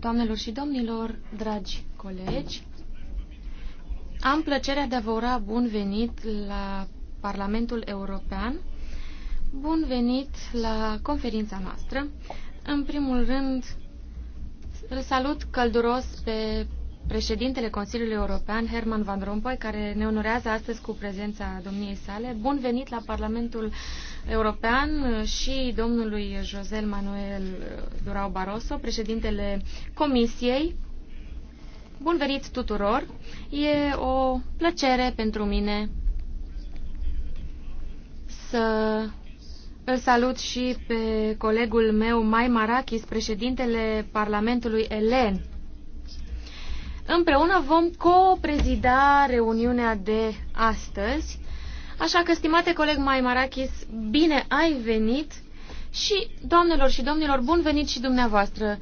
Doamnelor și domnilor, dragi colegi, am plăcerea de a vă ura bun venit la Parlamentul European, bun venit la conferința noastră. În primul rând, îl salut călduros pe președintele Consiliului European, Herman Van Rompuy, care ne onorează astăzi cu prezența domniei sale. Bun venit la Parlamentul European și domnului Josel Manuel Durao Barroso, președintele Comisiei. Bun venit tuturor! E o plăcere pentru mine să îl salut și pe colegul meu, Mai Marachis, președintele Parlamentului Elen Împreună vom coprezida reuniunea de astăzi. Așa că, stimate coleg Mai Marachis, bine ai venit și, doamnelor și domnilor, bun venit și dumneavoastră.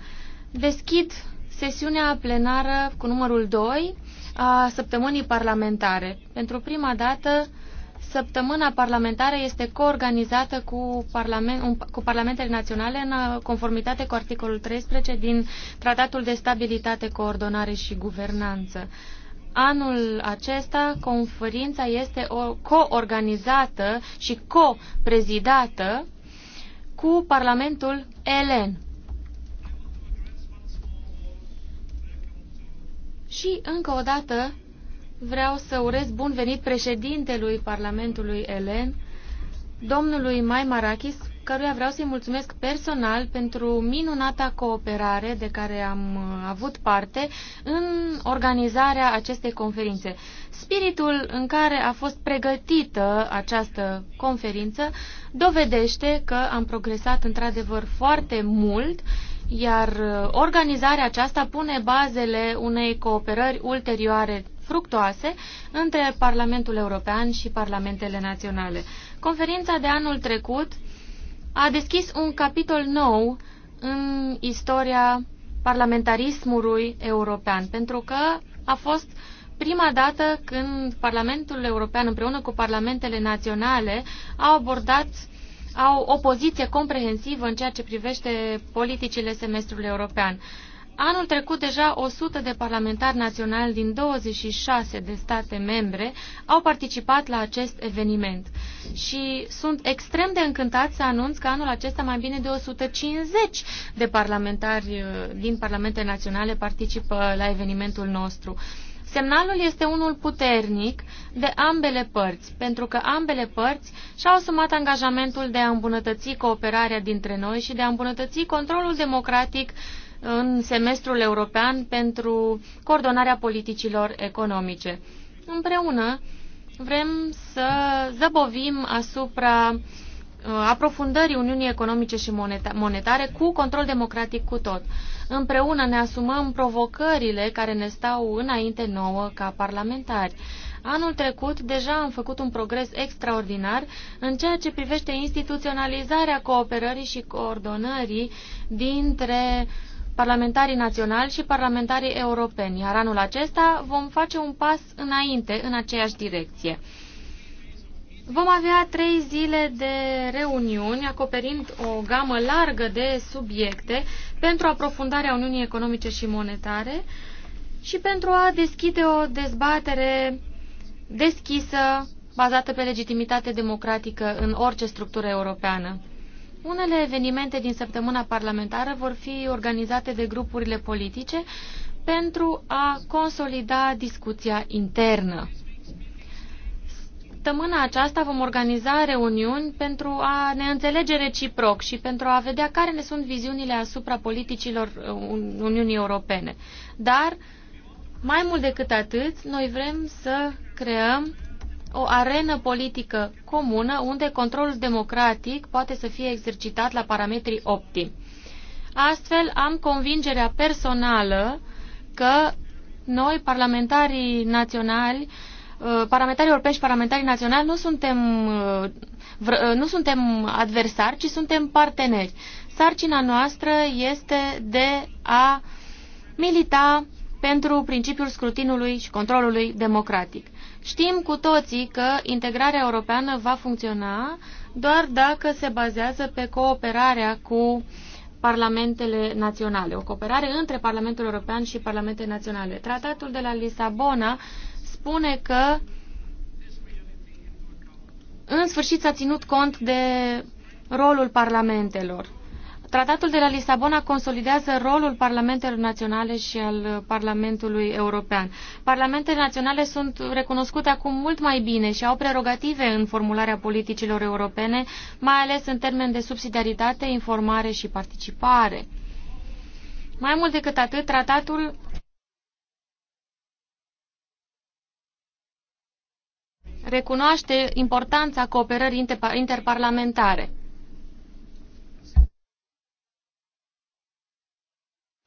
Deschid sesiunea plenară cu numărul 2 a săptămânii parlamentare. Pentru prima dată, Săptămâna parlamentară este coorganizată cu, parlament, cu parlamentele naționale în uh, conformitate cu articolul 13 din Tratatul de Stabilitate, Coordonare și Guvernanță. Anul acesta, conferința este coorganizată și coprezidată cu Parlamentul Elen. Și, încă o dată, Vreau să urez bun venit președintelui Parlamentului Elen, domnului Mai Marakis, căruia vreau să-i mulțumesc personal pentru minunata cooperare de care am avut parte în organizarea acestei conferințe. Spiritul în care a fost pregătită această conferință dovedește că am progresat într-adevăr foarte mult, iar organizarea aceasta pune bazele unei cooperări ulterioare fructoase între Parlamentul European și Parlamentele Naționale. Conferința de anul trecut a deschis un capitol nou în istoria parlamentarismului european, pentru că a fost prima dată când Parlamentul European împreună cu parlamentele naționale au abordat au o poziție comprehensivă în ceea ce privește politicile semestrului european. Anul trecut deja 100 de parlamentari naționali din 26 de state membre au participat la acest eveniment și sunt extrem de încântat să anunț că anul acesta mai bine de 150 de parlamentari uh, din parlamente naționale participă la evenimentul nostru. Semnalul este unul puternic de ambele părți, pentru că ambele părți și-au asumat angajamentul de a îmbunătăți cooperarea dintre noi și de a îmbunătăți controlul democratic uh, în semestrul european pentru coordonarea politicilor economice. Împreună vrem să zăbovim asupra uh, aprofundării Uniunii Economice și Monetare cu control democratic cu tot. Împreună ne asumăm provocările care ne stau înainte nouă ca parlamentari. Anul trecut deja am făcut un progres extraordinar în ceea ce privește instituționalizarea cooperării și coordonării dintre parlamentarii naționali și parlamentarii europeni, iar anul acesta vom face un pas înainte în aceeași direcție. Vom avea trei zile de reuniuni acoperind o gamă largă de subiecte pentru aprofundarea Uniunii Economice și Monetare și pentru a deschide o dezbatere deschisă, bazată pe legitimitate democratică în orice structură europeană. Unele evenimente din săptămâna parlamentară vor fi organizate de grupurile politice pentru a consolida discuția internă. Săptămâna aceasta vom organiza reuniuni pentru a ne înțelege reciproc și pentru a vedea care ne sunt viziunile asupra politicilor uh, Uniunii Europene. Dar, mai mult decât atât, noi vrem să creăm o arenă politică comună unde controlul democratic poate să fie exercitat la parametrii optimi. Astfel, am convingerea personală că noi, parlamentarii naționali, uh, parlamentarii europeni și parlamentarii naționali, nu suntem, uh, uh, nu suntem adversari, ci suntem parteneri. Sarcina noastră este de a milita pentru principiul scrutinului și controlului democratic. Știm cu toții că integrarea europeană va funcționa doar dacă se bazează pe cooperarea cu parlamentele naționale, o cooperare între Parlamentul European și parlamentele naționale. Tratatul de la Lisabona spune că în sfârșit s-a ținut cont de rolul parlamentelor. Tratatul de la Lisabona consolidează rolul parlamentelor naționale și al Parlamentului European. Parlamentele naționale sunt recunoscute acum mult mai bine și au prerogative în formularea politicilor europene, mai ales în termen de subsidiaritate, informare și participare. Mai mult decât atât, tratatul recunoaște importanța cooperării interparlamentare.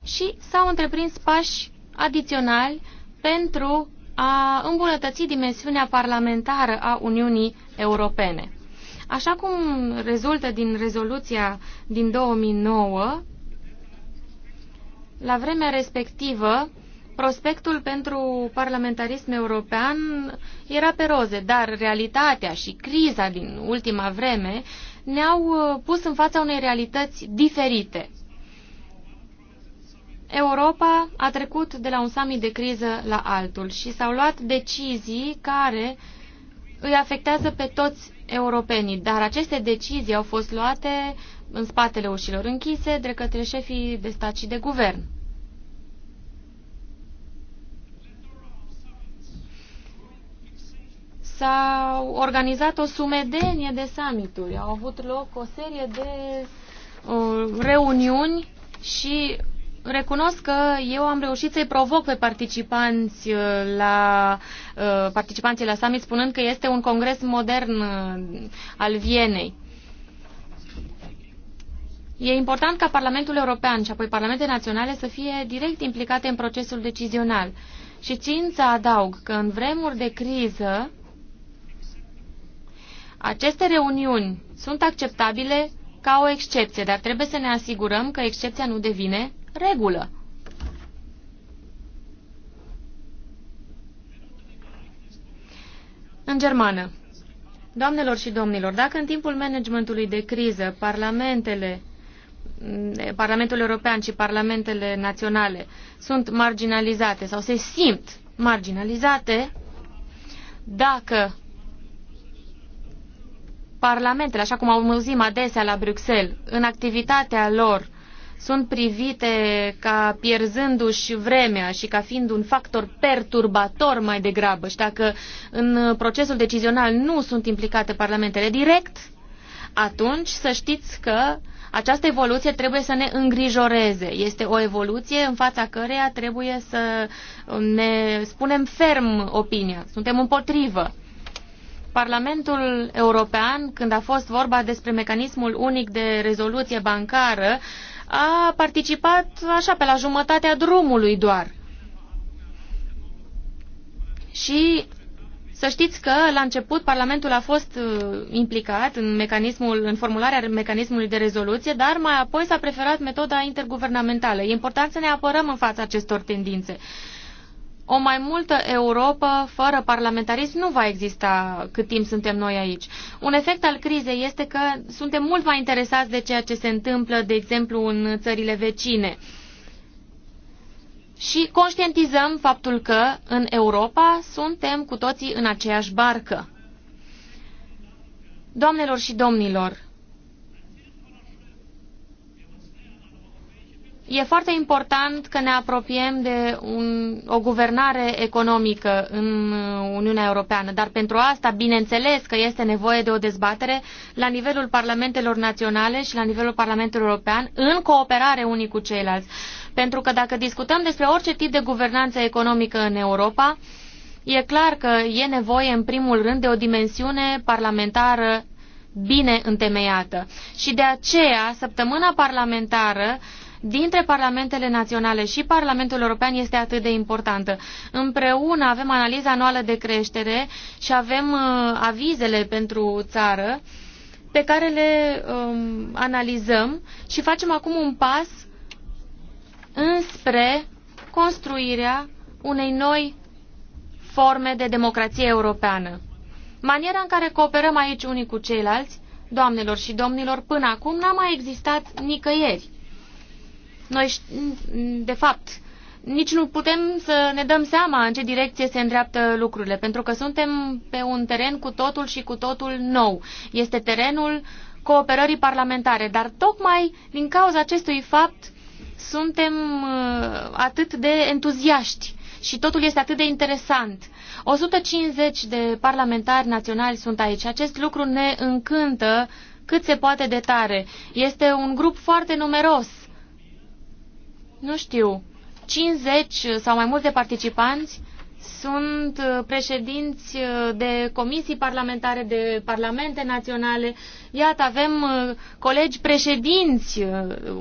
și s-au întreprins pași adiționali pentru a îmbunătăți dimensiunea parlamentară a Uniunii Europene. Așa cum rezultă din rezoluția din 2009, la vremea respectivă, prospectul pentru parlamentarism european era pe roze, dar realitatea și criza din ultima vreme ne-au uh, pus în fața unei realități diferite. Europa a trecut de la un summit de criză la altul și s-au luat decizii care îi afectează pe toți europenii, dar aceste decizii au fost luate în spatele ușilor închise de către șefii de stat și de guvern. S-au organizat o sumedenie de summituri, au avut loc o serie de uh, reuniuni și recunosc că eu am reușit să-i provoc pe participanți uh, la, uh, participanții la summit spunând că este un congres modern uh, al Vienei. E important ca Parlamentul European și apoi Parlamentele Naționale să fie direct implicate în procesul decizional. Și țin să adaug că în vremuri de criză aceste reuniuni sunt acceptabile ca o excepție, dar trebuie să ne asigurăm că excepția nu devine regulă. În germană. Doamnelor și domnilor, dacă în timpul managementului de criză parlamentele Parlamentul European și parlamentele naționale sunt marginalizate sau se simt marginalizate, dacă parlamentele, așa cum au auzim adesea la Bruxelles, în activitatea lor sunt privite ca pierzându-și vremea și ca fiind un factor perturbator mai degrabă și dacă în procesul decizional nu sunt implicate parlamentele direct, atunci să știți că această evoluție trebuie să ne îngrijoreze. Este o evoluție în fața căreia trebuie să ne spunem ferm opinia. Suntem împotrivă. Parlamentul European, când a fost vorba despre mecanismul unic de rezoluție bancară, a participat așa pe la jumătatea drumului doar. Și să știți că la început Parlamentul a fost uh, implicat în, mecanismul, în formularea mecanismului de rezoluție, dar mai apoi s-a preferat metoda interguvernamentală. E important să ne apărăm în fața acestor tendințe. O mai multă Europa fără parlamentarism nu va exista cât timp suntem noi aici. Un efect al crizei este că suntem mult mai interesați de ceea ce se întâmplă, de exemplu, în țările vecine. Și conștientizăm faptul că în Europa suntem cu toții în aceeași barcă. Doamnelor și domnilor, E foarte important că ne apropiem de un, o guvernare economică în Uniunea Europeană, dar pentru asta, bineînțeles că este nevoie de o dezbatere la nivelul parlamentelor naționale și la nivelul Parlamentului European, în cooperare unii cu ceilalți. Pentru că dacă discutăm despre orice tip de guvernanță economică în Europa, e clar că e nevoie, în primul rând, de o dimensiune parlamentară bine întemeiată. Și de aceea, săptămâna parlamentară, dintre parlamentele naționale și Parlamentul European este atât de importantă. Împreună avem analiza anuală de creștere și avem uh, avizele pentru țară pe care le um, analizăm și facem acum un pas înspre construirea unei noi forme de democrație europeană. Maniera în care cooperăm aici unii cu ceilalți, doamnelor și domnilor, până acum n-a mai existat nicăieri. Noi, de fapt, nici nu putem să ne dăm seama în ce direcție se îndreaptă lucrurile, pentru că suntem pe un teren cu totul și cu totul nou. Este terenul cooperării parlamentare, dar tocmai din cauza acestui fapt suntem uh, atât de entuziaști și totul este atât de interesant. 150 de parlamentari naționali sunt aici. Acest lucru ne încântă cât se poate de tare. Este un grup foarte numeros nu știu, 50 sau mai de participanți sunt uh, președinți uh, de comisii parlamentare, de parlamente naționale. Iată, avem uh, colegi președinți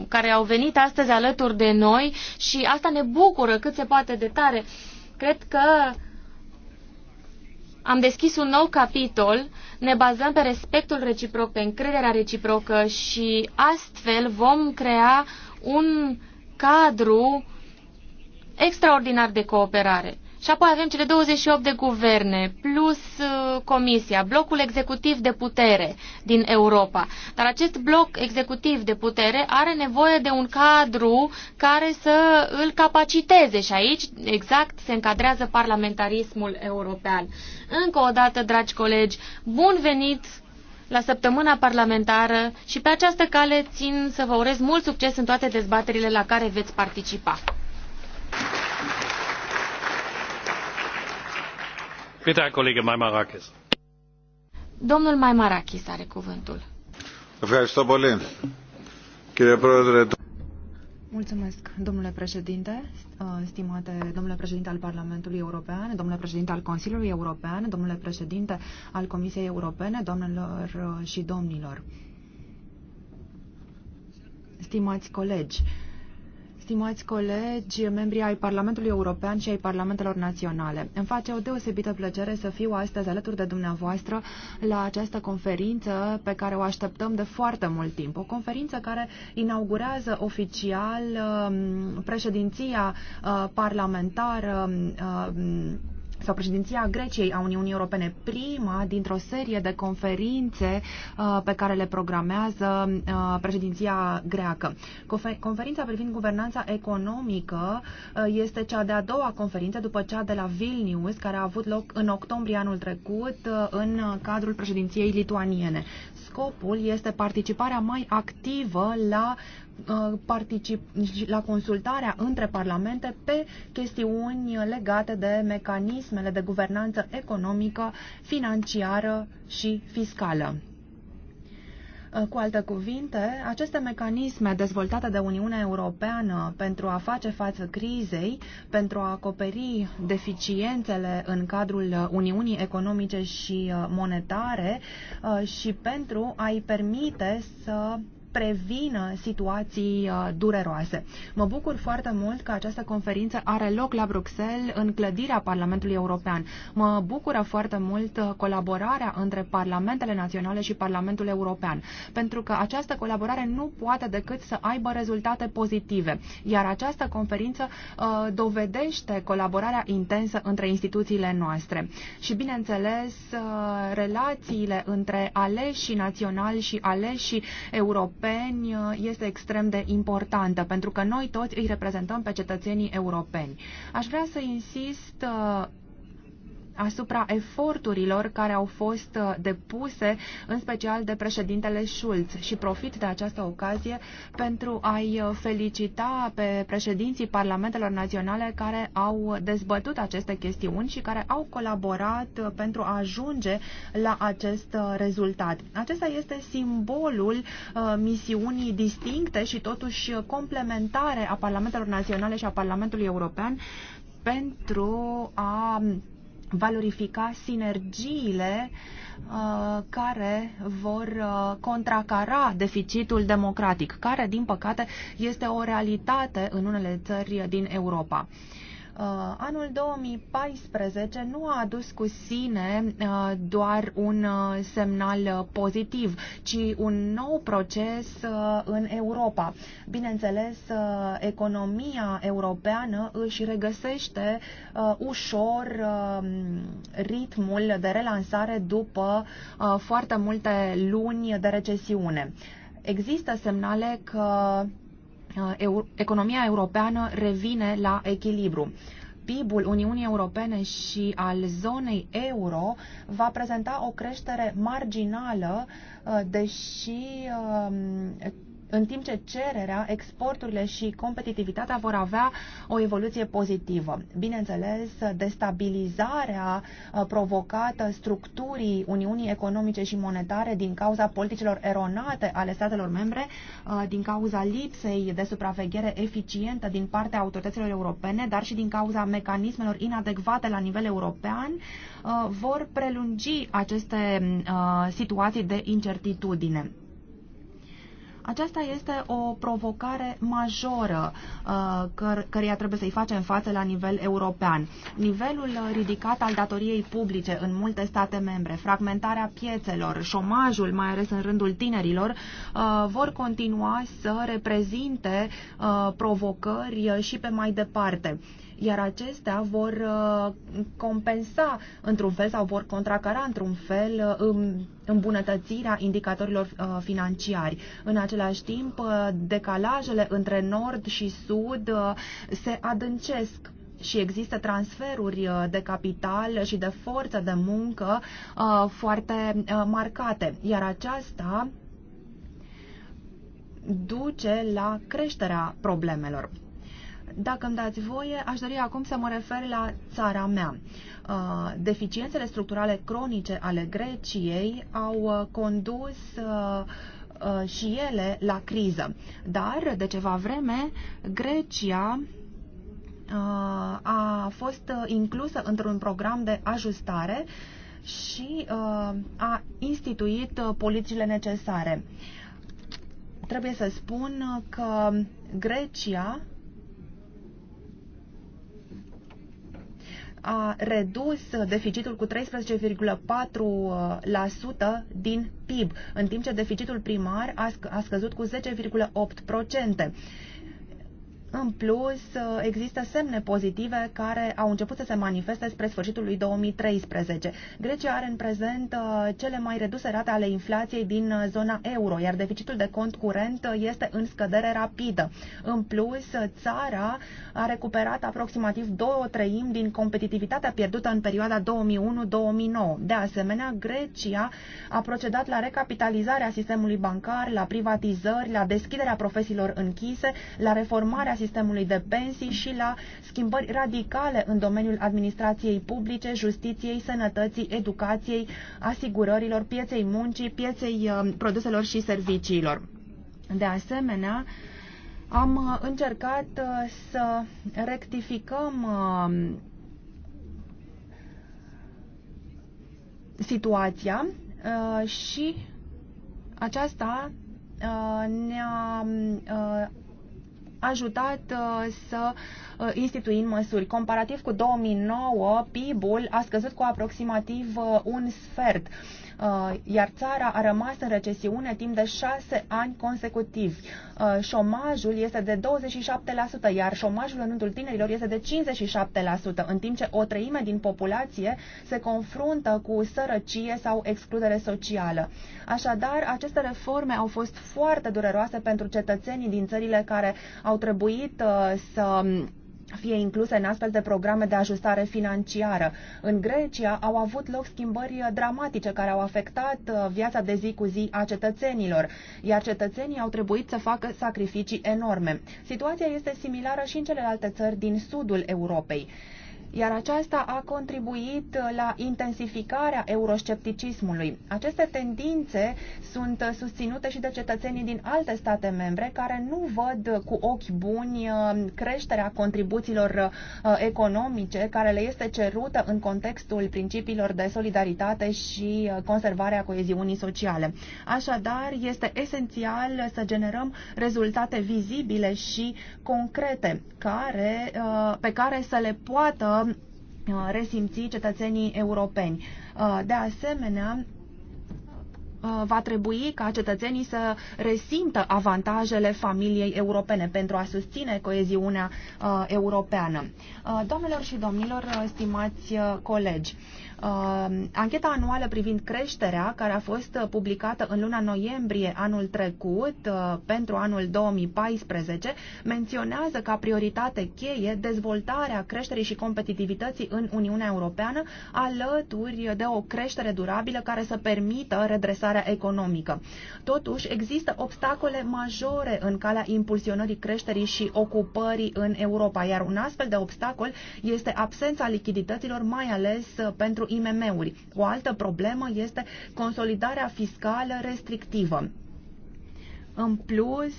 care au venit astăzi alături de noi și asta ne bucură cât se poate de tare. Cred că am deschis un nou capitol, ne bazăm pe respectul reciproc, pe încrederea reciprocă și astfel vom crea un cadru extraordinar de cooperare. Și apoi avem cele 28 de guverne, plus uh, Comisia, blocul executiv de putere din Europa. Dar acest bloc executiv de putere are nevoie de un cadru care să îl capaciteze și aici exact se încadrează parlamentarismul european. Încă o dată, dragi colegi, bun venit la săptămâna parlamentară și pe această cale țin să vă urez mult succes în toate dezbaterile la care veți participa. Bitte, Kollege Maimarakis. Domnul Maimarakis are cuvântul. Mulțumesc, Mulțumesc, domnule președinte, uh, stimate domnule președinte al Parlamentului European, domnule președinte al Consiliului European, domnule președinte al Comisiei Europene, doamnelor uh, și domnilor. Stimați colegi, Stimați colegi, membri ai Parlamentului European și ai Parlamentelor Naționale, îmi face o deosebită plăcere să fiu astăzi alături de dumneavoastră la această conferință pe care o așteptăm de foarte mult timp. O conferință care inaugurează oficial um, președinția uh, parlamentară um, sau președinția Greciei a Uniunii Europene, prima dintr-o serie de conferințe uh, pe care le programează uh, președinția greacă. Conferința privind guvernanța economică uh, este cea de-a doua conferință după cea de la Vilnius, care a avut loc în octombrie anul trecut în cadrul președinției lituaniene. Scopul este participarea mai activă la uh, Uh, particip, la consultarea între parlamente pe chestiuni legate de mecanismele de guvernanță economică, financiară și fiscală. Uh, cu alte cuvinte, aceste mecanisme dezvoltate de Uniunea Europeană pentru a face față crizei, pentru a acoperi deficiențele în cadrul Uniunii Economice și uh, Monetare și pentru a-i permite să prevină situații uh, dureroase. Mă bucur foarte mult că această conferință are loc la Bruxelles în clădirea Parlamentului European. Mă bucură foarte mult uh, colaborarea între Parlamentele Naționale și Parlamentul European, pentru că această colaborare nu poate decât să aibă rezultate pozitive, iar această conferință uh, dovedește colaborarea intensă între instituțiile noastre. Și, bineînțeles, relațiile între aleșii naționali și aleșii europeni europeni uh, este extrem de importantă, pentru că noi toți îi reprezentăm pe cetățenii europeni. Aș vrea să insist uh, asupra eforturilor care au fost uh, depuse, în special de președintele Schulz și profit de această ocazie pentru a-i uh, felicita pe președinții parlamentelor naționale care au dezbătut aceste chestiuni și care au colaborat uh, pentru a ajunge la acest rezultat. Acesta este simbolul misiunii distincte și totuși complementare a parlamentelor naționale și a Parlamentului European pentru a valorifica sinergiile uh, care vor uh, contracara deficitul democratic, care, din păcate, este o realitate în unele țări din Europa. Uh, Uh, anul 2014 nu a adus cu sine uh, doar un uh, semnal pozitiv, ci un nou proces în Europa. Bineînțeles, economia europeană își regăsește ușor um, ritmul de relansare după foarte multe luni de recesiune. Există semnale că Uh, economia europeană revine la echilibru. PIB-ul Uniunii Europene și al zonei euro va prezenta o creștere marginală, uh, deși um, în timp ce cererea, exporturile și competitivitatea vor avea o evoluție pozitivă. Bineînțeles, destabilizarea uh, provocată structurii Uniunii Economice și Monetare din cauza politicilor eronate ale statelor membre, uh, din cauza lipsei de supraveghere eficientă din partea autorităților europene, dar și din cauza mecanismelor inadecvate la nivel european, uh, vor prelungi aceste situații de incertitudine. Aceasta este o provocare majoră uh, căr- căreia trebuie să-i facem față la nivel european. Nivelul ridicat al datoriei publice în multe state membre, fragmentarea piețelor, șomajul, mai ales în rândul tinerilor, uh, vor continua să reprezinte uh, provocări și pe mai departe iar acestea vor uh, compensa într-un fel sau vor contracara într-un fel uh, îmbunătățirea indicatorilor uh, financiari. În același timp, decalajele între nord și sud se adâncesc și există transferuri de capital și de forță de muncă foarte marcate, iar aceasta duce la creșterea problemelor. Dacă îmi dați voie, aș dori acum să mă refer la țara mea. Uh, deficiențele structurale cronice ale Greciei au uh, condus uh, și ele la criză. Dar, de ceva vreme, Grecia a fost inclusă într-un program de ajustare și a instituit politicile necesare. Trebuie să spun că Grecia a redus deficitul cu 13,4% uh, din PIB, în timp ce deficitul primar a, scăzut cu 10,8%. În plus, ă, există semne pozitive care au început să se manifeste spre sfârșitul lui 2013. Grecia are în prezent ă, cele mai reduse rate ale inflației din ă, zona euro, iar deficitul de cont curent este în scădere rapidă. În plus, țara a recuperat aproximativ două treimi din competitivitatea pierdută în perioada 2001-2009. De asemenea, Grecia a procedat la recapitalizarea sistemului bancar, la privatizări, la deschiderea profesiilor închise, la reformarea sistemului sistemului de pensii și la schimbări radicale în domeniul administrației publice, justiției, sănătății, educației, asigurărilor, pieței muncii, pieței uh, produselor și serviciilor. De asemenea, am uh, încercat uh, să rectificăm situația și aceasta ne-a ajutat uh, să uh, instituim măsuri. Comparativ cu 2009, PIB-ul a scăzut cu aproximativ uh, un sfert. Uh, iar țara a rămas în recesiune timp de șase ani consecutivi. Uh, șomajul este de 27%, iar șomajul în rândul tinerilor este de 57%, în timp ce o treime din populație se confruntă cu sărăcie sau excludere socială. Așadar, aceste reforme au fost foarte dureroase pentru cetățenii din țările care au trebuit uh, să fie incluse în astfel de programe de ajustare financiară. În Grecia au avut loc schimbări dramatice care au afectat uh, viața de zi cu zi a cetățenilor, iar cetățenii au trebuit să facă sacrificii enorme. Situația este similară și în celelalte țări din sudul Europei iar aceasta a contribuit la intensificarea euroscepticismului. Aceste tendințe sunt susținute și de cetățenii din alte state membre care nu văd cu ochi buni uh, creșterea contribuțiilor uh, economice care le este cerută în contextul principiilor de solidaritate și uh, conservarea coeziunii sociale. Așadar, este esențial să generăm rezultate vizibile și concrete care, pe care să le poată Uh, resimți cetățenii europeni. Uh, de asemenea, uh, va trebui ca cetățenii să resimtă avantajele familiei europene pentru a susține coeziunea europeană. Doamnelor și domnilor, stimați colegi, Uh, ancheta anuală privind creșterea, care a fost uh, publicată în luna noiembrie anul trecut uh, pentru anul 2014, menționează ca prioritate cheie dezvoltarea creșterii și competitivității în Uniunea Europeană, alături de o creștere durabilă care să permită redresarea economică. Totuși, există obstacole majore în calea impulsionării creșterii și ocupării în Europa, iar un astfel de obstacol este absența lichidităților, mai ales pentru pentru IMM-uri. O altă problemă este consolidarea fiscală restrictivă. În plus,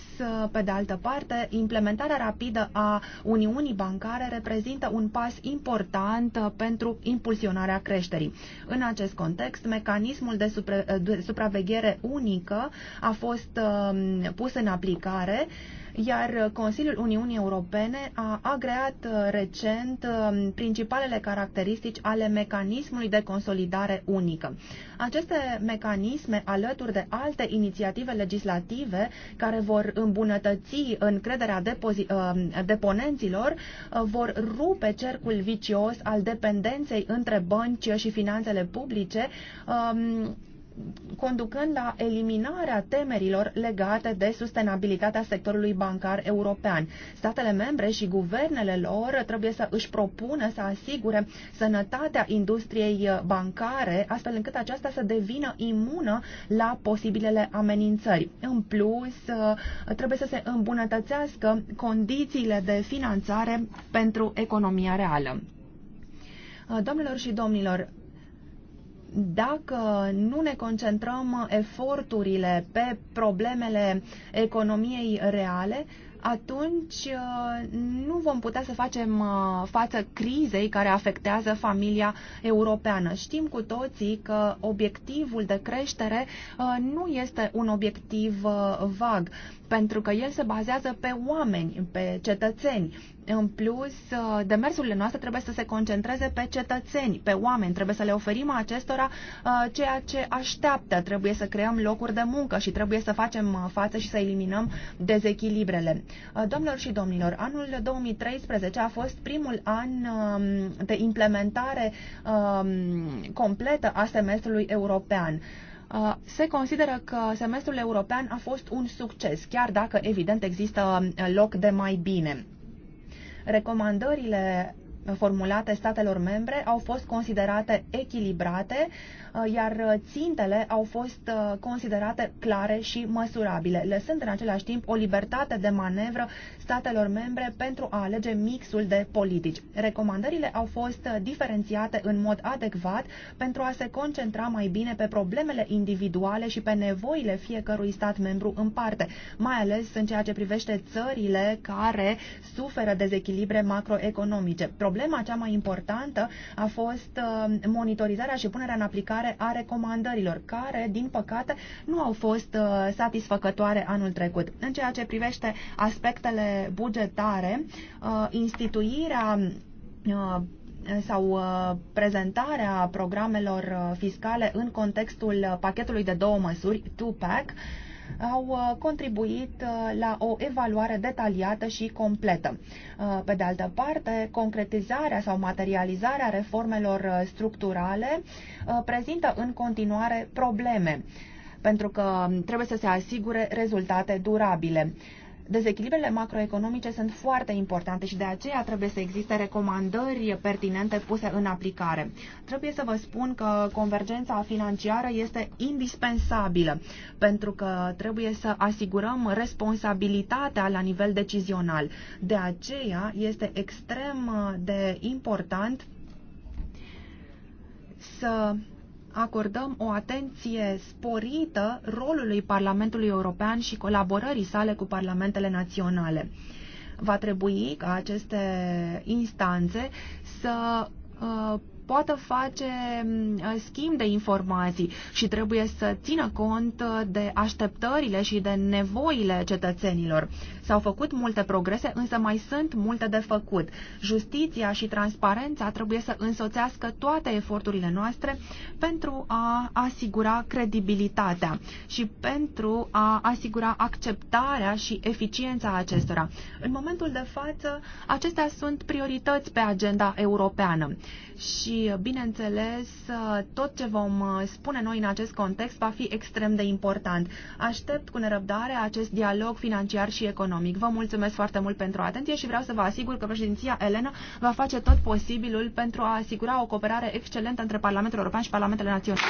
pe de altă parte, implementarea rapidă a Uniunii Bancare reprezintă un pas important pentru impulsionarea creșterii. În acest context, mecanismul de, supra de supraveghere unică a fost um, pus în aplicare iar Consiliul Uniunii Europene a agreat uh, recent uh, principalele caracteristici ale mecanismului de consolidare unică. Aceste mecanisme, alături de alte inițiative legislative care vor îmbunătăți încrederea uh, deponenților, vor rupe cercul vicios al dependenței între bănci și finanțele publice, um, conducând la eliminarea temerilor legate de sustenabilitatea sectorului bancar european. Statele membre și guvernele lor trebuie să își propună să asigure sănătatea industriei bancare, astfel încât aceasta să devină imună la posibilele amenințări. În plus, trebuie să se îmbunătățească condițiile de finanțare pentru economia reală. Domnilor și domnilor, dacă nu ne concentrăm eforturile pe problemele economiei reale, atunci uh, nu vom putea să facem uh, față crizei care afectează familia europeană. Știm cu toții că obiectivul de creștere uh, nu este un obiectiv vag, pentru că el se bazează pe oameni, pe cetățeni în plus, uh, demersurile noastre trebuie să se concentreze pe cetățeni, pe oameni. Trebuie să le oferim acestora uh, ceea ce așteaptă. Trebuie să creăm locuri de muncă și trebuie să facem uh, față și să eliminăm dezechilibrele. Domnilor și domnilor, anul 2013 a fost primul an um, de implementare um, completă a semestrului european. Se consideră că semestrul european a fost un succes, chiar dacă, evident, există loc de mai bine. Recomandările formulate statelor membre au fost considerate echilibrate, Uh, iar uh, țintele au fost uh, considerate clare și măsurabile, lăsând în același timp o libertate de manevră statelor membre pentru a alege mixul de politici. Recomandările au fost diferențiate în mod adecvat pentru a se concentra mai bine pe problemele individuale și pe nevoile fiecărui stat membru în parte, mai ales în ceea ce privește țările care suferă dezechilibre macroeconomice. Problema cea mai importantă a fost monitorizarea și punerea în aplicare aplicare a recomandărilor, care, din păcate, nu au fost uh, satisfăcătoare anul trecut. În ceea ce privește aspectele bugetare, uh, instituirea uh, sau prezentarea programelor fiscale în contextul pachetului de două măsuri, two-pack, au uh, contribuit uh, la o evaluare detaliată și completă. Uh, pe de altă parte, concretizarea sau materializarea reformelor structurale prezintă în continuare probleme pentru că um, trebuie să se asigure rezultate durabile. Dezechilibrele macroeconomice sunt foarte importante și de aceea trebuie să existe recomandări pertinente puse în aplicare. Trebuie să vă spun că convergența financiară este indispensabilă pentru că trebuie să asigurăm responsabilitatea la nivel decizional. De aceea este extrem de important să acordăm o atenție sporită rolului Parlamentului European și colaborării sale cu parlamentele naționale. Va trebui ca aceste instanțe să uh, poată face uh, schimb de informații și trebuie să țină cont uh, de așteptările și de nevoile cetățenilor. S-au făcut multe progrese, însă mai sunt multe de făcut. Justiția și transparența trebuie să însoțească toate eforturile noastre pentru a asigura credibilitatea și pentru a asigura acceptarea și eficiența acestora. În momentul de față, acestea sunt priorități pe agenda europeană și, bineînțeles, tot ce vom spune noi în acest context va fi extrem de important. Aștept cu nerăbdare acest dialog financiar și economic economic. Vă mulțumesc foarte mult pentru atenție și vreau să vă asigur că președinția Elena va face tot posibilul pentru a asigura o cooperare excelentă între Parlamentul European și Parlamentele Naționale.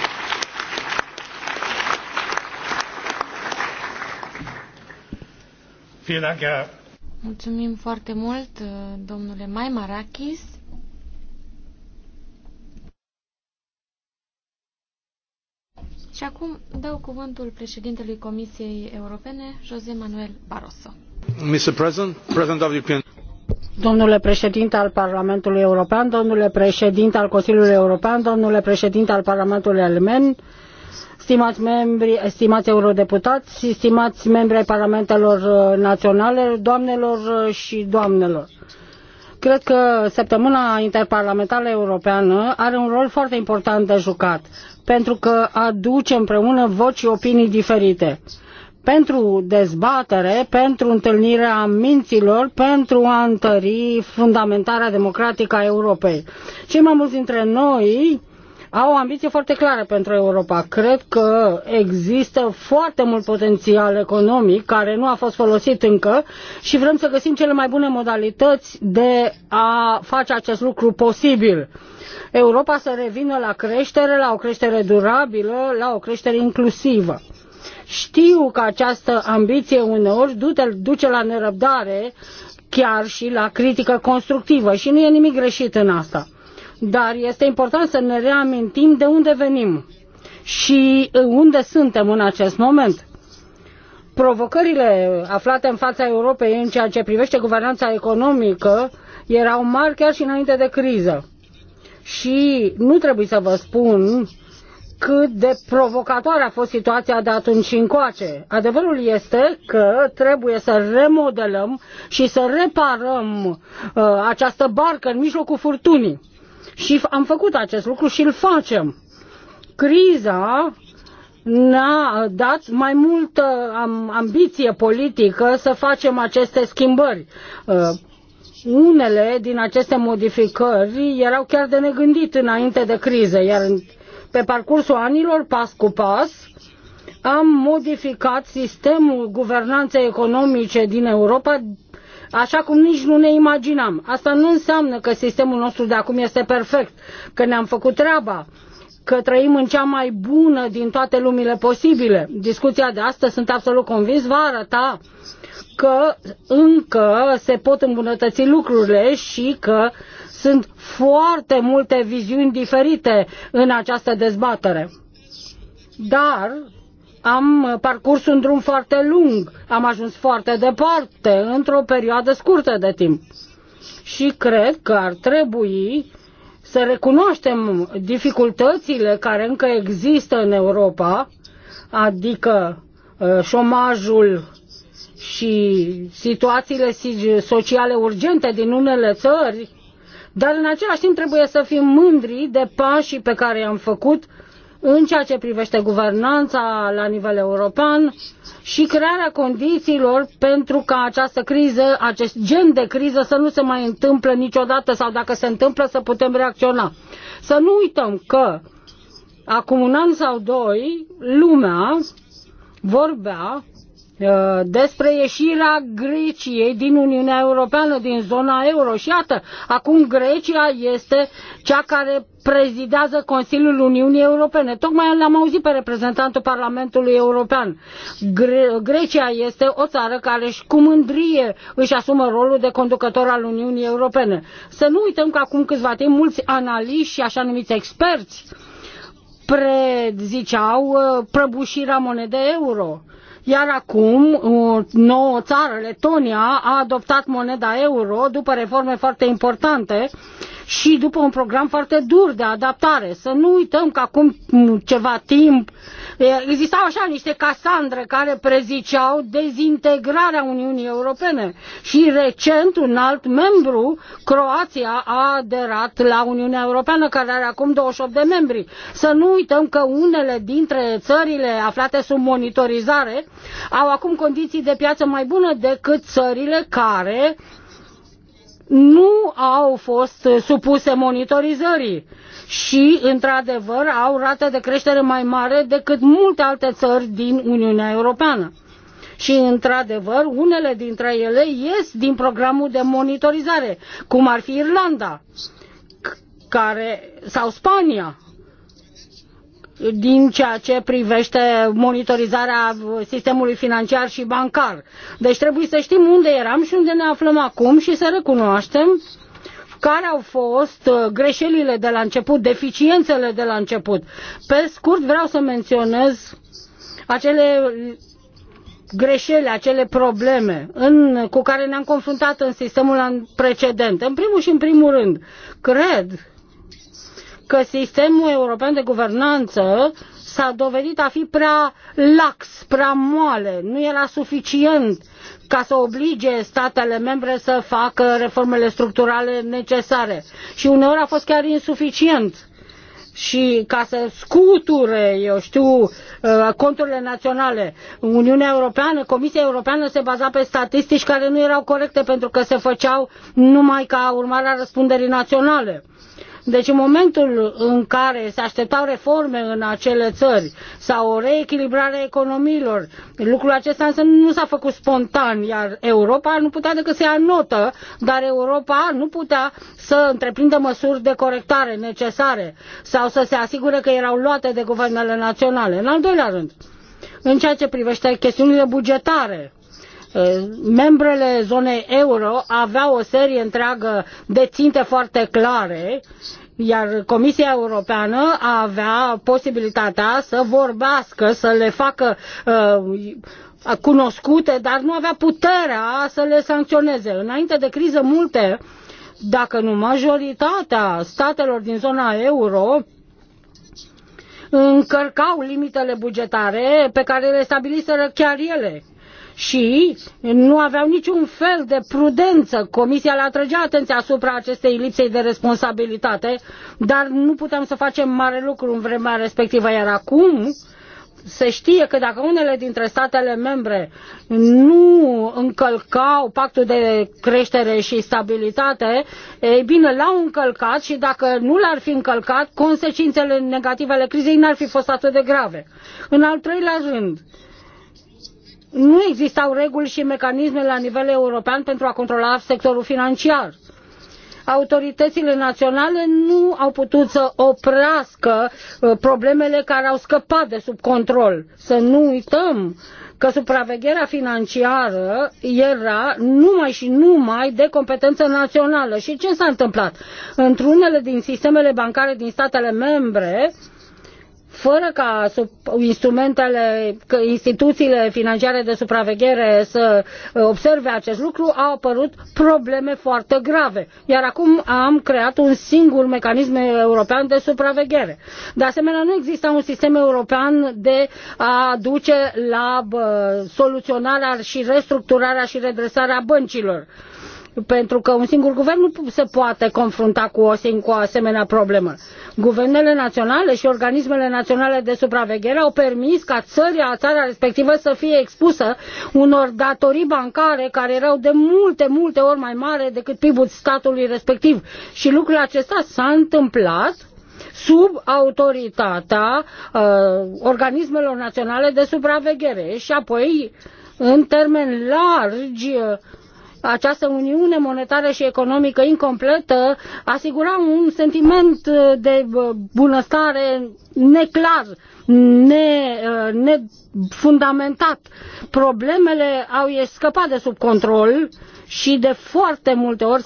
Mulțumim foarte mult, domnule Maimarachis. Și acum dau cuvântul președintelui Comisiei Europene, José Manuel Barroso domnule președinte al Parlamentului European, domnule președinte al Consiliului European, domnule președinte al Parlamentului Elmen, stimați eurodeputați, stimați membri ai Parlamentelor uh, Naționale, doamnelor uh, și domnilor, Cred că săptămâna interparlamentară europeană are un rol foarte important de jucat, pentru că aduce împreună voci și opinii diferite pentru dezbatere, pentru întâlnirea minților, pentru a întări fundamentarea democratică a Europei. Cei mai mulți dintre noi au o ambiție foarte clară pentru Europa. Cred că există foarte mult potențial economic care nu a fost folosit încă și vrem să găsim cele mai bune modalități de a face acest lucru posibil. Europa să revină la creștere, la o creștere durabilă, la o creștere inclusivă. Știu că această ambiție uneori duce la nerăbdare chiar și la critică constructivă și nu e nimic greșit în asta. Dar este important să ne reamintim de unde venim și uh, unde suntem în acest moment. Provocările aflate în fața Europei în ceea ce privește guvernanța economică erau mari chiar și înainte de criză. Și nu trebuie să vă spun cât de provocatoare a fost situația de atunci încoace. Adevărul este că trebuie să remodelăm și să reparăm uh, această barcă în mijlocul furtunii. Și am făcut acest lucru și îl facem. Criza ne-a dat mai multă ambiție politică să facem aceste schimbări. Uh, unele din aceste modificări erau chiar de negândit înainte de criză, iar pe parcursul anilor, pas cu pas, am modificat sistemul guvernanței economice din Europa așa cum nici nu ne imaginam. Asta nu înseamnă că sistemul nostru de acum este perfect, că ne-am făcut treaba, că trăim în cea mai bună din toate lumile posibile. Discuția de astăzi, sunt absolut convins, va arăta că încă se pot îmbunătăți lucrurile și că sunt foarte multe viziuni diferite în această dezbatere. Dar am parcurs un drum foarte lung, am ajuns foarte departe, într-o perioadă scurtă de timp. Și cred că ar trebui să recunoaștem dificultățile care încă există în Europa, adică ă, șomajul și situațiile sociale urgente din unele țări, dar în același timp trebuie să fim mândri de pașii pe care i-am făcut în ceea ce privește guvernanța la nivel european și crearea condițiilor pentru ca această criză, acest gen de criză să nu se mai întâmple niciodată sau dacă se întâmplă să putem reacționa. Să nu uităm că acum un an sau doi lumea vorbea Uh, despre ieșirea Greciei din Uniunea Europeană, din zona euro. Și iată, acum Grecia este cea care prezidează Consiliul Uniunii Europene. Tocmai l-am auzit pe reprezentantul Parlamentului European. Gre- Grecia este o țară care și cu mândrie își asumă rolul de conducător al Uniunii Europene. Să nu uităm că acum câțiva timp mulți analiști și așa numiți experți preziceau uh, prăbușirea monedei euro iar acum, nouă țară, Letonia, a adoptat moneda euro după reforme foarte importante și după un program foarte dur de adaptare. Să nu uităm că acum ceva timp existau așa niște Casandre care preziceau dezintegrarea Uniunii Europene și recent un alt membru, Croația, a aderat la Uniunea Europeană care are acum 28 de membri. Să nu uităm că unele dintre țările aflate sub monitorizare au acum condiții de piață mai bune decât țările care nu au fost supuse monitorizării și, într-adevăr, au rată de creștere mai mare decât multe alte țări din Uniunea Europeană. Și, într-adevăr, unele dintre ele ies din programul de monitorizare, cum ar fi Irlanda care, sau Spania, din ceea ce privește monitorizarea sistemului financiar și bancar. Deci trebuie să știm unde eram și unde ne aflăm acum și să recunoaștem care au fost uh, greșelile de la început, deficiențele de la început. Pe scurt vreau să menționez acele greșeli, acele probleme în, cu care ne-am confruntat în sistemul precedent. În primul și în primul rând, cred că sistemul european de guvernanță s-a dovedit a fi prea lax, prea moale, nu era suficient ca să oblige statele membre să facă reformele structurale necesare. Și uneori a fost chiar insuficient și ca să scuture, eu știu, uh, conturile naționale. Uniunea Europeană, Comisia Europeană se baza pe statistici care nu erau corecte pentru că se făceau numai ca urmare a răspunderii naționale. Deci în momentul în care se așteptau reforme în acele țări sau o reechilibrare a economiilor, lucrul acesta însă nu s-a făcut spontan, iar Europa nu putea decât să ia notă, dar Europa nu putea să întreprindă măsuri de corectare necesare sau să se asigure că erau luate de guvernele naționale. În al doilea rând, în ceea ce privește chestiunile bugetare, Uh, membrele zonei euro aveau o serie întreagă de ținte foarte clare iar Comisia Europeană avea posibilitatea să vorbească, să le facă uh, cunoscute, dar nu avea puterea să le sancționeze. Înainte de criză, multe, dacă nu majoritatea statelor din zona euro, încărcau limitele bugetare pe care le stabiliseră chiar ele și nu aveau niciun fel de prudență. Comisia le atrăgea atenția asupra acestei lipsei de responsabilitate, dar nu puteam să facem mare lucru în vremea respectivă. Iar acum, se știe că dacă unele dintre statele membre nu încălcau pactul de creștere și stabilitate, ei bine, l-au încălcat și dacă nu l-ar fi încălcat, consecințele negative ale crizei n-ar fi fost atât de grave. În al treilea rând, nu existau reguli și mecanisme la nivel european pentru a controla sectorul financiar. Autoritățile naționale nu au putut să oprească uh, problemele care au scăpat de sub control. Să nu uităm că supravegherea financiară era numai și numai de competență națională. Și ce s-a întâmplat? Într-unele din sistemele bancare din statele membre, uh, fără ca instrumentele, instituțiile financiare de supraveghere să uh, observe acest lucru, au apărut probleme foarte grave. Iar acum am creat un singur mecanism european de supraveghere. De asemenea, nu există un sistem european de a duce la uh, soluționarea și restructurarea și redresarea băncilor pentru că un singur guvern nu se poate confrunta cu o, cu o asemenea problemă. Guvernele naționale și organismele naționale de supraveghere au permis ca țăria, țara respectivă să fie expusă unor datorii bancare care erau de multe, multe ori mai mare decât PIB-ul statului respectiv. Și lucrul acesta s-a întâmplat sub autoritatea uh, organismelor naționale de supraveghere și apoi în termen largi uh, această uniune monetară și economică incompletă asigura un sentiment uh, de uh, bunăstare neclar, ne, uh, nefundamentat. Problemele au scăpat de sub control și de foarte multe ori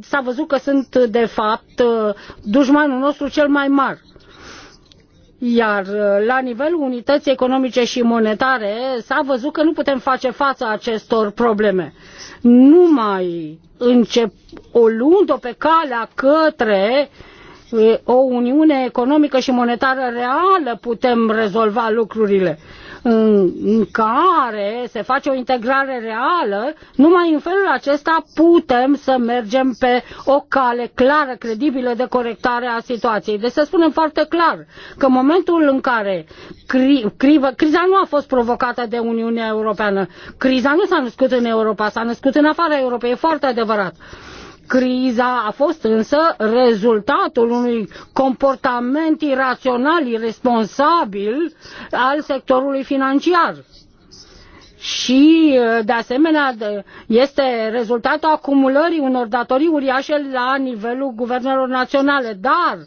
s-a văzut că sunt de fapt dușmanul nostru cel mai mare iar uh, la nivelul unității economice și monetare s-a văzut că nu putem face față acestor probleme. Numai încep, o luând pe calea către uh, o uniune economică și monetară reală putem rezolva lucrurile în care se face o integrare reală, numai în felul acesta putem să mergem pe o cale clară, credibilă de corectare a situației. Deci să spunem foarte clar că în momentul în care cri, cri, criza nu a fost provocată de Uniunea Europeană, criza nu s-a născut în Europa, s-a născut în afara Europei, e foarte adevărat. Criza a fost însă rezultatul unui comportament irațional, irresponsabil al sectorului financiar și de asemenea este rezultatul acumulării unor datorii uriașe la nivelul guvernelor naționale, dar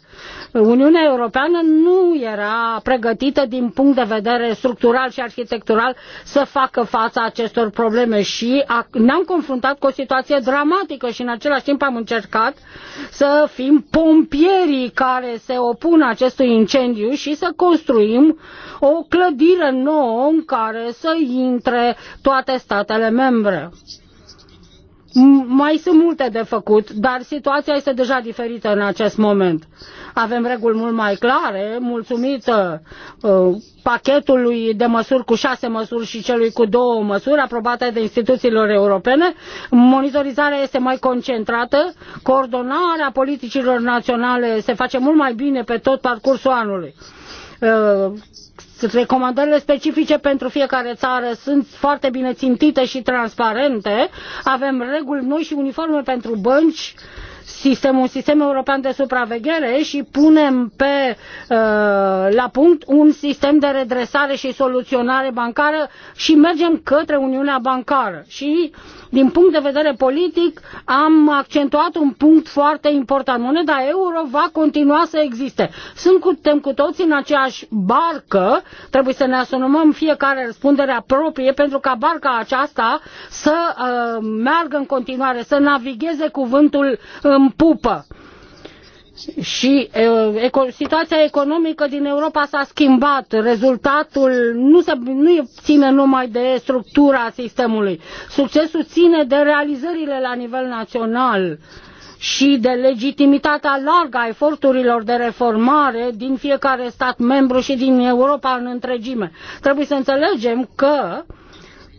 Uniunea Europeană nu era pregătită din punct de vedere structural și arhitectural să facă fața acestor probleme și ne-am confruntat cu o situație dramatică și în același timp am încercat să fim pompierii care se opun acestui incendiu și să construim o clădire nouă în care să intre toate statele membre. Mai sunt multe de făcut, dar situația este deja diferită în acest moment. Avem reguli mult mai clare, mulțumită uh, pachetului de măsuri cu șase măsuri și celui cu două măsuri aprobate de instituțiilor europene. Monitorizarea este mai concentrată, coordonarea politicilor naționale se face mult mai bine pe tot parcursul anului. Uh, recomandările specifice pentru fiecare țară sunt foarte bine țintite și transparente avem reguli noi și uniforme pentru bănci și sistem, un sistem european de supraveghere și punem pe, uh, la punct un sistem de redresare și soluționare bancară și mergem către Uniunea Bancară. Și din punct de vedere politic am accentuat un punct foarte important. Moneda euro va continua să existe. Suntem cu toții în aceeași barcă, trebuie să ne asumăm fiecare răspunderea proprie pentru ca barca aceasta să uh, meargă în continuare, să navigheze cuvântul uh, în pupă și situația economică din Europa s-a schimbat. Rezultatul nu, se, nu ține numai de structura sistemului. Succesul ține de realizările la nivel național și de legitimitatea largă a eforturilor de reformare din fiecare stat membru și din Europa în întregime. Trebuie să înțelegem că uh,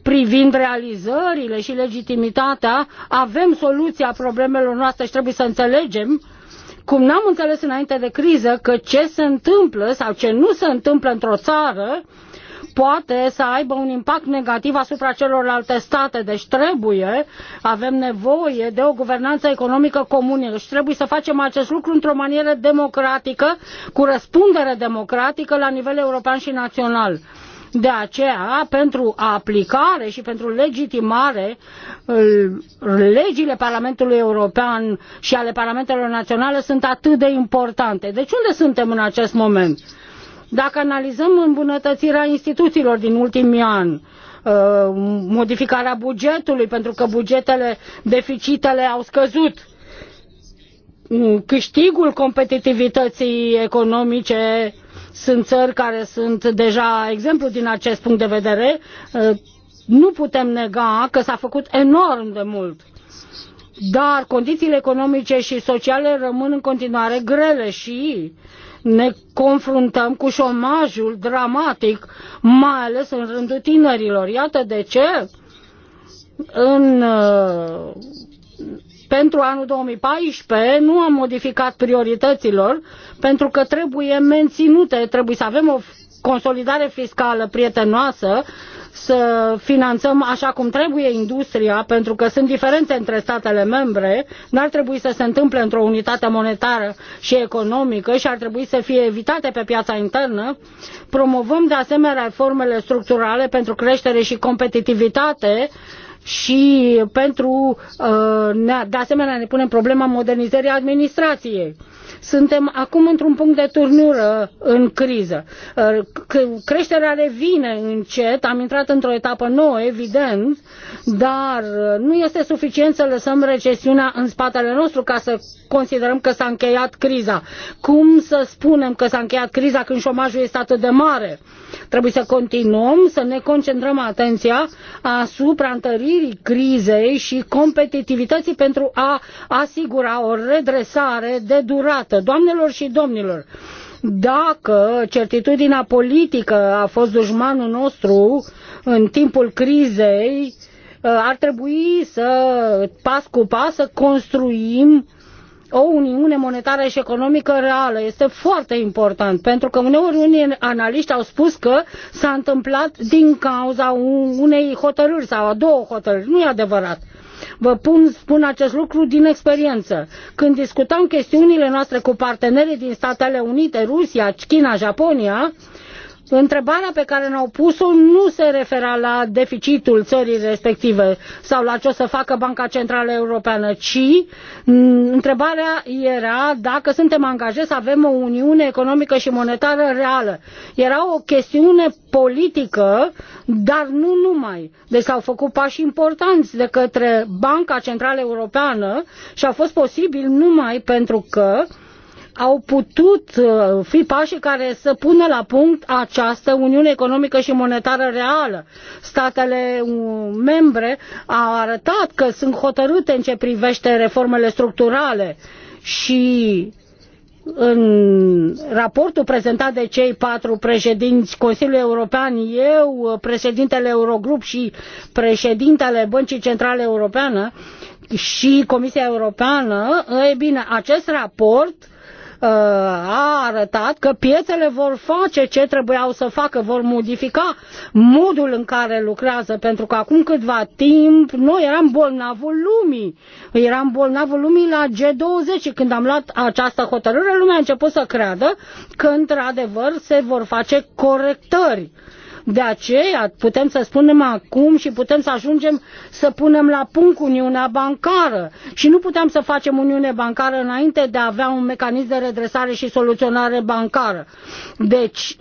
privind realizările și legitimitatea, avem soluția problemelor noastre și trebuie să înțelegem cum n-am înțeles înainte de criză că ce se întâmplă sau ce nu se întâmplă într-o țară poate să aibă un impact negativ asupra celorlalte state. Deci trebuie, avem nevoie de o guvernanță economică comună și trebuie să facem acest lucru într-o manieră democratică, cu răspundere democratică la nivel european și național. De aceea, pentru aplicare și pentru legitimare, legile Parlamentului European și ale Parlamentelor Naționale sunt atât de importante. Deci unde suntem în acest moment? Dacă analizăm îmbunătățirea instituțiilor din ultimii ani, uh, modificarea bugetului, pentru că bugetele, deficitele au scăzut, mm, câștigul competitivității economice, sunt țări care sunt deja exemplu din acest punct de vedere. Uh, nu putem nega că s-a făcut enorm de mult dar condițiile economice și sociale rămân în continuare grele și ne confruntăm cu șomajul dramatic, mai ales în rândul tinerilor. Iată de ce în uh, pentru anul 2014 nu am modificat priorităților pentru că trebuie menținute, trebuie să avem o consolidare fiscală prietenoasă, să finanțăm așa cum trebuie industria, pentru că sunt diferențe între statele membre, n-ar trebui să se întâmple într-o unitate monetară și economică și ar trebui să fie evitate pe piața internă. Promovăm de asemenea reformele structurale pentru creștere și competitivitate, și pentru, uh, de asemenea, ne punem problema modernizării administrației. Suntem acum într-un punct de turnură în criză. Uh, creșterea revine încet, am intrat într-o etapă nouă, evident, dar uh, nu este suficient să lăsăm recesiunea în spatele nostru ca să considerăm că s-a încheiat criza. Cum să spunem că s-a încheiat criza când șomajul este atât de mare? Trebuie să continuăm să ne concentrăm atenția asupra întăririi crizei și competitivității pentru a asigura o redresare de durată dată. Doamnelor și domnilor, dacă certitudinea politică a fost dușmanul nostru în timpul crizei, uh, ar trebui să, pas cu pas, să construim o uniune monetară și economică reală este foarte important, pentru că uneori unii analiști au spus că s-a întâmplat din cauza unei hotărâri sau a două hotărâri. Nu e adevărat. Vă pun, spun acest lucru din experiență. Când discutăm chestiunile noastre cu partenerii din Statele Unite, Rusia, China, Japonia, uh, Întrebarea pe care ne-au pus-o nu se refera la deficitul țării respective sau la ce o să facă Banca Centrală Europeană, ci întrebarea era dacă suntem angajați să avem o uniune economică și monetară reală. Era o chestiune politică, dar nu numai. Deci s-au făcut pași importanți de către Banca Centrală Europeană și a fost posibil numai pentru că au putut uh, fi pașii care să pună la punct această Uniune Economică și Monetară reală. Statele uh, membre au arătat că sunt hotărâte în ce privește reformele structurale și în raportul prezentat de cei patru președinți Consiliului European, eu, uh, președintele Eurogrup și președintele Băncii Centrale Europeană și Comisia Europeană, ei bine, acest raport Uh, a arătat că piețele vor face ce trebuiau să facă, vor modifica modul în care lucrează, pentru că acum câtva timp noi eram bolnavul lumii. Eram bolnavul lumii la G20 și când am luat această hotărâre, lumea a început să creadă că într-adevăr se vor face corectări. Uh, de aceea putem să spunem acum și putem să ajungem să punem la punct Uniunea Bancară. Și nu putem să facem Uniune Bancară înainte de a avea un mecanism de redresare și soluționare bancară. Deci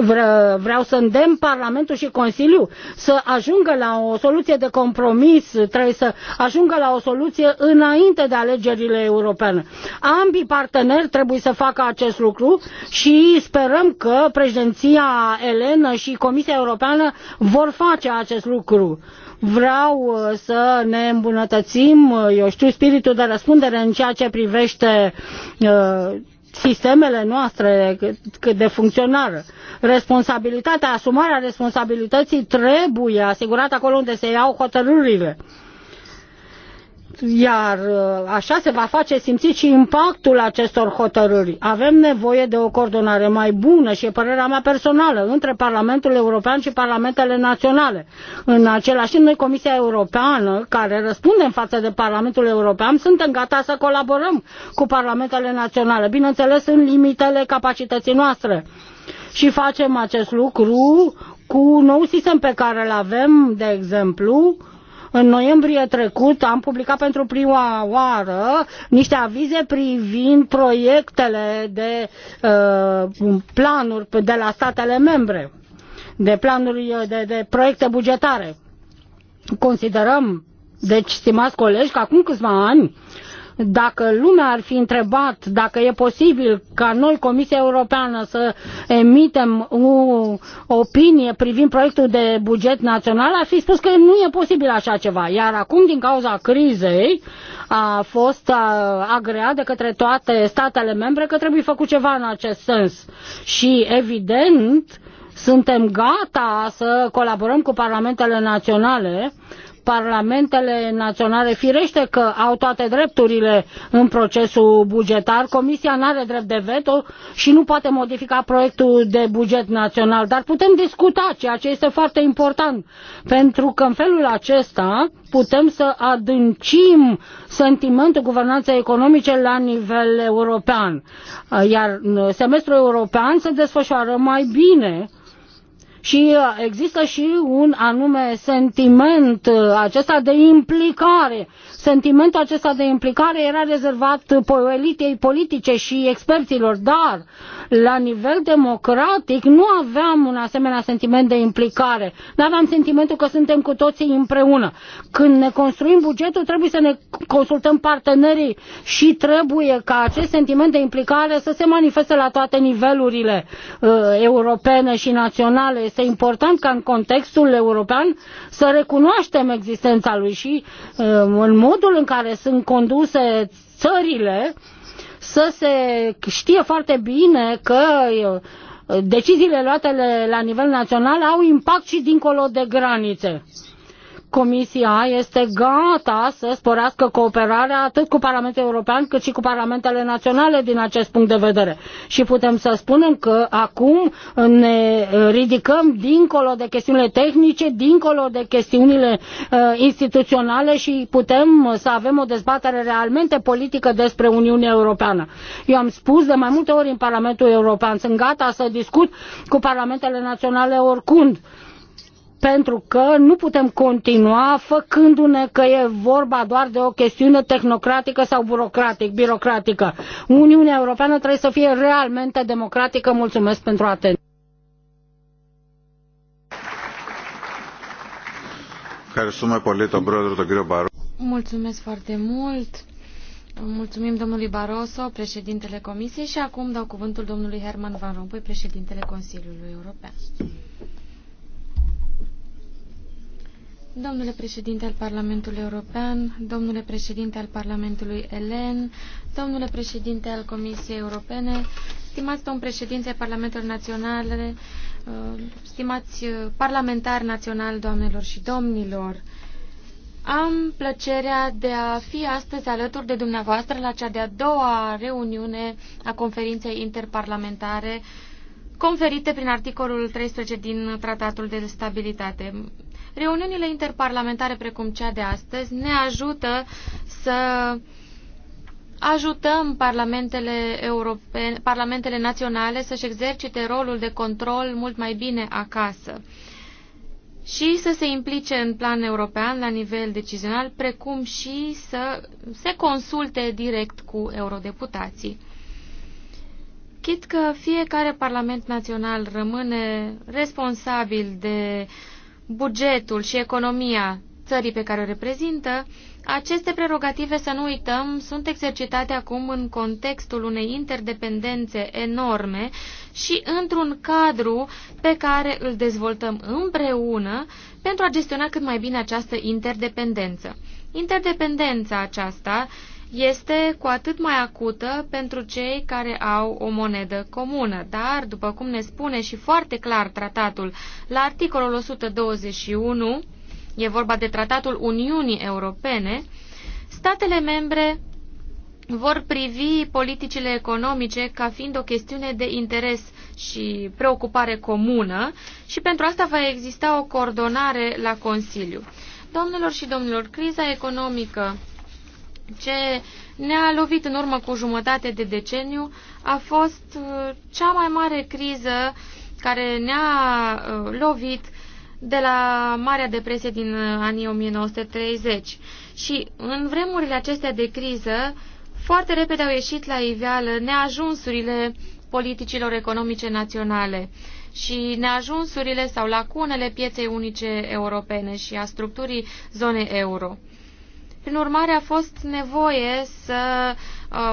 vreau să îndemn Parlamentul și Consiliul să ajungă la o soluție de compromis, trebuie să ajungă la o soluție înainte de alegerile europene. Ambii parteneri trebuie să facă acest lucru și sperăm că președinția Elenă și Comisia Europeană Europeană vor face acest lucru. Vreau uh, să ne îmbunătățim, uh, eu știu, spiritul de răspundere în ceea ce privește uh, sistemele noastre cât de funcționare. Responsabilitatea, asumarea responsabilității trebuie asigurată acolo unde se iau hotărârile. Uh, iar uh, așa se va face simțit și impactul acestor hotărâri. Avem nevoie de o coordonare mai bună și e părerea mea personală între Parlamentul European și Parlamentele Naționale. În același timp, noi, Comisia Europeană, care răspunde în față de Parlamentul European, suntem gata să colaborăm cu Parlamentele Naționale, bineînțeles în limitele capacității noastre. Și facem acest lucru cu nou sistem pe care îl avem, de exemplu, în noiembrie trecut am publicat pentru prima oară niște avize privind proiectele de uh, planuri de la statele membre, de planuri uh, de, de proiecte bugetare. Considerăm, deci, stimați colegi, că acum câțiva ani dacă lumea ar fi întrebat dacă e posibil ca noi, Comisia Europeană, să emitem o opinie privind proiectul de buget național, ar fi spus că nu e posibil așa ceva. Iar acum, din cauza crizei, a fost agreat de către toate statele membre că trebuie făcut ceva în acest sens. Și, evident, suntem gata să colaborăm cu parlamentele naționale parlamentele naționale, firește că au toate drepturile în procesul bugetar, Comisia nu are drept de veto și nu poate modifica proiectul de buget național, dar putem discuta, ceea ce este foarte important, pentru că în felul acesta putem să adâncim sentimentul guvernanței economice la nivel european. Iar uh, semestrul european se desfășoară mai bine și uh, există și un anume sentiment uh, acesta de implicare. Sentimentul acesta de implicare era rezervat elitei politice și experților, dar la nivel democratic nu aveam un asemenea sentiment de implicare. Nu aveam sentimentul că suntem cu toții împreună. Când ne construim bugetul trebuie să ne consultăm partenerii și trebuie ca acest sentiment de implicare să se manifeste la toate nivelurile uh, europene și naționale este important ca în contextul european să recunoaștem existența lui și um, în modul în care sunt conduse țările să se știe foarte bine că uh, deciziile luate la nivel național au impact și dincolo de granițe. Comisia este gata să sporească cooperarea atât cu Parlamentul European cât și cu Parlamentele Naționale din acest punct de vedere. Și putem să spunem că acum ne ridicăm dincolo de chestiunile tehnice, dincolo de chestiunile uh, instituționale și putem să avem o dezbatere realmente politică despre Uniunea Europeană. Eu am spus de mai multe ori în Parlamentul European, sunt gata să discut cu Parlamentele Naționale oricând pentru că nu putem continua făcându-ne că e vorba doar de o chestiune tehnocratică sau burocratic, birocratică. Uniunea Europeană trebuie să fie realmente democratică. Mulțumesc pentru atenție. Mulțumesc foarte mult. Mulțumim domnului Barroso, președintele Comisiei și acum dau cuvântul domnului Herman Van Rompuy, președintele Consiliului European. Domnule președinte al Parlamentului European, domnule președinte al Parlamentului Elen, domnule președinte al Comisiei Europene, stimați domn președinte al Parlamentului Național, uh, stimați uh, parlamentari național doamnelor și domnilor, am plăcerea de a fi astăzi alături de dumneavoastră la cea de-a doua reuniune a conferinței interparlamentare conferite prin articolul 13 din Tratatul de Stabilitate. Reuniunile interparlamentare precum cea de astăzi ne ajută să ajutăm parlamentele, europene, parlamentele naționale să-și exercite rolul de control mult mai bine acasă și să se implice în plan european la nivel decizional, precum și să se consulte direct cu eurodeputații. Chit că fiecare Parlament Național rămâne responsabil de bugetul și economia țării pe care o reprezintă, aceste prerogative, să nu uităm, sunt exercitate acum în contextul unei interdependențe enorme și într-un cadru pe care îl dezvoltăm împreună pentru a gestiona cât mai bine această interdependență. Interdependența aceasta este cu atât mai acută pentru cei care au o monedă comună. Dar, după cum ne spune și foarte clar tratatul, la articolul 121, e vorba de tratatul Uniunii Europene, statele membre vor privi politicile economice ca fiind o chestiune de interes și preocupare comună și pentru asta va exista o coordonare la Consiliu. Domnilor și domnilor, criza economică ce ne-a lovit în urmă cu jumătate de deceniu a fost uh, cea mai mare criză care ne-a uh, lovit de la Marea Depresie din uh, anii 1930. Și în vremurile acestea de criză, foarte repede au ieșit la iveală neajunsurile politicilor economice naționale și neajunsurile sau lacunele pieței unice europene și a structurii zonei euro. Prin urmare, a fost nevoie să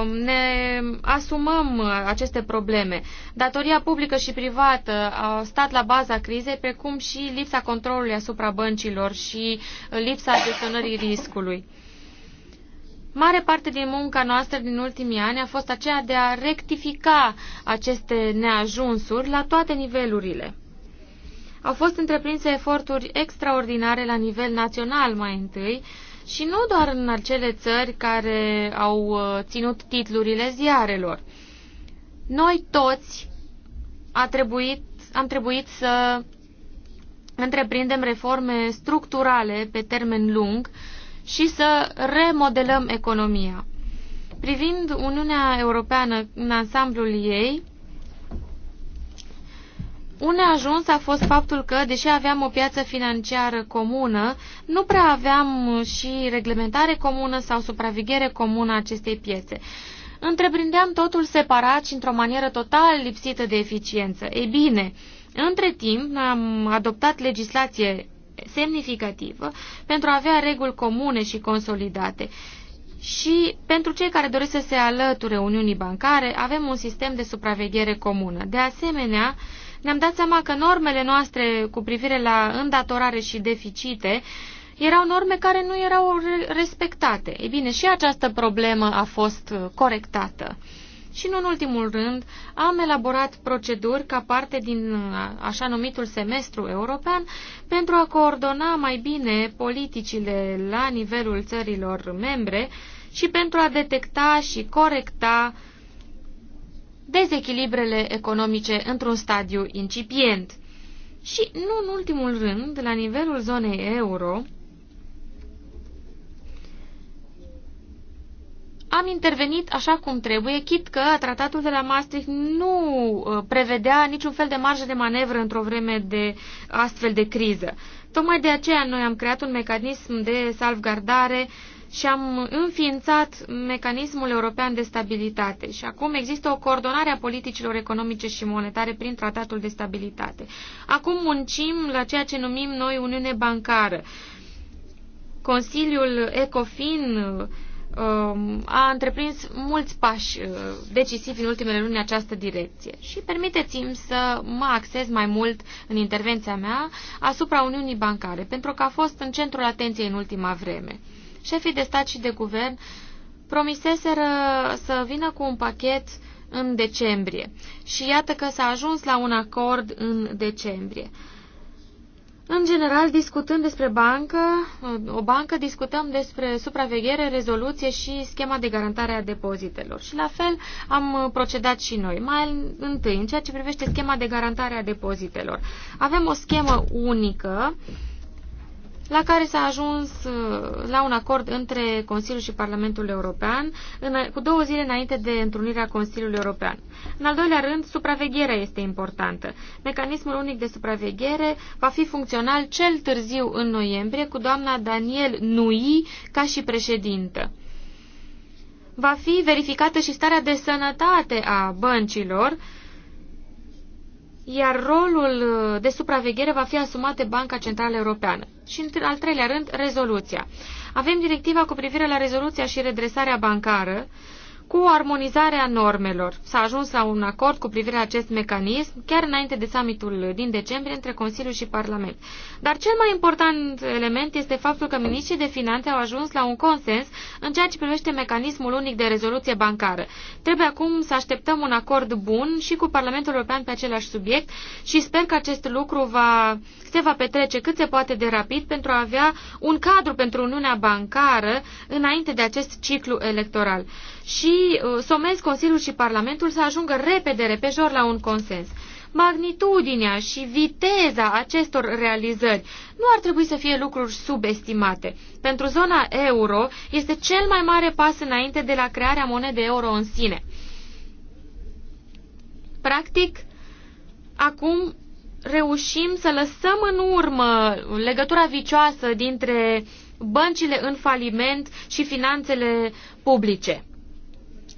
um, ne asumăm aceste probleme. Datoria publică și privată a stat la baza crizei, precum și lipsa controlului asupra băncilor și lipsa gestionării riscului. Mare parte din munca noastră din ultimii ani a fost aceea de a rectifica aceste neajunsuri la toate nivelurile. Au fost întreprinse eforturi extraordinare la nivel național mai întâi, și nu doar în acele țări care au uh, ținut titlurile ziarelor. Noi toți a trebuit, am trebuit să întreprindem reforme structurale pe termen lung și să remodelăm economia. Privind Uniunea Europeană în ansamblul ei, un neajuns a fost faptul că, deși aveam o piață financiară comună, nu prea aveam și reglementare comună sau supraveghere comună a acestei piețe. Întreprindeam totul separat și într-o manieră total lipsită de eficiență. Ei bine, între timp am adoptat legislație semnificativă pentru a avea reguli comune și consolidate. Și pentru cei care doresc să se alăture Uniunii Bancare, avem un sistem de supraveghere comună. De asemenea, ne-am dat seama că normele noastre cu privire la îndatorare și deficite erau norme care nu erau respectate. Ei bine, și această problemă a fost corectată. Și nu în ultimul rând, am elaborat proceduri ca parte din așa numitul semestru european pentru a coordona mai bine politicile la nivelul țărilor membre și pentru a detecta și corecta dezechilibrele economice într-un stadiu incipient. Și nu în ultimul rând, la nivelul zonei euro, am intervenit așa cum trebuie, chit că tratatul de la Maastricht nu uh, prevedea niciun fel de marjă de manevră într-o vreme de astfel de criză. Tocmai de aceea noi am creat un mecanism de salvgardare uh, și am înființat mecanismul european de stabilitate și acum există o coordonare a politicilor economice și monetare prin tratatul de stabilitate. Acum muncim la ceea ce numim noi Uniune Bancară. Consiliul ECOFIN um, a întreprins mulți pași uh, decisivi în ultimele luni în această direcție. Și permiteți-mi să mă axez mai mult în intervenția mea asupra Uniunii Bancare, pentru că a fost în centrul atenției în ultima vreme șefii de stat și de guvern promiseseră să vină cu un pachet în decembrie și iată că s-a ajuns la un acord în decembrie. În general, discutând despre bancă, o bancă, discutăm despre supraveghere, rezoluție și schema de garantare a depozitelor. Și la fel am procedat și noi. Mai întâi, în ceea ce privește schema de garantare a depozitelor. Avem o schemă unică uh, la care s-a ajuns uh, la un acord între Consiliul și Parlamentul European cu două zile înainte de întrunirea Consiliului European. În al doilea rând, supravegherea este importantă. Mecanismul unic de supraveghere va fi funcțional cel târziu în noiembrie cu doamna Daniel Nui ca și președintă. Va fi verificată și starea de sănătate a băncilor, iar rolul uh, de supraveghere va fi asumat de Banca Centrală Europeană. Și în al treilea rând, rezoluția. Avem directiva cu privire la rezoluția și redresarea bancară, cu armonizarea normelor. S-a ajuns la un acord cu privire la acest mecanism chiar înainte de summitul din decembrie între Consiliu și Parlament. Dar cel mai important element este faptul că ministrii de finanțe au ajuns la un consens în ceea ce privește mecanismul unic de rezoluție bancară. Trebuie acum să așteptăm un acord bun și cu Parlamentul European pe același subiect și sper că acest lucru va, se va petrece cât se poate de rapid pentru a avea un cadru pentru Uniunea Bancară înainte de acest ciclu electoral și uh, somez Consiliul și Parlamentul să ajungă repede, repejor la un consens. Magnitudinea și viteza acestor realizări nu ar trebui să fie lucruri subestimate. Pentru zona euro este cel mai mare pas înainte de la crearea monedei euro în sine. Practic, acum reușim să lăsăm în urmă legătura vicioasă dintre băncile în faliment și finanțele publice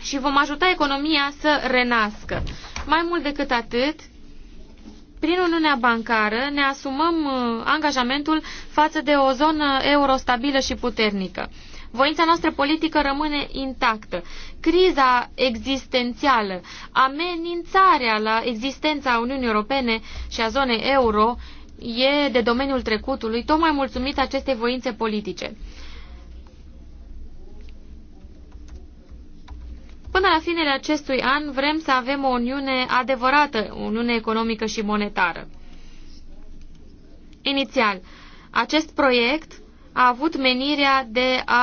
și vom ajuta economia să renască. Mai mult decât atât, prin Uniunea Bancară ne asumăm uh, angajamentul față de o zonă euro stabilă și puternică. Voința noastră politică rămâne intactă. Criza existențială, amenințarea la existența Uniunii Europene și a zonei euro e de domeniul trecutului, tocmai mulțumit acestei voințe politice. Până la finele acestui an vrem să avem o uniune adevărată, o uniune economică și monetară. Inițial, acest proiect a avut menirea de a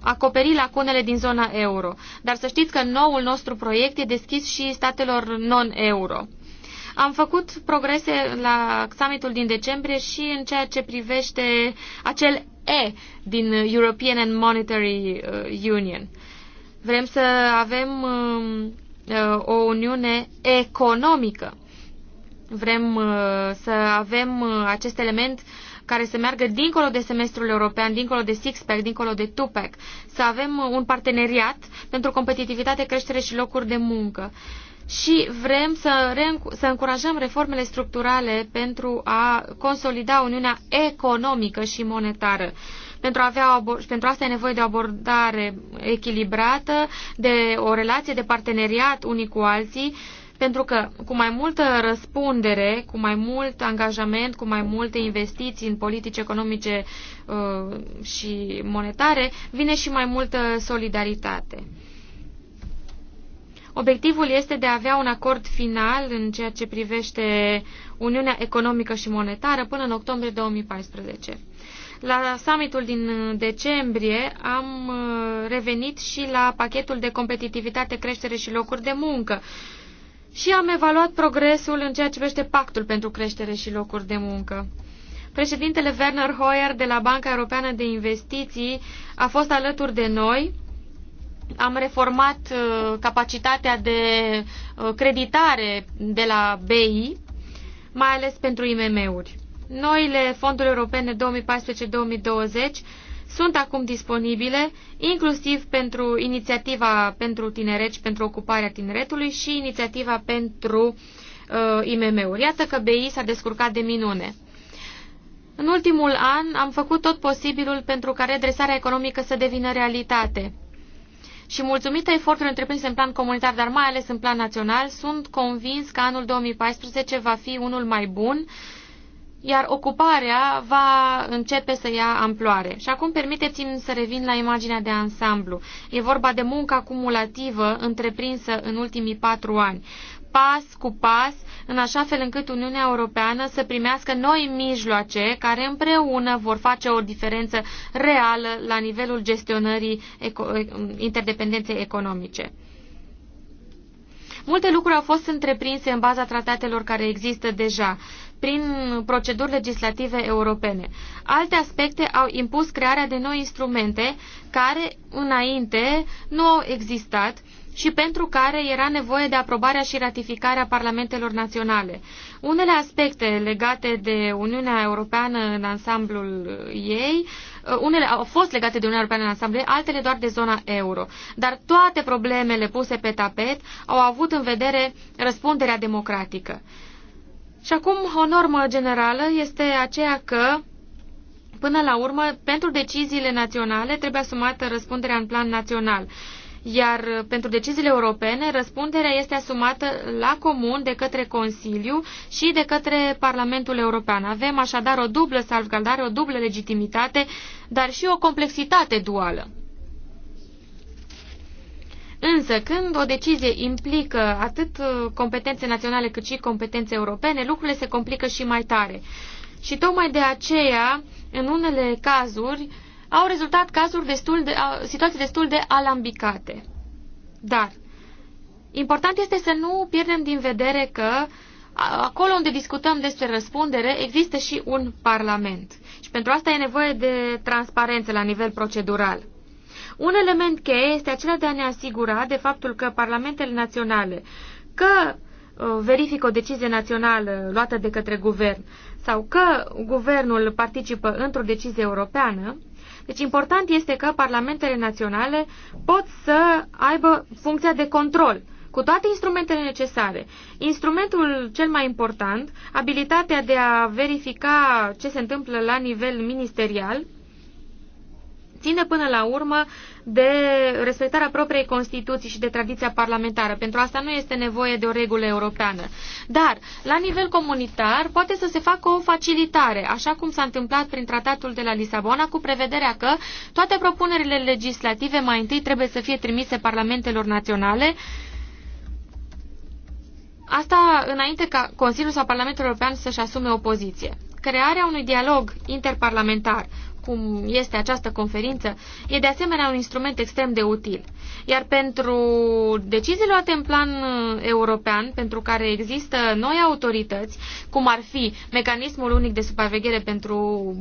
acoperi lacunele din zona euro, dar să știți că noul nostru proiect e deschis și statelor non-euro. Am făcut progrese la summitul din decembrie și în ceea ce privește acel E din European and Monetary uh, Union. Vrem să avem um, uh, o uniune economică. Vrem uh, să avem uh, acest element care să meargă dincolo de semestrul european, dincolo de six-pack, dincolo de two-pack. Să avem uh, un parteneriat pentru competitivitate, creștere și locuri de muncă. Și vrem să, să încurajăm reformele structurale pentru a consolida Uniunea economică și monetară. Uh, pentru a, avea o, pentru asta e nevoie de o abordare echilibrată, de o relație de parteneriat unii cu alții, pentru că cu mai multă răspundere, cu mai mult angajament, cu mai multe investiții în politici economice uh, și monetare, vine și mai multă solidaritate. Obiectivul este de a avea un acord final în ceea ce privește Uniunea Economică și Monetară până în octombrie 2014. La summitul din uh, decembrie am uh, revenit și la pachetul de competitivitate, creștere și locuri de muncă și am evaluat progresul în ceea ce privește pactul pentru creștere și locuri de muncă. Președintele Werner Hoyer de la Banca Europeană de Investiții a fost alături de noi. Am reformat uh, capacitatea de creditare de la BI, mai ales pentru IMM-uri noile fonduri europene 2014-2020 sunt acum disponibile, inclusiv pentru inițiativa pentru tineret și pentru ocuparea tineretului și inițiativa pentru uh, IMM-uri. Iată că BI s-a descurcat de minune. În ultimul an am făcut tot posibilul pentru ca redresarea economică să devină realitate. Și mulțumită eforturilor întreprinse în plan comunitar, dar mai ales în plan național, sunt convins că anul 2014 va fi unul mai bun iar ocuparea va începe să ia amploare. Și acum permiteți-mi să revin la imaginea de ansamblu. E vorba de munca cumulativă întreprinsă în ultimii patru ani pas cu pas, în așa fel încât Uniunea Europeană să primească noi mijloace care împreună vor face o diferență reală la nivelul gestionării interdependenței economice. Multe lucruri au fost întreprinse în baza tratatelor care există deja prin proceduri legislative europene. Alte aspecte au impus crearea de noi instrumente care înainte nu au existat și pentru care era nevoie de aprobarea și ratificarea parlamentelor naționale. Unele aspecte legate de Uniunea Europeană în ansamblul ei, uh, unele au fost legate de Uniunea Europeană în ansamblul ei, altele doar de zona euro. Dar toate problemele puse pe tapet au avut în vedere răspunderea democratică. Și acum o normă generală este aceea că, până la urmă, pentru deciziile naționale trebuie asumată răspunderea în plan național iar uh, pentru deciziile europene răspunderea este asumată la comun de către Consiliu și de către Parlamentul European. Avem așadar o dublă salvgardare, o dublă legitimitate, dar și o complexitate duală. Însă, când o decizie implică atât uh, competențe naționale cât și competențe europene, lucrurile se complică și mai tare. Și tocmai de aceea, în unele cazuri, au rezultat cazuri destul de, situații destul de alambicate. Dar, important este să nu pierdem din vedere că acolo unde discutăm despre răspundere există și un parlament. Și pentru asta e nevoie de transparență la nivel procedural. Un element cheie este acela de a ne asigura de faptul că parlamentele naționale, că uh, verifică o decizie națională luată de către guvern sau că guvernul participă într-o decizie europeană, deci important este că parlamentele naționale pot să aibă funcția de control cu toate instrumentele necesare. Instrumentul cel mai important, abilitatea de a verifica ce se întâmplă la nivel ministerial, ține până la urmă de respectarea propriei Constituții și de tradiția parlamentară. Pentru asta nu este nevoie de o regulă europeană. Dar, la nivel comunitar, poate să se facă o facilitare, așa cum s-a întâmplat prin tratatul de la Lisabona, cu prevederea că toate propunerile legislative mai întâi trebuie să fie trimise parlamentelor naționale, Asta înainte ca Consiliul sau Parlamentul European să-și asume o poziție. Crearea unui dialog interparlamentar, cum este această conferință, e de asemenea un instrument extrem de util. Iar pentru deciziile luate în plan uh, european, pentru care există noi autorități, cum ar fi mecanismul unic de supraveghere pentru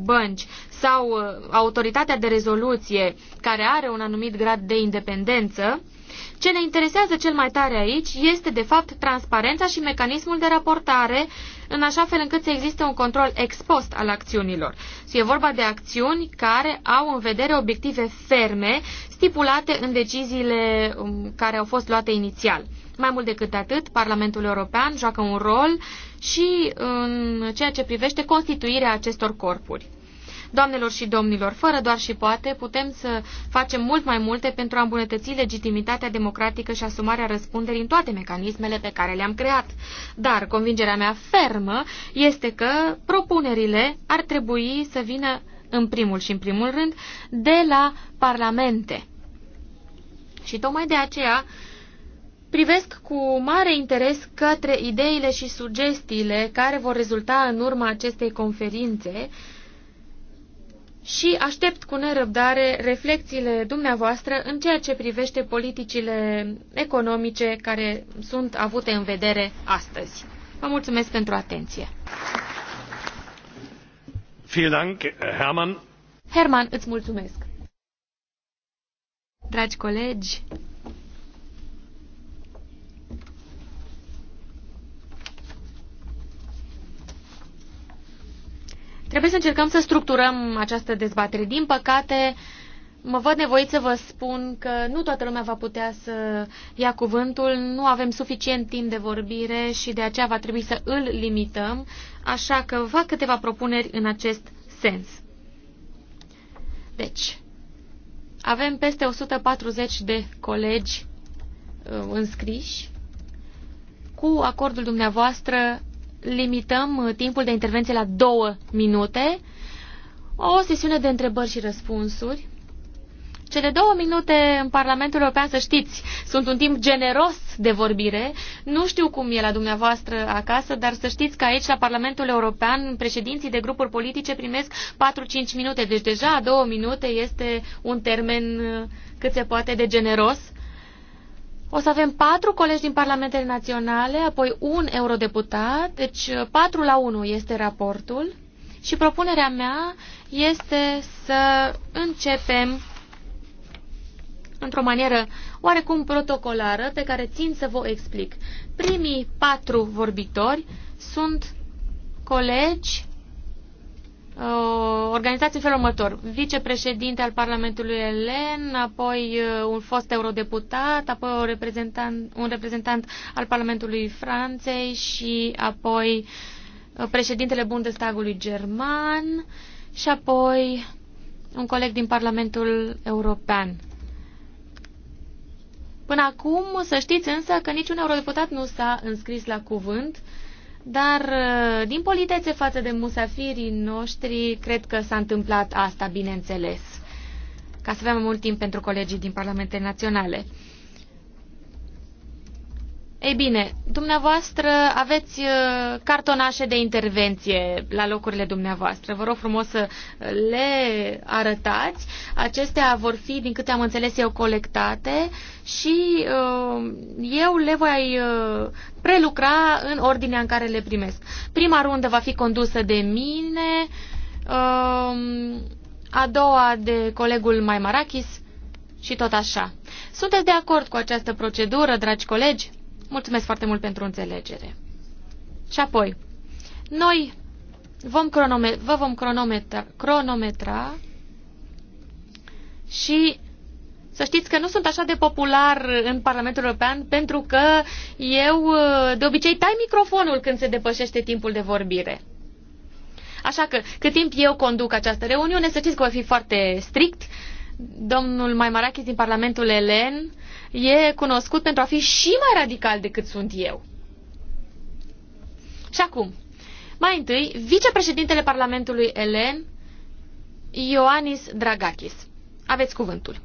bănci sau uh, autoritatea de rezoluție, care are un anumit grad de independență, ce ne interesează cel mai tare aici este, de fapt, transparența și mecanismul de raportare, în așa fel încât să existe un control expost al acțiunilor. Deci, e vorba de acțiuni care au în vedere obiective ferme, stipulate în deciziile um, care au fost luate inițial. Mai mult decât atât, Parlamentul European joacă un rol și în ceea ce privește constituirea acestor corpuri. Doamnelor și domnilor, fără doar și poate, putem să facem mult mai multe pentru a îmbunătăți legitimitatea democratică și asumarea răspunderii în toate mecanismele pe care le-am creat. Dar convingerea mea fermă este că propunerile ar trebui să vină în primul și în primul rând de la parlamente. Și tocmai de aceea privesc cu mare interes către ideile și sugestiile care vor rezulta în urma acestei conferințe și aștept cu nerăbdare reflexiile dumneavoastră în ceea ce privește politicile economice care sunt avute în vedere astăzi. Vă mulțumesc pentru atenție. dank, Herman. Herman, îți mulțumesc. Dragi colegi, Trebuie să încercăm să structurăm această dezbatere. Din păcate, mă văd nevoit să vă spun că nu toată lumea va putea să ia cuvântul, nu avem suficient timp de vorbire și de aceea va trebui să îl limităm, așa că fac câteva propuneri în acest sens. Deci, avem peste 140 de colegi uh, înscriși. Cu acordul dumneavoastră limităm uh, timpul de intervenție la două minute, o sesiune de întrebări și răspunsuri. Cele două minute în Parlamentul European, să știți, sunt un timp generos de vorbire. Nu știu cum e la dumneavoastră acasă, dar să știți că aici, la Parlamentul European, președinții de grupuri politice primesc 4-5 minute. Deci deja două minute este un termen uh, cât se poate de generos. O să avem patru colegi din Parlamentele Naționale, apoi un eurodeputat, deci uh, patru la unu este raportul. Și propunerea mea este să începem într-o manieră oarecum protocolară pe care țin să vă explic. Primii patru vorbitori sunt colegi Uh, organizați în felul următor. Vicepreședinte al Parlamentului Elen, apoi uh, un fost eurodeputat, apoi un reprezentant, un reprezentant al Parlamentului Franței și apoi uh, președintele Bundestagului German și apoi un coleg din Parlamentul European. Până acum, să știți însă că niciun eurodeputat nu s-a înscris la cuvânt. Uh, dar, uh, din politețe față de musafirii noștri, cred că s-a întâmplat asta, bineînțeles, ca să avem mult timp pentru colegii din Parlamentele Naționale. Ei bine, dumneavoastră aveți uh, cartonașe de intervenție la locurile dumneavoastră. Vă rog frumos să le arătați. Acestea vor fi, din câte am înțeles eu, colectate și uh, eu le voi uh, prelucra în ordinea în care le primesc. Prima rundă va fi condusă de mine, um, a doua de colegul Maimarachis și tot așa. Sunteți de acord cu această procedură, dragi colegi? Mulțumesc foarte mult pentru înțelegere. Și apoi, noi vom cronome vă vom cronometra, cronometra și să știți că nu sunt așa de popular în Parlamentul European pentru că eu de obicei tai microfonul când se depășește timpul de vorbire. Așa că, cât timp eu conduc această reuniune, să știți că voi fi foarte strict. Domnul Maimarachis din Parlamentul Elen e cunoscut pentru a fi și mai radical decât sunt eu. Și acum, mai întâi, vicepreședintele Parlamentului Elen, Ioannis Dragakis. Aveți cuvântul.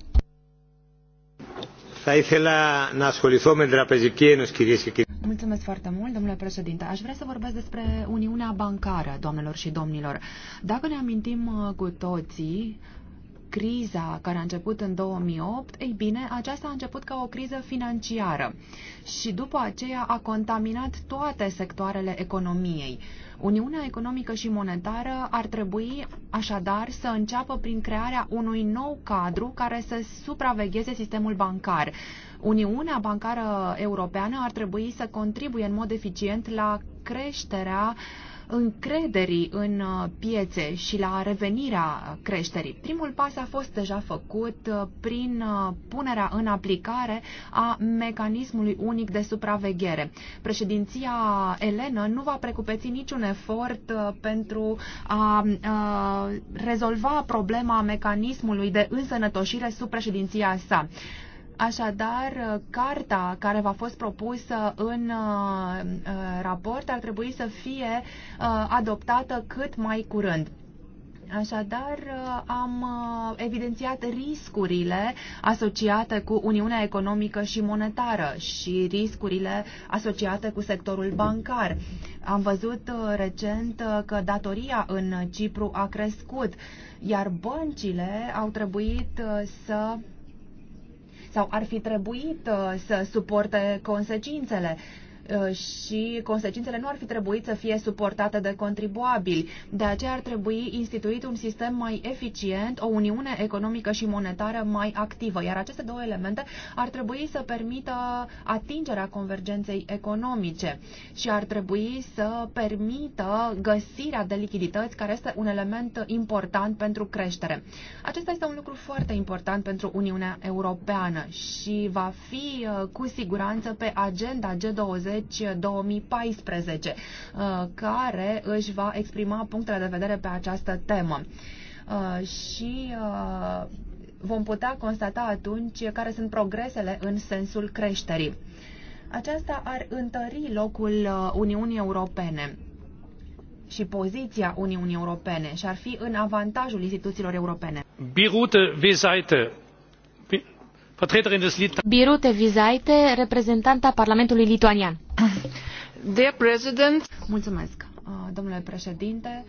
Mulțumesc foarte mult, domnule președinte. Aș vrea să vorbesc despre Uniunea Bancară, doamnelor și domnilor. Dacă ne amintim uh, cu toții, criza care a început în 2008, ei bine, aceasta a început ca o criză financiară și după aceea a contaminat toate sectoarele economiei. Uniunea economică și monetară ar trebui așadar să înceapă prin crearea unui nou cadru care să supravegheze sistemul bancar. Uniunea bancară europeană ar trebui să contribuie în mod eficient la creșterea uh, încrederii în uh, piețe și la revenirea creșterii. Primul pas a fost deja făcut uh, prin uh, punerea în aplicare a mecanismului unic de supraveghere. Președinția Elenă nu va precupeți niciun efort pentru a rezolva problema mecanismului de însănătoșire sub președinția sa. Așadar, uh, carta care v-a fost propusă în uh, uh, raport ar trebui să fie adoptată cât mai curând. Așadar, am evidențiat riscurile asociate cu Uniunea Economică și Monetară și riscurile asociate cu sectorul bancar. Am văzut recent că datoria în Cipru a crescut, iar băncile au trebuit să sau ar fi trebuit uh, să suporte consecințele. Uh, și consecințele nu ar fi trebuit să fie suportate de contribuabili. De aceea ar trebui instituit un sistem mai eficient, o uniune economică și monetară mai activă, iar aceste două elemente ar trebui să permită atingerea convergenței economice și ar trebui să permită găsirea de lichidități, care este un element important pentru creștere. Acesta este un lucru foarte important pentru Uniunea Europeană și va fi uh, cu siguranță pe agenda G20 Uh, care își va exprima punctele de vedere pe această temă. Uh, și uh, vom putea constata atunci care sunt progresele în sensul creșterii. Aceasta ar întări locul Uniunii Europene și poziția Uniunii Europene și ar fi în avantajul instituțiilor europene. Birute Birute Vizaite, reprezentanta Parlamentului Lituanian. Dear President. Mulțumesc, domnule președinte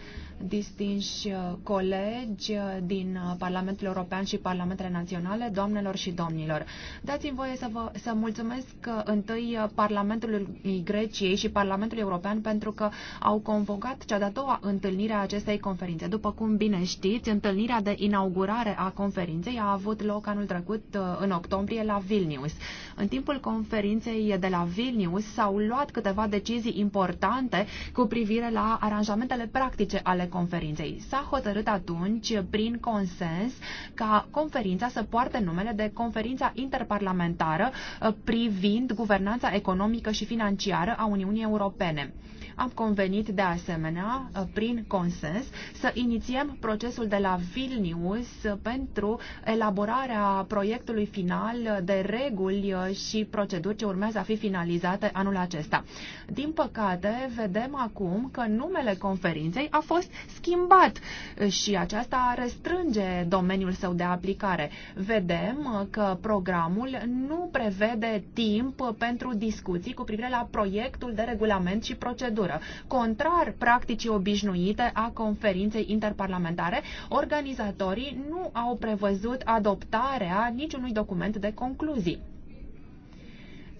distinși uh, colegi uh, din uh, Parlamentul European și Parlamentele Naționale, doamnelor și domnilor. Dați-mi voie să, vă, să mulțumesc întâi Parlamentului Greciei și parlamentului European pentru că au convocat cea de-a doua întâlnire a acestei conferințe. După cum bine știți, întâlnirea de inaugurare a conferinței a avut loc anul trecut în octombrie la Vilnius. În timpul conferinței de la Vilnius s-au luat câteva decizii importante cu privire la aranjamentele practice ale conferinței. S-a hotărât atunci, prin consens, ca conferința să poarte numele de Conferința Interparlamentară uh, privind guvernanța economică și financiară a Uniunii Europene. Am convenit de asemenea, uh, prin consens, să inițiem procesul de la Vilnius uh, pentru elaborarea proiectului final de reguli uh, și proceduri ce urmează a fi finalizate anul acesta. Din păcate, vedem acum că numele conferinței a fost schimbat și aceasta restrânge domeniul său de aplicare. Vedem că programul nu prevede timp pentru discuții cu privire la proiectul de regulament și procedură legislatură, contrar practicii obișnuite a conferinței interparlamentare, organizatorii nu au prevăzut adoptarea niciunui document de concluzii.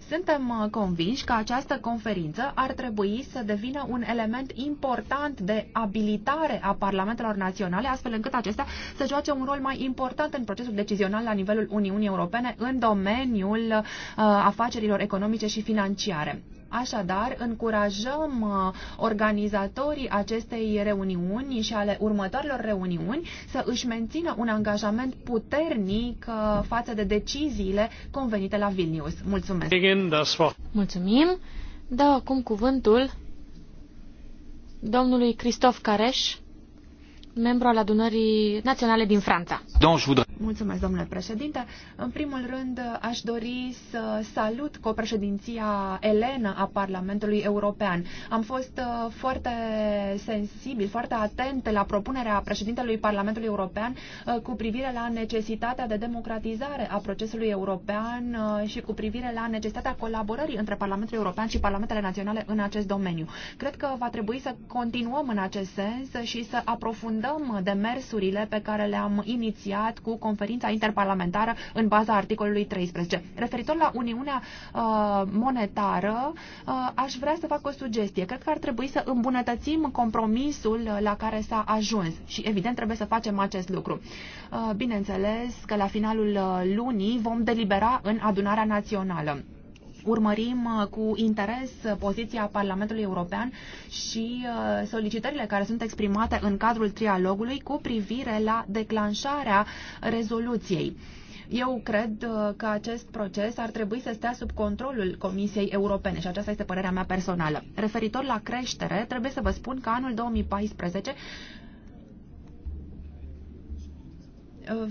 Suntem uh, convinși că această conferință ar trebui să devină un element important de abilitare a parlamentelor naționale, astfel încât acestea să joace un rol mai important în procesul decizional la nivelul Uniunii Europene în domeniul uh, afacerilor economice și financiare. Așadar, încurajăm uh, organizatorii acestei reuniuni și ale următoarelor reuniuni să își mențină un angajament puternic uh, față de deciziile convenite la Vilnius. Mulțumesc! Mulțumim! Dau acum cuvântul domnului Cristof Careș membru al adunării naționale din Franța. Mulțumesc, domnule președinte. În primul rând, aș dori să salut copreședinția Elena a Parlamentului European. Am fost uh, foarte sensibil, foarte atent la propunerea președintelui Parlamentului European uh, cu privire la necesitatea de democratizare a procesului european uh, și cu privire la necesitatea colaborării între Parlamentul European și Parlamentele Naționale în acest domeniu. Cred că va trebui să continuăm în acest sens și să aprofundăm suspendăm demersurile pe care le-am inițiat cu conferința interparlamentară în baza articolului 13. Referitor la Uniunea uh, Monetară, uh, aș vrea să fac o sugestie. Cred că ar trebui să îmbunătățim compromisul la care s-a ajuns și, evident, trebuie să facem acest lucru. Uh, bineînțeles că la finalul uh, lunii vom delibera în adunarea națională urmărim uh, cu interes uh, poziția Parlamentului European și uh, solicitările care sunt exprimate în cadrul trialogului cu privire la declanșarea rezoluției. Eu cred că acest proces ar trebui să stea sub controlul Comisiei Europene și aceasta este părerea mea personală. Referitor la creștere, trebuie să vă spun că anul 2014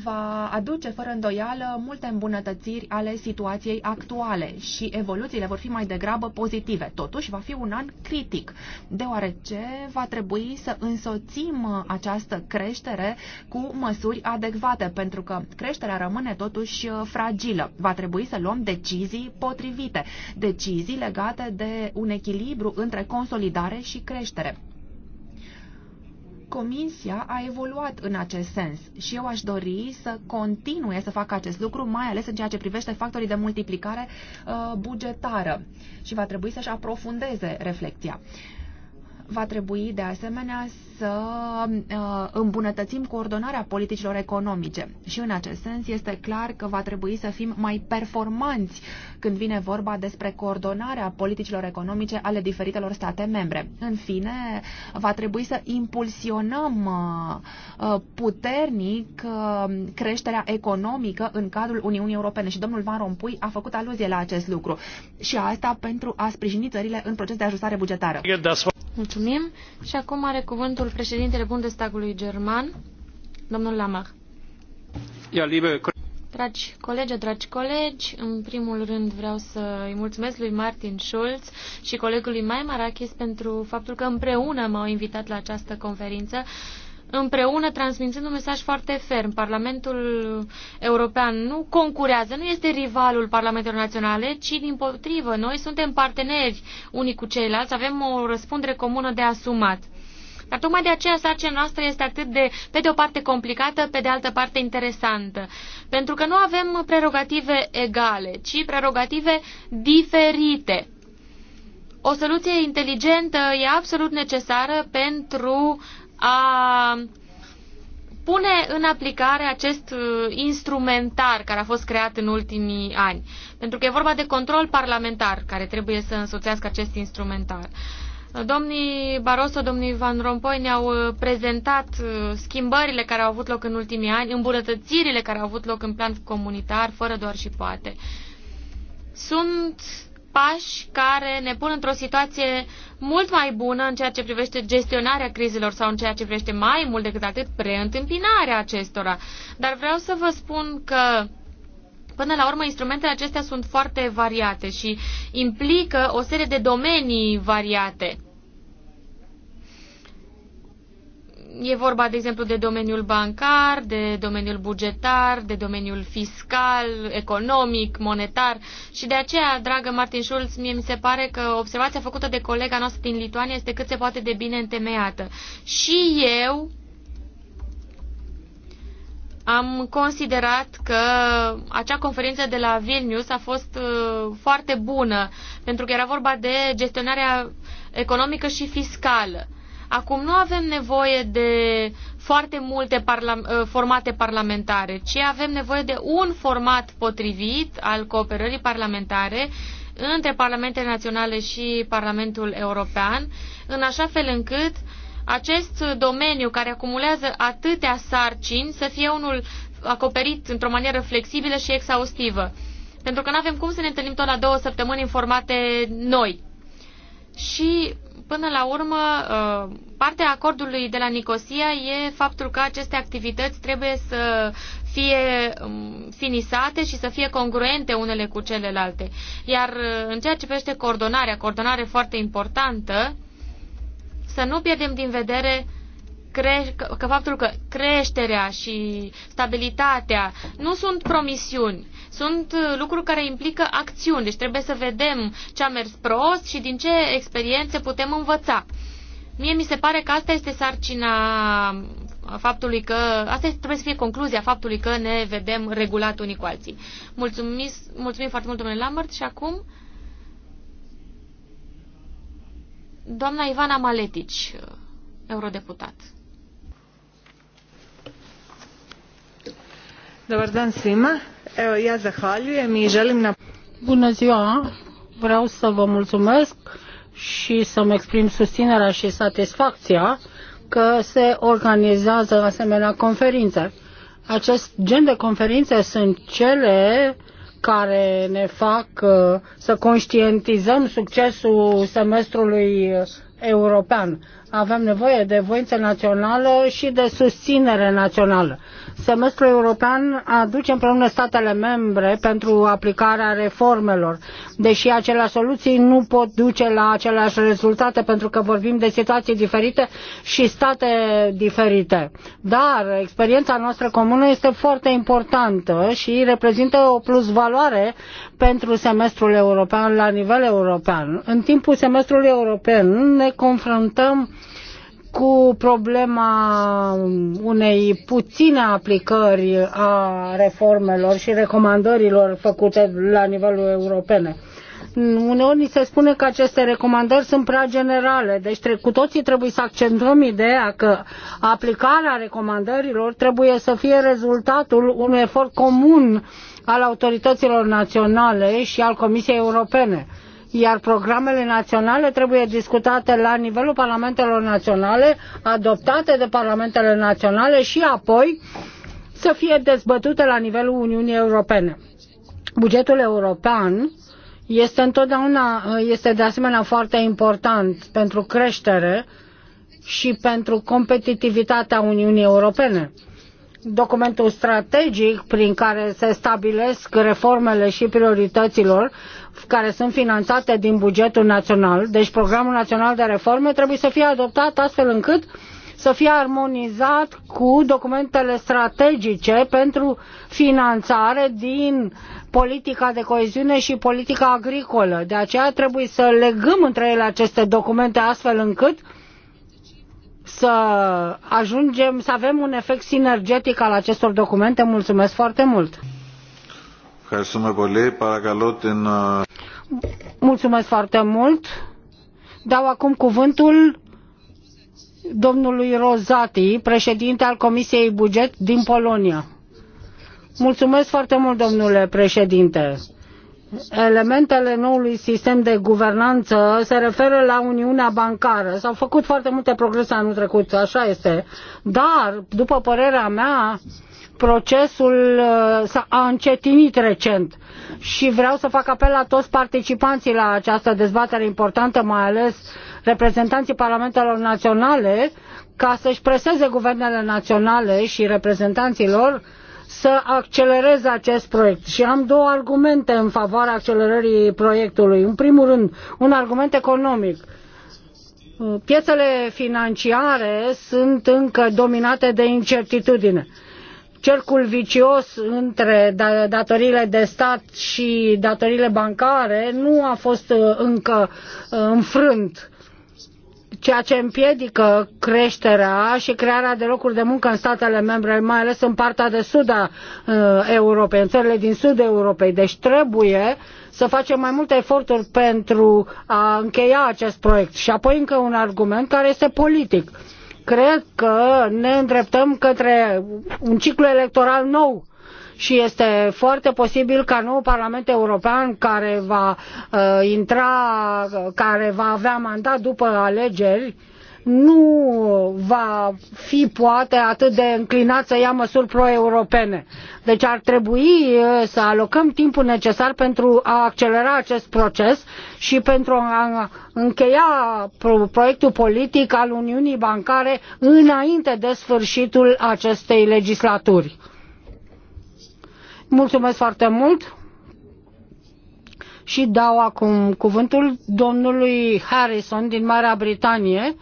va aduce fără îndoială multe îmbunătățiri ale situației actuale și evoluțiile vor fi mai degrabă pozitive. Totuși va fi un an critic, deoarece va trebui să însoțim această creștere cu măsuri adecvate, pentru că creșterea rămâne totuși fragilă. Va trebui să luăm decizii potrivite, decizii legate de un echilibru între consolidare și creștere Comisia a evoluat în acest sens și eu aș dori să continue să facă acest lucru, mai ales în ceea ce privește factorii de multiplicare uh, bugetară și va trebui să-și aprofundeze reflecția. Va trebui de asemenea să uh, îmbunătățim coordonarea politicilor economice. Și în acest sens este clar că va trebui să fim mai performanți când vine vorba despre coordonarea politicilor economice ale diferitelor state membre. În fine, va trebui să impulsionăm uh, uh, puternic creșterea economică în cadrul Uniunii Europene și domnul Van Rompuy a făcut aluzie la acest lucru. Și asta pentru a sprijini țările în proces de ajustare bugetară. Mulțumim și acum are cuvântul președintele Bundestagului german, domnul Lamach. Ja, liebe... Dragi colegi, dragi colegi, în primul rând vreau să îi mulțumesc lui Martin Schulz și colegului Mai Marachis pentru faptul că împreună m-au invitat la această conferință împreună transmițând un mesaj foarte ferm. Parlamentul European nu concurează, nu este rivalul Parlamentelor Naționale, ci din potrivă. Noi suntem parteneri unii cu ceilalți, avem o răspundere comună de asumat. Dar tocmai de aceea sarcina noastră este atât de, pe de o parte, complicată, pe de altă parte, interesantă. Pentru că nu avem prerogative egale, ci prerogative diferite. O soluție inteligentă e absolut necesară pentru a pune în aplicare acest uh, instrumentar care a fost creat în ultimii ani. Pentru că e vorba de control parlamentar care trebuie să însoțească acest instrumentar. Domnii Barroso, domnii Van Rompuy ne-au uh, prezentat uh, schimbările care au avut loc în ultimii ani, îmbunătățirile care au avut loc în plan comunitar, fără doar și poate. Sunt pași care ne pun într-o situație mult mai bună în ceea ce privește gestionarea crizelor sau în ceea ce privește mai mult decât atât preîntâmpinarea acestora. Dar vreau să vă spun că Până la urmă, instrumentele acestea sunt foarte variate și implică o serie de domenii variate. E vorba, de exemplu, de domeniul bancar, de domeniul bugetar, de domeniul fiscal, economic, monetar și de aceea, dragă Martin Schulz, mie mi se pare că observația făcută de colega noastră din Lituania este cât se poate de bine întemeiată. Și eu am considerat că acea conferință de la Vilnius a fost uh, foarte bună, pentru că era vorba de gestionarea economică și fiscală. Acum nu avem nevoie de foarte multe parla- uh, formate parlamentare, ci avem nevoie de un format potrivit al cooperării parlamentare între Parlamentele Naționale și Parlamentul European, în așa fel încât acest domeniu care acumulează atâtea sarcini să fie unul acoperit într-o manieră flexibilă și exhaustivă. Pentru că nu avem cum să ne întâlnim tot la două săptămâni în formate noi. Și până la urmă, uh, partea acordului de la Nicosia e faptul că aceste activități trebuie să fie um, finisate și să fie congruente unele cu celelalte. Iar uh, în ceea ce privește coordonarea, coordonare foarte importantă, să nu pierdem din vedere cre- că, faptul că creșterea și stabilitatea nu sunt promisiuni, sunt uh, lucruri care implică acțiuni, deci trebuie să vedem ce a mers prost și din ce experiențe putem învăța. Mie mi se pare că asta este sarcina faptului că, asta trebuie să fie concluzia faptului că ne vedem regulat unii cu alții. Mulțumim, mulțumim foarte mult, domnule Lambert, și acum Doamna Ivana Maletici, eurodeputat. Dobar dan svima. Evo, ja zahvaljujem i želim na... Bună ziua! Vreau să vă mulțumesc și să-mi exprim susținerea și satisfacția că se organizează asemenea conferințe. Acest gen de conferințe sunt cele uh, care ne fac uh, să conștientizăm succesul semestrului european. Avem nevoie de voință națională și de susținere națională semestrul european aduce împreună statele membre pentru aplicarea reformelor, deși aceleași soluții nu pot duce la aceleași rezultate pentru că vorbim de situații diferite și state diferite. Dar experiența noastră comună este foarte importantă și reprezintă o plusvaloare pentru semestrul european la nivel european. În timpul semestrului european ne confruntăm cu problema unei puține aplicări a reformelor și recomandărilor făcute la nivelul european. Uneori ni se spune că aceste recomandări sunt prea generale, deci cu toții trebuie să accentuăm ideea că aplicarea recomandărilor trebuie să fie rezultatul unui efort comun al autorităților naționale și al Comisiei Europene iar programele naționale trebuie discutate la nivelul parlamentelor naționale, adoptate de parlamentele naționale și apoi să fie dezbătute la nivelul Uniunii Europene. Bugetul european este întotdeauna este de asemenea foarte important pentru creștere și pentru competitivitatea Uniunii Europene documentul strategic prin care se stabilesc reformele și priorităților care sunt finanțate din bugetul național. Deci programul național de reforme trebuie să fie adoptat astfel încât să fie armonizat cu documentele strategice pentru finanțare din politica de coeziune și politica agricolă. De aceea trebuie să legăm între ele aceste documente astfel încât uh, să ajungem să avem un efect sinergetic al acestor documente. Mulțumesc foarte mult! Uh, Mulțumesc foarte mult! Dau acum cuvântul domnului Rozati, președinte al Comisiei Buget din Polonia. Mulțumesc foarte mult, domnule președinte! elementele noului sistem de guvernanță se referă la Uniunea Bancară. S-au făcut foarte multe progrese anul trecut, așa este. Dar, după părerea mea, procesul uh, a încetinit recent și vreau să fac apel la toți participanții la această dezbatere importantă, mai ales reprezentanții parlamentelor naționale, ca să-și preseze guvernele naționale și reprezentanții lor să accelereze acest proiect. Și am două argumente în favoarea accelerării proiectului. În primul rând, un argument economic. Piețele financiare sunt încă dominate de incertitudine cercul vicios între da, datoriile de stat și datoriile bancare nu a fost uh, încă uh, înfrânt ceea ce împiedică creșterea și crearea de locuri de muncă în statele membre, mai ales în partea de sud a uh, Europei, în țările din sudul Europei. Deci trebuie să facem mai multe eforturi pentru a încheia acest proiect. Și apoi încă un argument care este politic. Cred că ne îndreptăm către un ciclu electoral nou și este foarte posibil ca nou Parlament European care va uh, intra, care va avea mandat după alegeri, nu va fi poate atât de înclinat să ia măsuri pro-europene. Deci ar trebui uh, să alocăm timpul necesar pentru a accelera acest proces și pentru a încheia proiectul politic al Uniunii Bancare înainte de sfârșitul acestei legislaturi. Mulțumesc foarte mult și dau acum cuvântul domnului Harrison din Marea Britanie,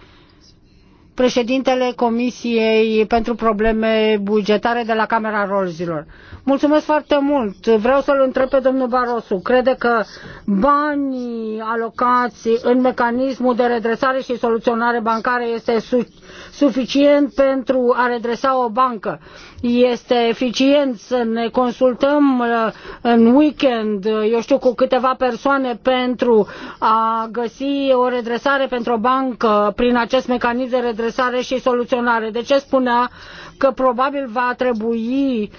președintele Comisiei pentru Probleme Bugetare de la Camera Rolzilor. Mulțumesc foarte mult. Vreau să-l întreb pe domnul Barosu. Crede că banii alocați în mecanismul de redresare și soluționare bancară este suficient? suficient pentru a redresa o bancă. Este eficient să ne consultăm uh, în weekend, uh, eu știu, cu câteva persoane pentru a găsi o redresare pentru o bancă prin acest mecanism de redresare și soluționare. De ce spunea că probabil va trebui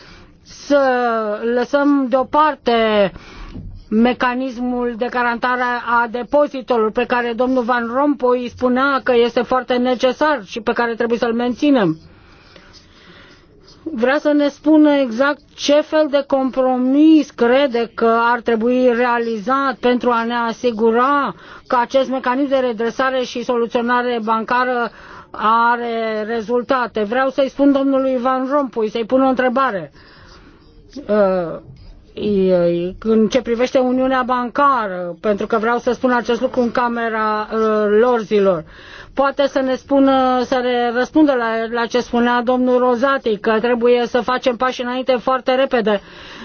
să lăsăm deoparte uh, mecanismul de garantare a depozitelor pe care domnul Van Rompuy spunea că este foarte necesar și pe care trebuie să-l menținem. Vrea să ne spună exact ce fel de compromis crede că ar trebui realizat pentru a ne asigura că acest mecanism de redresare și soluționare bancară are rezultate. Vreau să-i spun domnului Van Rompuy, să-i pun o întrebare. Uh, în ce privește Uniunea Bancară, pentru că vreau să spun acest lucru în camera uh, lor Poate să ne spună, să ne răspundă la, la ce spunea domnul Rozati, că trebuie să facem pași înainte foarte repede,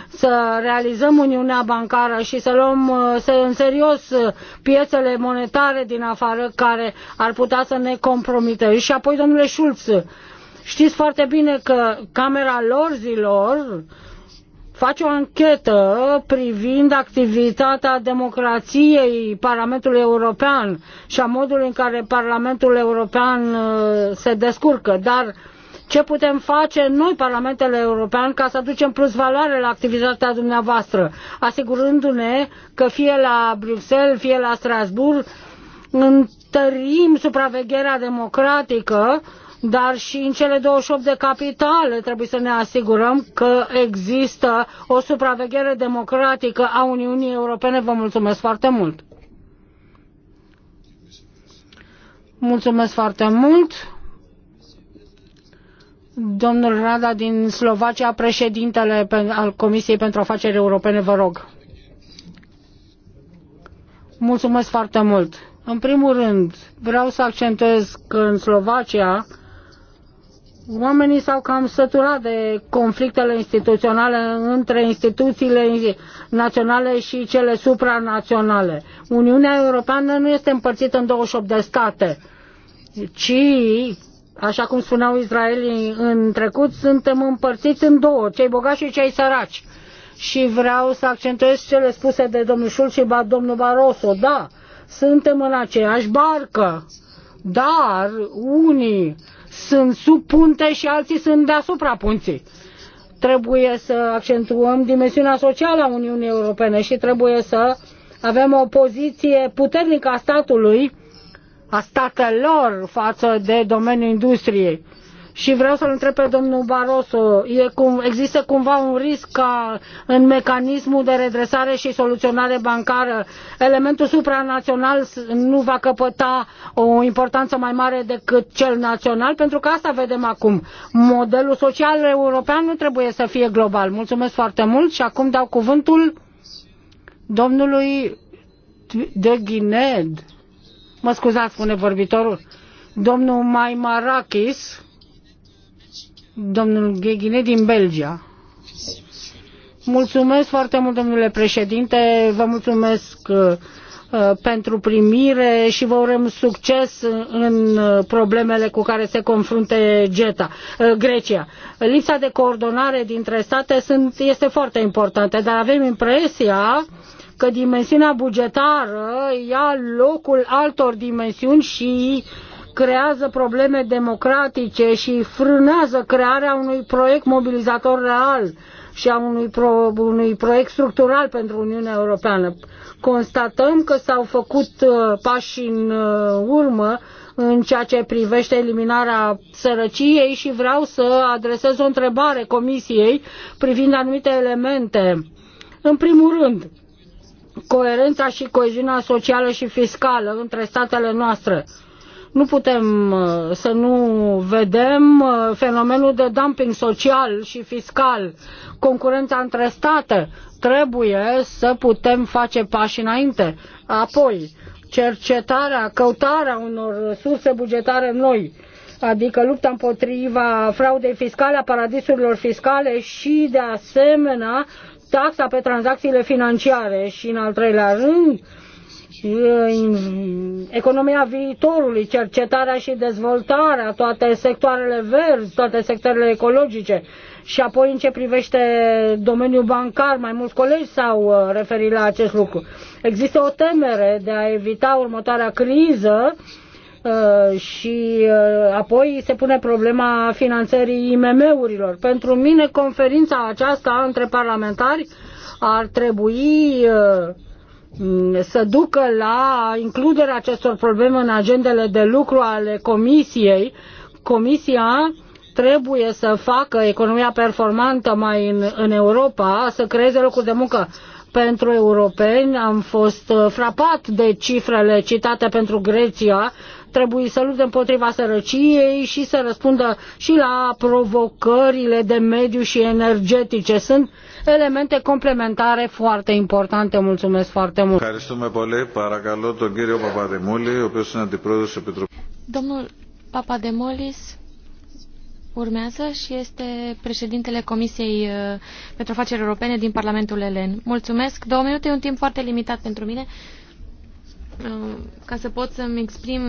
să realizăm Uniunea Bancară și să luăm uh, să, în serios uh, piețele monetare din afară care ar putea să ne compromită. Și apoi, domnule Schulz, știți foarte bine că camera lor uh, face o anchetă privind activitatea democrației Parlamentului European și a modului în care Parlamentul European uh, se descurcă, dar ce putem face noi, Parlamentele European, ca să aducem plus valoare la activitatea dumneavoastră, asigurându-ne că fie la Bruxelles, fie la Strasbourg, întărim supravegherea democratică uh, dar și în cele 28 de capitale trebuie să ne asigurăm că există o supraveghere democratică a Uniunii Europene. Vă mulțumesc foarte mult! Mulțumesc foarte mult! Domnul Rada din Slovacia, președintele al Comisiei pentru Afaceri Europene, vă rog. Mulțumesc foarte mult. În primul rând, vreau să accentuez că în Slovacia Oamenii s-au cam săturat de conflictele instituționale între instituțiile naționale și cele supranaționale. Uniunea Europeană nu este împărțită în 28 de state, ci, așa cum spuneau israelii în trecut, suntem împărțiți în două, cei bogați și cei săraci. Și vreau să accentuez cele spuse de domnul Șul și domnul Barroso. Da, suntem în aceeași barcă, dar unii sunt sub punte și alții sunt deasupra punții. Trebuie să accentuăm dimensiunea socială a Uniunii Europene și trebuie să avem o poziție puternică a statului, a statelor față de domeniul industriei și vreau să-l întreb pe domnul Barroso, e cum, există cumva un risc ca în mecanismul de redresare și soluționare bancară elementul supranațional nu va căpăta o importanță mai mare decât cel național? Pentru că asta vedem acum. Modelul social european nu trebuie să fie global. Mulțumesc foarte mult și acum dau cuvântul domnului de Ghined. Mă scuzați, spune vorbitorul. Domnul Maimarakis domnul Gheghine din Belgia. Mulțumesc foarte mult, domnule președinte, vă mulțumesc uh, uh, pentru primire și vă urăm succes în uh, problemele cu care se confruntă Geta, Grecia. Lipsa de coordonare dintre state sunt, este foarte importantă, dar avem impresia că dimensiunea bugetară ia locul altor dimensiuni și uh, creează probleme democratice și frânează crearea unui proiect mobilizator real și a unui, pro, unui proiect structural pentru Uniunea Europeană. Constatăm că s-au făcut uh, pași în uh, urmă în ceea ce privește eliminarea sărăciei și vreau să adresez o întrebare Comisiei privind anumite elemente. În primul rând, coerența și coeziunea socială și fiscală între statele noastre nu putem uh, să nu vedem uh, fenomenul de dumping social și fiscal, concurența între state. Trebuie să putem face pași înainte. Apoi, cercetarea, căutarea unor surse bugetare noi, adică lupta împotriva fraudei fiscale, a paradisurilor fiscale și, de asemenea, taxa pe tranzacțiile financiare. Și, în al treilea rând, economia viitorului, cercetarea și dezvoltarea, toate sectoarele verzi, toate sectoarele ecologice. Și apoi în ce privește domeniul bancar, mai mulți colegi s-au uh, referit la acest lucru. Există o temere de a evita următoarea criză uh, și uh, apoi se pune problema finanțării IMM-urilor. Pentru mine conferința aceasta între parlamentari ar trebui uh, Mm, să ducă la includerea acestor probleme în agendele de lucru ale Comisiei. Comisia trebuie să facă economia performantă mai în, în Europa, să creeze locuri de muncă pentru europeni. Am fost uh, frapat de cifrele citate pentru Grecia. Trebuie să lupte împotriva sărăciei și să răspundă și la provocările de mediu și energetice. Sunt elemente complementare foarte importante. Mulțumesc foarte mult! Domnul Papademolis urmează și este președintele Comisiei uh, pentru Afaceri Europene din Parlamentul Elen. Mulțumesc! Două minute e un timp foarte limitat pentru mine uh, ca să pot să-mi exprim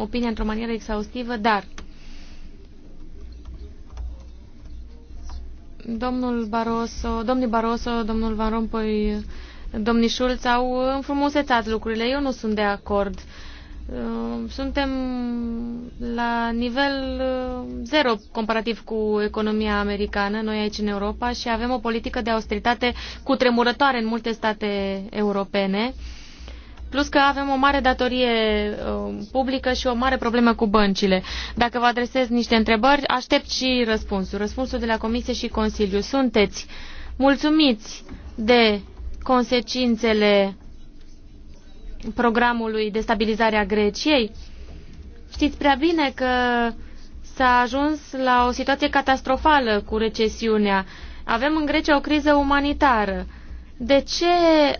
opinia într-o manieră exhaustivă, dar Domnul Barroso, domnul Barroso, domnul Van Rompuy, domnul Schulz au înfrumusețat lucrurile. Eu nu sunt de acord. Uh, suntem la nivel uh, zero comparativ cu economia americană, noi aici în Europa, și avem o politică de austeritate cutremurătoare în multe state europene Plus că avem o mare datorie uh, publică și o mare problemă cu băncile. Dacă vă adresez niște întrebări, aștept și răspunsul. Răspunsul de la Comisie și Consiliu. Sunteți mulțumiți de consecințele programului de stabilizare a Greciei? Știți prea bine că s-a ajuns la o situație catastrofală cu recesiunea. Avem în Grecia o criză umanitară de ce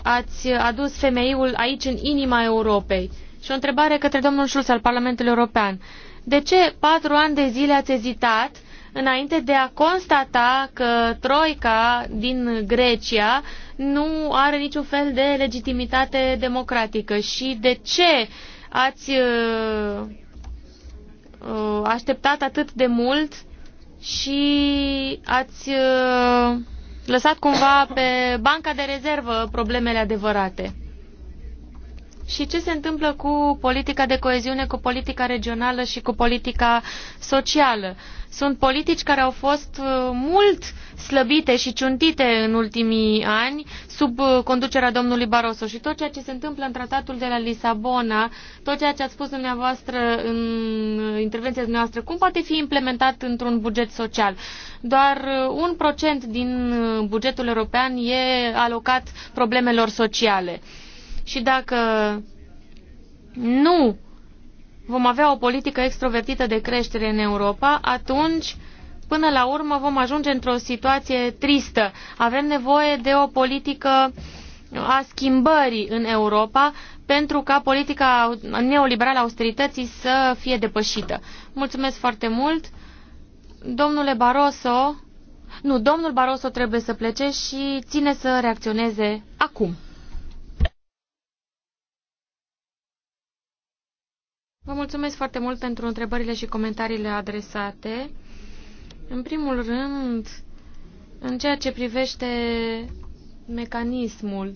ați adus femeiul aici în inima Europei? Și o întrebare către domnul Schulz al Parlamentului European. De ce patru ani de zile ați ezitat înainte de a constata că Troica din Grecia nu are niciun fel de legitimitate democratică și de ce ați uh, uh, așteptat atât de mult și ați uh, lăsat cumva pe banca de rezervă problemele adevărate. Și ce se întâmplă cu politica de coeziune, cu politica regională și cu politica socială? Sunt politici care au fost uh, mult slăbite și ciuntite în ultimii ani sub uh, conducerea domnului Barroso și tot ceea ce se întâmplă în tratatul de la Lisabona, tot ceea ce ați spus dumneavoastră în uh, intervenția dumneavoastră, cum poate fi implementat într-un buget social? Doar un procent din bugetul european e alocat problemelor sociale. Și dacă nu vom avea o politică extrovertită de creștere în Europa, atunci, până la urmă, vom ajunge într-o situație tristă. Avem nevoie de o politică a schimbării în Europa pentru ca politica neoliberală a austerității să fie depășită. Mulțumesc foarte mult. Domnule Barroso, nu, domnul Barroso trebuie să plece și ține să reacționeze acum. Vă mulțumesc foarte mult pentru întrebările și comentariile adresate. În primul rând, în ceea ce privește mecanismul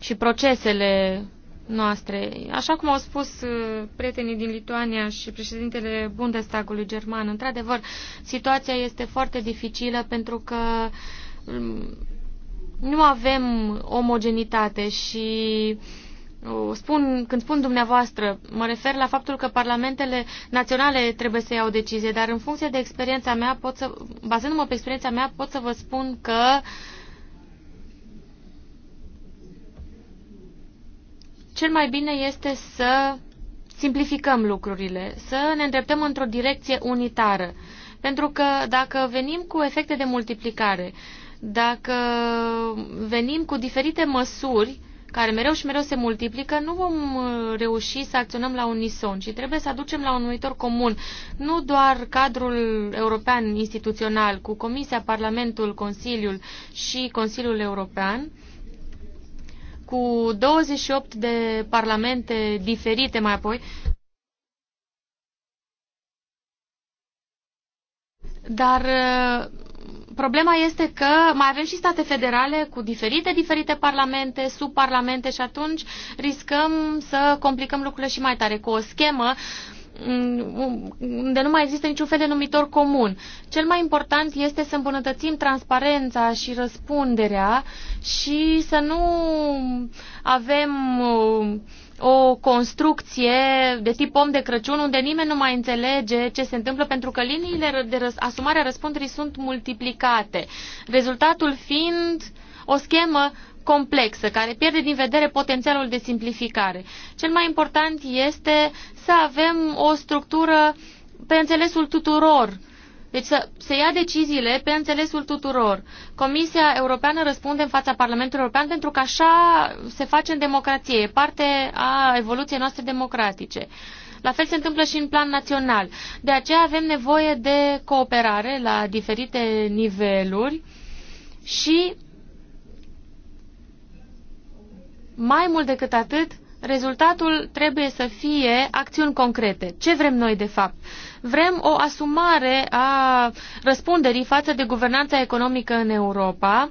și procesele noastre, așa cum au spus uh, prietenii din Lituania și președintele Bundestagului german, într-adevăr, situația este foarte dificilă pentru că um, nu avem omogenitate și uh, spun, când spun dumneavoastră, mă refer la faptul că parlamentele naționale trebuie să iau decizie, dar în funcție de experiența mea, pot să, bazându-mă pe experiența mea, pot să vă spun că cel mai bine este să simplificăm lucrurile, să ne îndreptăm într-o direcție unitară. Pentru că dacă venim cu efecte de multiplicare, dacă venim cu diferite măsuri, uh, care mereu și mereu se multiplică, nu vom uh, reuși să acționăm la unison, ci trebuie să aducem la un numitor comun nu doar cadrul european instituțional cu Comisia, Parlamentul, Consiliul și Consiliul European, cu 28 de parlamente diferite mai apoi, dar uh, problema este că mai avem și state federale cu diferite, diferite parlamente, subparlamente și atunci riscăm să complicăm lucrurile și mai tare cu o schemă mm, unde nu mai există niciun fel de numitor comun. Cel mai important este să îmbunătățim transparența și răspunderea și să nu avem uh, o construcție de tip om de Crăciun unde nimeni nu mai înțelege ce se întâmplă pentru că liniile de răs- asumare a răspunderii sunt multiplicate, rezultatul fiind o schemă complexă, care pierde din vedere potențialul de simplificare. Cel mai important este să avem o structură pe înțelesul tuturor deci să se ia deciziile pe înțelesul tuturor. Comisia Europeană răspunde în fața Parlamentului European pentru că așa se face în democrație, e parte a evoluției noastre democratice. La fel se întâmplă și în plan național. De aceea avem nevoie de cooperare la diferite niveluri și mai mult decât atât, Rezultatul trebuie să fie acțiuni concrete. Ce vrem noi, de fapt? Vrem o asumare a răspunderii față de guvernanța economică în Europa,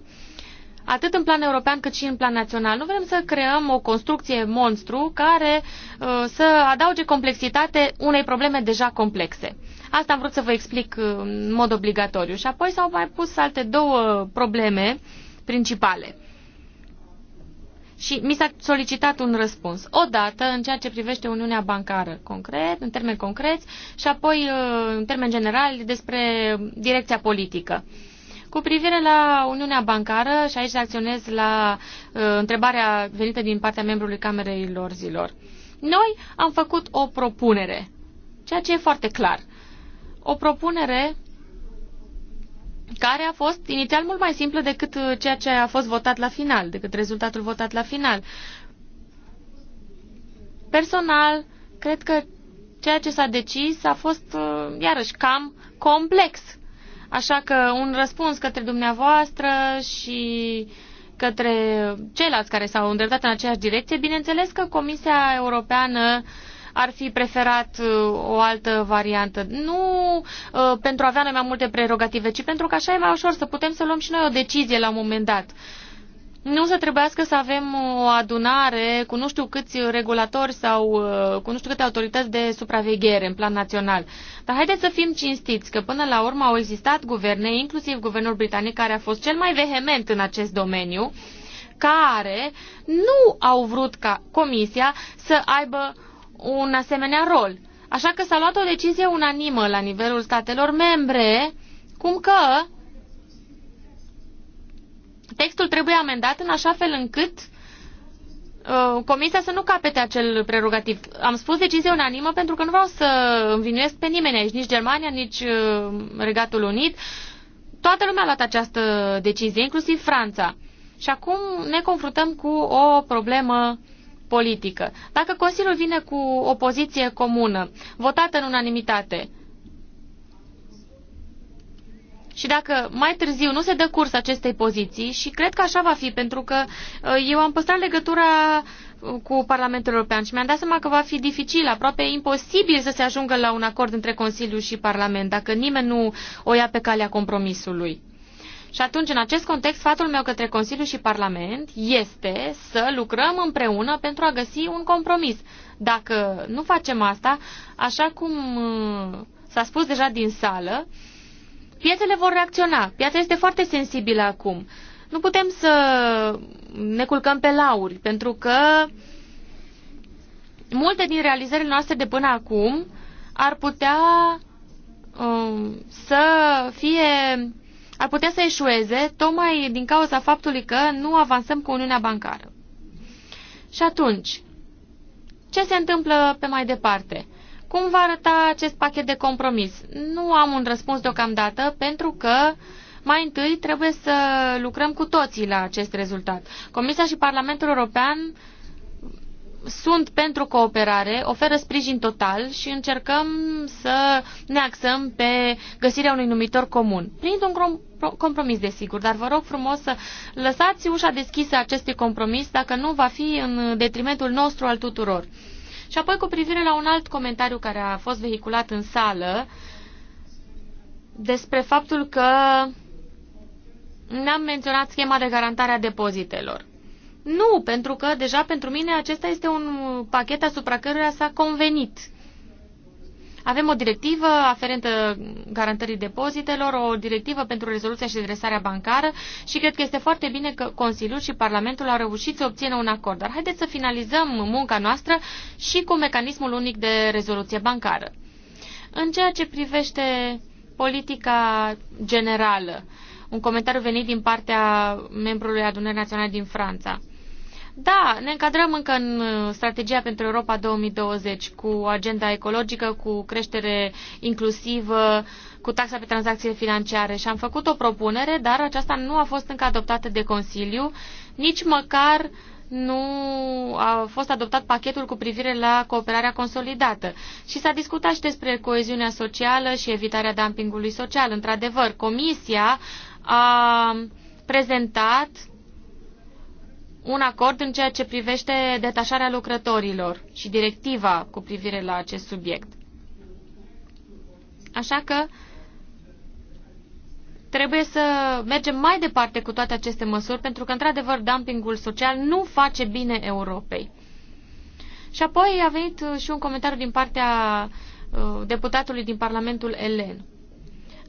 atât în plan european cât și în plan național. Nu vrem să creăm o construcție monstru care uh, să adauge complexitate unei probleme deja complexe. Asta am vrut să vă explic uh, în mod obligatoriu. Și apoi s-au mai pus alte două probleme principale și mi s-a solicitat un răspuns. O dată în ceea ce privește Uniunea Bancară, concret, în termeni concreți, și apoi uh, în termeni generali despre direcția politică. Cu privire la Uniunea Bancară, și aici acționez la uh, întrebarea venită din partea membrului Camerei lor zilor. Noi am făcut o propunere, ceea ce e foarte clar. O propunere care a fost inițial mult mai simplă decât uh, ceea ce a fost votat la final, decât rezultatul votat la final. Personal, cred că ceea ce s-a decis a fost, uh, iarăși, cam complex. Așa că un răspuns către dumneavoastră și către ceilalți care s-au îndreptat în aceeași direcție, bineînțeles că Comisia Europeană uh, ar fi preferat uh, o altă variantă. Nu uh, pentru a avea noi mai multe prerogative, ci pentru că așa e mai ușor să putem să luăm și noi o decizie la un moment dat. Nu să trebuiască să avem o adunare cu nu știu câți regulatori sau uh, cu nu știu câte autorități de supraveghere în plan național. Dar haideți să fim cinstiți că până la urmă au existat guverne, inclusiv guvernul britanic, care a fost cel mai vehement în acest domeniu, care nu au vrut ca Comisia să aibă un asemenea rol. Așa că s-a luat o decizie unanimă la nivelul statelor membre, cum că textul trebuie amendat în așa fel încât uh, Comisia să nu capete acel prerogativ. Am spus decizie unanimă pentru că nu vreau să învinuiesc pe nimeni aici, nici Germania, nici uh, Regatul Unit. Toată lumea a luat această decizie, inclusiv Franța. Și acum ne confruntăm cu o problemă uh, politică. Dacă Consiliul vine cu o poziție comună, votată în unanimitate, și dacă mai târziu nu se dă curs acestei poziții, și cred că așa va fi, pentru că uh, eu am păstrat legătura uh, cu Parlamentul European și mi-am dat seama că va fi dificil, aproape imposibil să se ajungă la un acord între Consiliu și Parlament, dacă nimeni nu o ia pe calea compromisului. Și atunci, în acest context, sfatul meu către Consiliu și Parlament este să lucrăm împreună pentru a găsi un compromis. Dacă nu facem asta, așa cum uh, s-a spus deja din sală, piețele vor reacționa. Piața este foarte sensibilă acum. Nu putem să ne culcăm pe lauri, pentru că multe din realizările noastre de până acum ar putea um, să fie ar putea să eșueze tocmai din cauza faptului că nu avansăm cu Uniunea Bancară. Și atunci, ce se întâmplă pe mai departe? Cum va arăta acest pachet de compromis? Nu am un răspuns deocamdată pentru că mai întâi trebuie să lucrăm cu toții la acest rezultat. Comisia și Parlamentul European sunt pentru cooperare, oferă sprijin total și încercăm să ne axăm pe găsirea unui numitor comun. Printr-un compromis, desigur, dar vă rog frumos să lăsați ușa deschisă acestui compromis dacă nu va fi în detrimentul nostru al tuturor. Și apoi cu privire la un alt comentariu care a fost vehiculat în sală despre faptul că n-am menționat schema de garantare a depozitelor. Nu, pentru că deja pentru mine acesta este un pachet asupra căruia s-a convenit. Avem o directivă aferentă garantării depozitelor, o directivă pentru rezoluția și adresarea bancară și cred că este foarte bine că Consiliul și Parlamentul au reușit să obțină un acord. Dar haideți să finalizăm munca noastră și cu mecanismul unic de rezoluție bancară. În ceea ce privește politica generală, un comentariu venit din partea membrului Adunării Naționale din Franța. Da, ne încadrăm încă în uh, strategia pentru Europa 2020 cu agenda ecologică, cu creștere inclusivă, cu taxa pe tranzacțiile financiare și am făcut o propunere, dar aceasta nu a fost încă adoptată de Consiliu, nici măcar nu a fost adoptat pachetul cu privire la cooperarea consolidată. Și s-a discutat și despre coeziunea socială și evitarea dumpingului social. Într-adevăr, Comisia a prezentat un acord în ceea ce privește detașarea lucrătorilor și directiva cu privire la acest subiect. Așa că trebuie să mergem mai departe cu toate aceste măsuri, pentru că, într-adevăr, dumpingul social nu face bine Europei. Și apoi a venit uh, și un comentariu din partea uh, deputatului din Parlamentul Elen.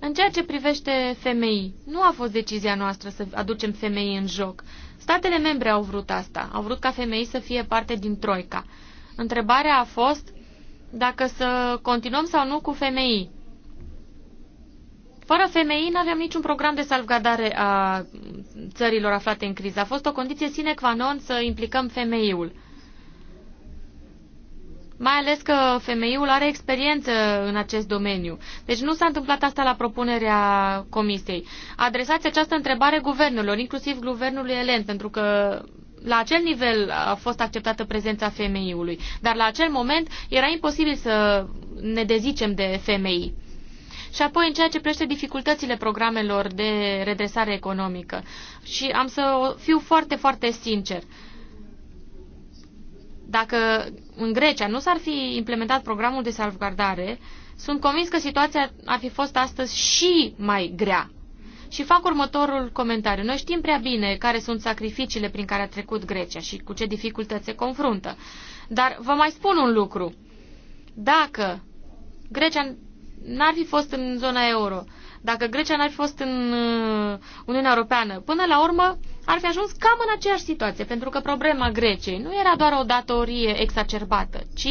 În ceea ce privește femei, nu a fost decizia noastră să aducem femei în joc. Statele membre au vrut asta, au vrut ca femei să fie parte din Troica. Întrebarea a fost dacă să continuăm sau nu cu femei. Fără femei nu aveam niciun program de salvgardare a țărilor aflate în criză. A fost o condiție sine qua non să implicăm femeiul mai ales că femeiul are experiență în acest domeniu. Deci nu s-a întâmplat asta la propunerea comisiei. Adresați această întrebare guvernelor, inclusiv guvernului elen, pentru că la acel nivel a fost acceptată prezența femeiului, dar la acel moment era imposibil să ne dezicem de femei. Și apoi în ceea ce prește dificultățile programelor de redresare economică. Și am să fiu foarte, foarte sincer. Uh, dacă în Grecia nu s-ar fi implementat programul de salvgardare, sunt convins că situația ar fi fost astăzi și mai grea. Și fac următorul comentariu. Noi știm prea bine care sunt sacrificiile prin care a trecut Grecia și cu ce dificultăți se confruntă. Dar vă mai spun un lucru. Dacă Grecia n-ar fi fost în zona euro, dacă Grecia n-ar fi fost în uh, Uniunea Europeană, până la urmă ar fi ajuns cam în aceeași situație, pentru că problema Greciei nu era doar o datorie exacerbată, ci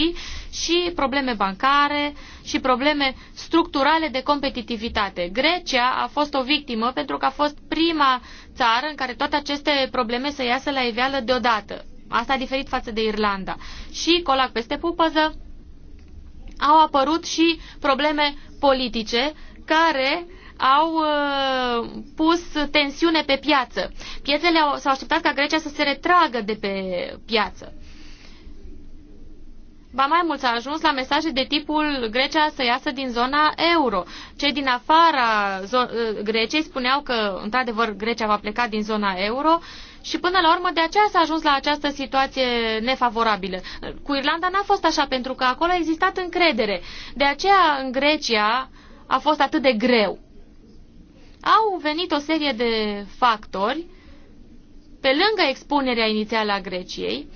și probleme bancare și probleme structurale de competitivitate. Grecia a fost o victimă pentru că a fost prima țară în care toate aceste probleme să iasă la iveală deodată. Asta a diferit față de Irlanda. Și, colac peste pupăză, au apărut și probleme politice care uh, au uh, pus tensiune pe piață. Piețele au, s-au așteptat ca Grecia să se retragă de pe piață. Ba mai mult s-a ajuns la mesaje de tipul Grecia să iasă din zona euro. Cei din afara uh, Greciei spuneau că, într-adevăr, Grecia va pleca din zona euro și până la urmă de aceea s-a ajuns la această situație nefavorabilă. Cu Irlanda n-a fost așa pentru că acolo a existat încredere. De aceea în Grecia a fost atât de greu au venit o serie de factori, pe lângă expunerea inițială a Greciei,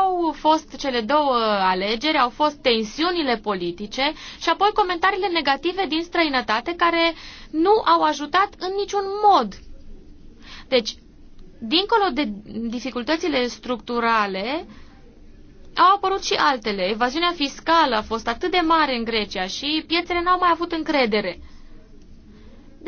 au fost cele două alegeri, au fost tensiunile politice și apoi comentariile negative din străinătate care nu au ajutat în niciun mod. Deci, dincolo de dificultățile structurale, au apărut și altele. Evaziunea fiscală a fost atât de mare în Grecia și piețele n-au mai avut încredere.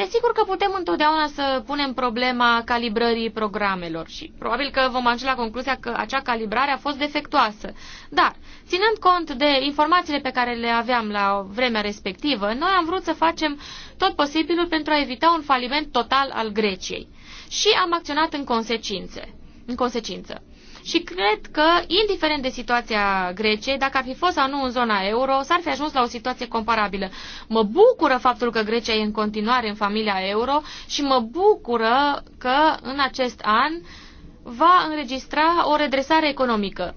Desigur că putem întotdeauna să punem problema calibrării programelor și probabil că vom ajunge la concluzia că acea calibrare a fost defectuoasă. Dar, ținând cont de informațiile pe care le aveam la vremea respectivă, noi am vrut să facem tot posibilul pentru a evita un faliment total al Greciei. Și am acționat în consecințe. În consecință și cred că, indiferent de situația Greciei, dacă ar fi fost sau nu în zona euro, s-ar fi ajuns la o situație comparabilă. Mă bucură faptul că Grecia e în continuare în familia euro și mă bucură că în acest an va înregistra o redresare economică.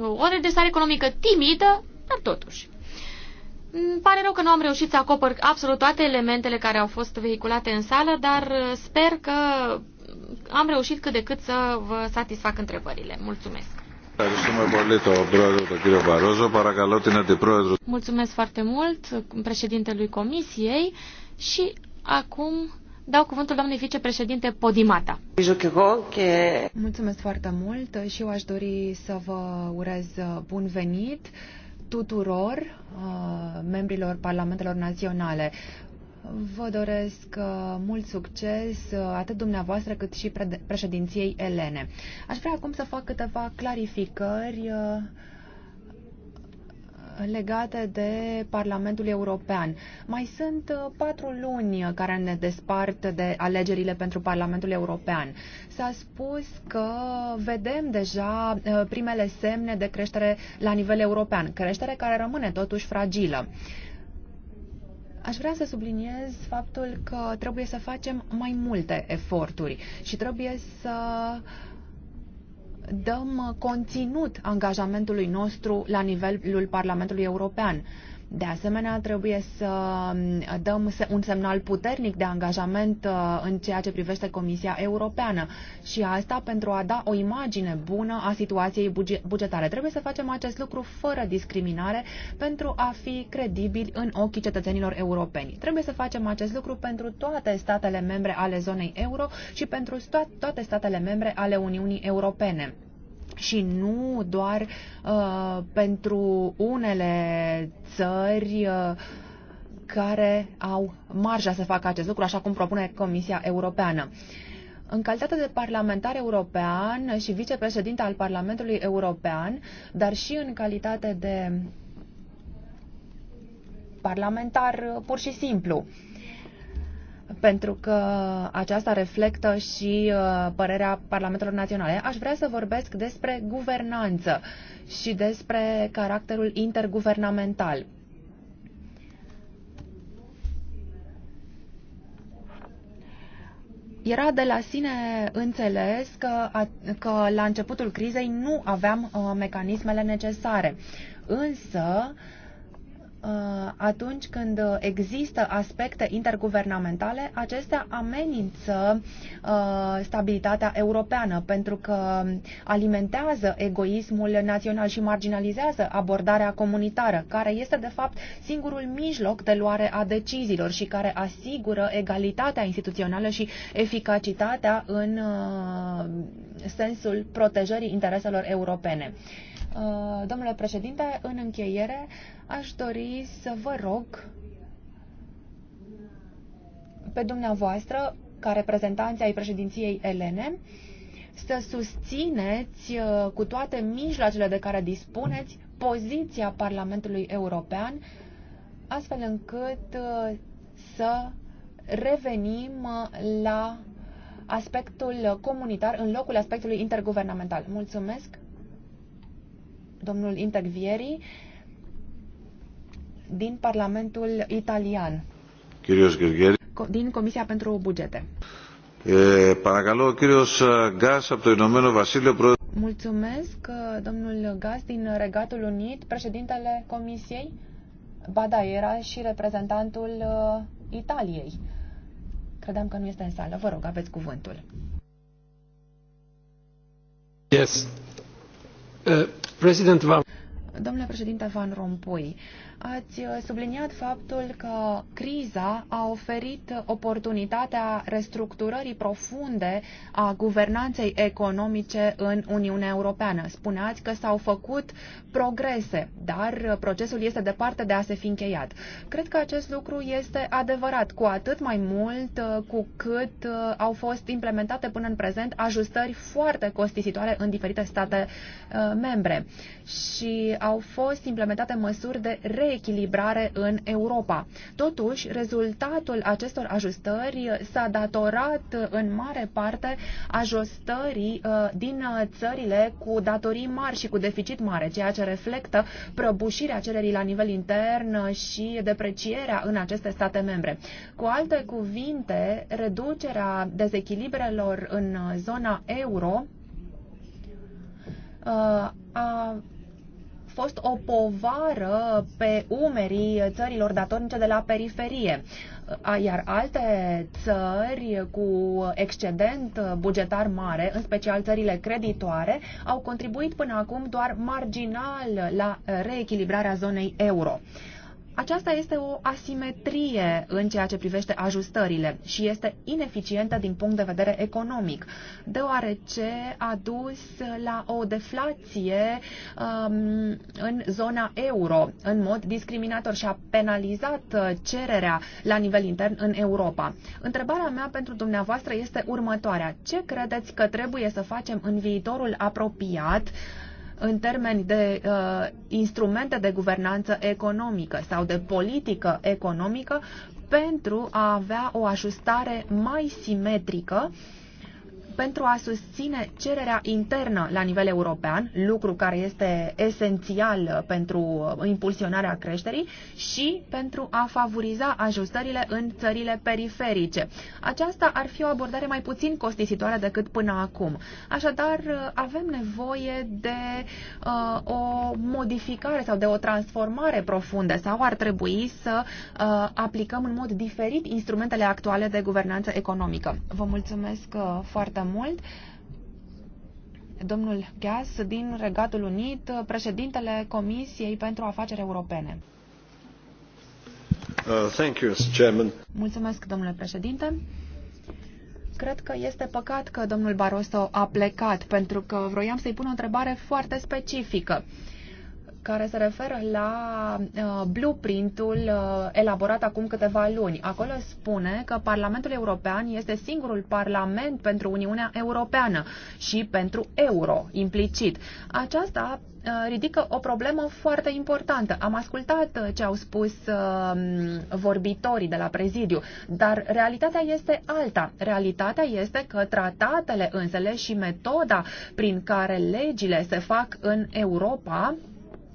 O redresare economică timidă, dar totuși. Îmi pare rău că nu am reușit să acopăr absolut toate elementele care au fost vehiculate în sală, dar sper că am reușit cât de cât să vă satisfac întrebările. Mulțumesc! Mulțumesc foarte mult președintelui Comisiei și acum dau cuvântul doamnei vicepreședinte Podimata. Mulțumesc foarte mult și eu aș dori să vă urez bun venit tuturor uh, membrilor parlamentelor naționale. Vă doresc uh, mult succes uh, atât dumneavoastră cât și președinției Elene. Aș vrea acum să fac câteva clarificări uh, legate de Parlamentul European. Mai sunt patru luni care ne despart de alegerile pentru Parlamentul European. S-a spus că vedem deja primele semne de creștere la nivel european, creștere care rămâne totuși fragilă. Aș vrea să subliniez faptul că trebuie să facem mai multe eforturi și trebuie să dăm conținut angajamentului nostru la nivelul Parlamentului European. De asemenea, trebuie să mm, dăm un semnal puternic de angajament uh, în ceea ce privește Comisia Europeană și asta pentru a da o imagine bună a situației bugetare. Trebuie să facem acest lucru fără discriminare pentru a fi credibili în ochii cetățenilor europeni. Trebuie să facem acest lucru pentru toate statele membre ale zonei euro și pentru toate statele membre ale Uniunii Europene și nu doar uh, pentru unele țări uh, care au marja să facă acest lucru, așa cum propune Comisia Europeană. În calitate de parlamentar european și vicepreședinte al Parlamentului European, dar și în calitate de parlamentar uh, pur și simplu, uh, pentru că aceasta reflectă și uh, părerea Parlamentelor Naționale. Aș vrea să vorbesc despre guvernanță și despre caracterul interguvernamental. Era de la sine înțeles că, că la începutul crizei nu aveam uh, mecanismele necesare. Însă, uh, Uh, atunci când uh, există aspecte interguvernamentale, acestea amenință uh, stabilitatea europeană, pentru că alimentează egoismul național și marginalizează abordarea comunitară, care este de fapt singurul mijloc de luare a deciziilor și care asigură egalitatea instituțională și eficacitatea în sensul protejării intereselor europene. Uh, domnule președinte, în încheiere aș dori să vă rog pe dumneavoastră, ca reprezentanți ai președinției Elene, să susțineți uh, cu toate mijloacele de care dispuneți poziția Parlamentului European, astfel încât uh, să revenim la aspectul comunitar în locul aspectului interguvernamental. Mulțumesc! domnul Intervieri din Parlamentul Italian. Chirios Gergeri. Din Comisia pentru Bugete. Paragalo, Chirios uh, Gas, Aptoinomenul Vasile. Pro. Mulțumesc, uh, domnul Gas din Regatul Unit, președintele Comisiei. Bada era și reprezentantul uh, Italiei. Credeam că nu este în sală. Vă rog, aveți cuvântul. Yes. Uh, Domnule președinte Van Rompuy, Ați uh, subliniat faptul că criza a oferit oportunitatea restructurării profunde a guvernanței economice în Uniunea Europeană. Spuneați că s-au făcut progrese, dar procesul este departe de a se fi încheiat. Cred că acest lucru este adevărat, cu atât mai mult uh, cu cât uh, au fost implementate până în prezent ajustări foarte costisitoare în diferite state membre și au fost implementate măsuri de re reechilibrare în Europa. Totuși, rezultatul acestor ajustări s-a datorat în mare parte ajustării uh, din țările cu datorii mari și cu deficit mare, ceea ce reflectă prăbușirea cererii la nivel intern și deprecierea în aceste state membre. Cu alte cuvinte, reducerea dezechilibrelor în zona euro uh, a fost o povară pe umerii țărilor datornice de la periferie. Iar alte țări cu excedent bugetar mare, în special țările creditoare, au contribuit până acum doar marginal la reechilibrarea zonei euro. Aceasta este o asimetrie în ceea ce privește ajustările și este ineficientă din punct de vedere economic, deoarece a dus la o deflație um, în zona euro în mod discriminator și a penalizat uh, cererea la nivel intern în Europa. Întrebarea mea pentru dumneavoastră este următoarea. Ce credeți că trebuie să facem în viitorul apropiat în termeni de uh, instrumente de guvernanță economică sau de politică economică pentru a avea o ajustare mai simetrică uh, pentru a susține cererea internă la nivel european, lucru care este esențial pentru impulsionarea creșterii și pentru a favoriza ajustările în țările periferice. Aceasta ar fi o abordare mai puțin costisitoare decât până acum. Așadar, avem nevoie de uh, o modificare sau de o transformare profundă sau ar trebui să uh, aplicăm în mod diferit instrumentele actuale de guvernanță economică. Vă mulțumesc uh, foarte mult. Domnul Gheas din Regatul Unit, președintele Comisiei pentru Afaceri Europene. Uh, thank you, Chairman. Mulțumesc, domnule președinte. Cred că este păcat că domnul Barroso a plecat, pentru că vroiam să-i pun o întrebare foarte specifică. Uh, care se referă la uh, blueprintul uh, elaborat acum câteva luni. Acolo spune că Parlamentul European este singurul parlament pentru Uniunea Europeană și pentru euro implicit. Aceasta uh, ridică o problemă foarte importantă. Am ascultat uh, ce au spus um, vorbitorii de la prezidiu, dar realitatea este alta. Realitatea este că tratatele însele și metoda prin care legile se fac în Europa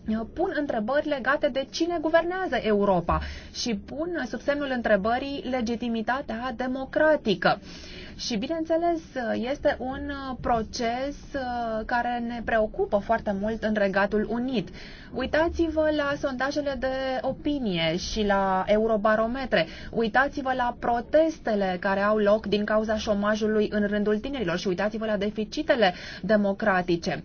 Eh, pun întrebări legate de cine guvernează Europa și pun sub semnul întrebării legitimitatea democratică. Și, bineînțeles, este un eh, proces eh, care ne preocupă foarte mult în Regatul Unit. Uitați-vă la sondajele de opinie și la eurobarometre. Uitați-vă la protestele care au loc din cauza șomajului în rândul tinerilor și uitați-vă la deficitele democratice.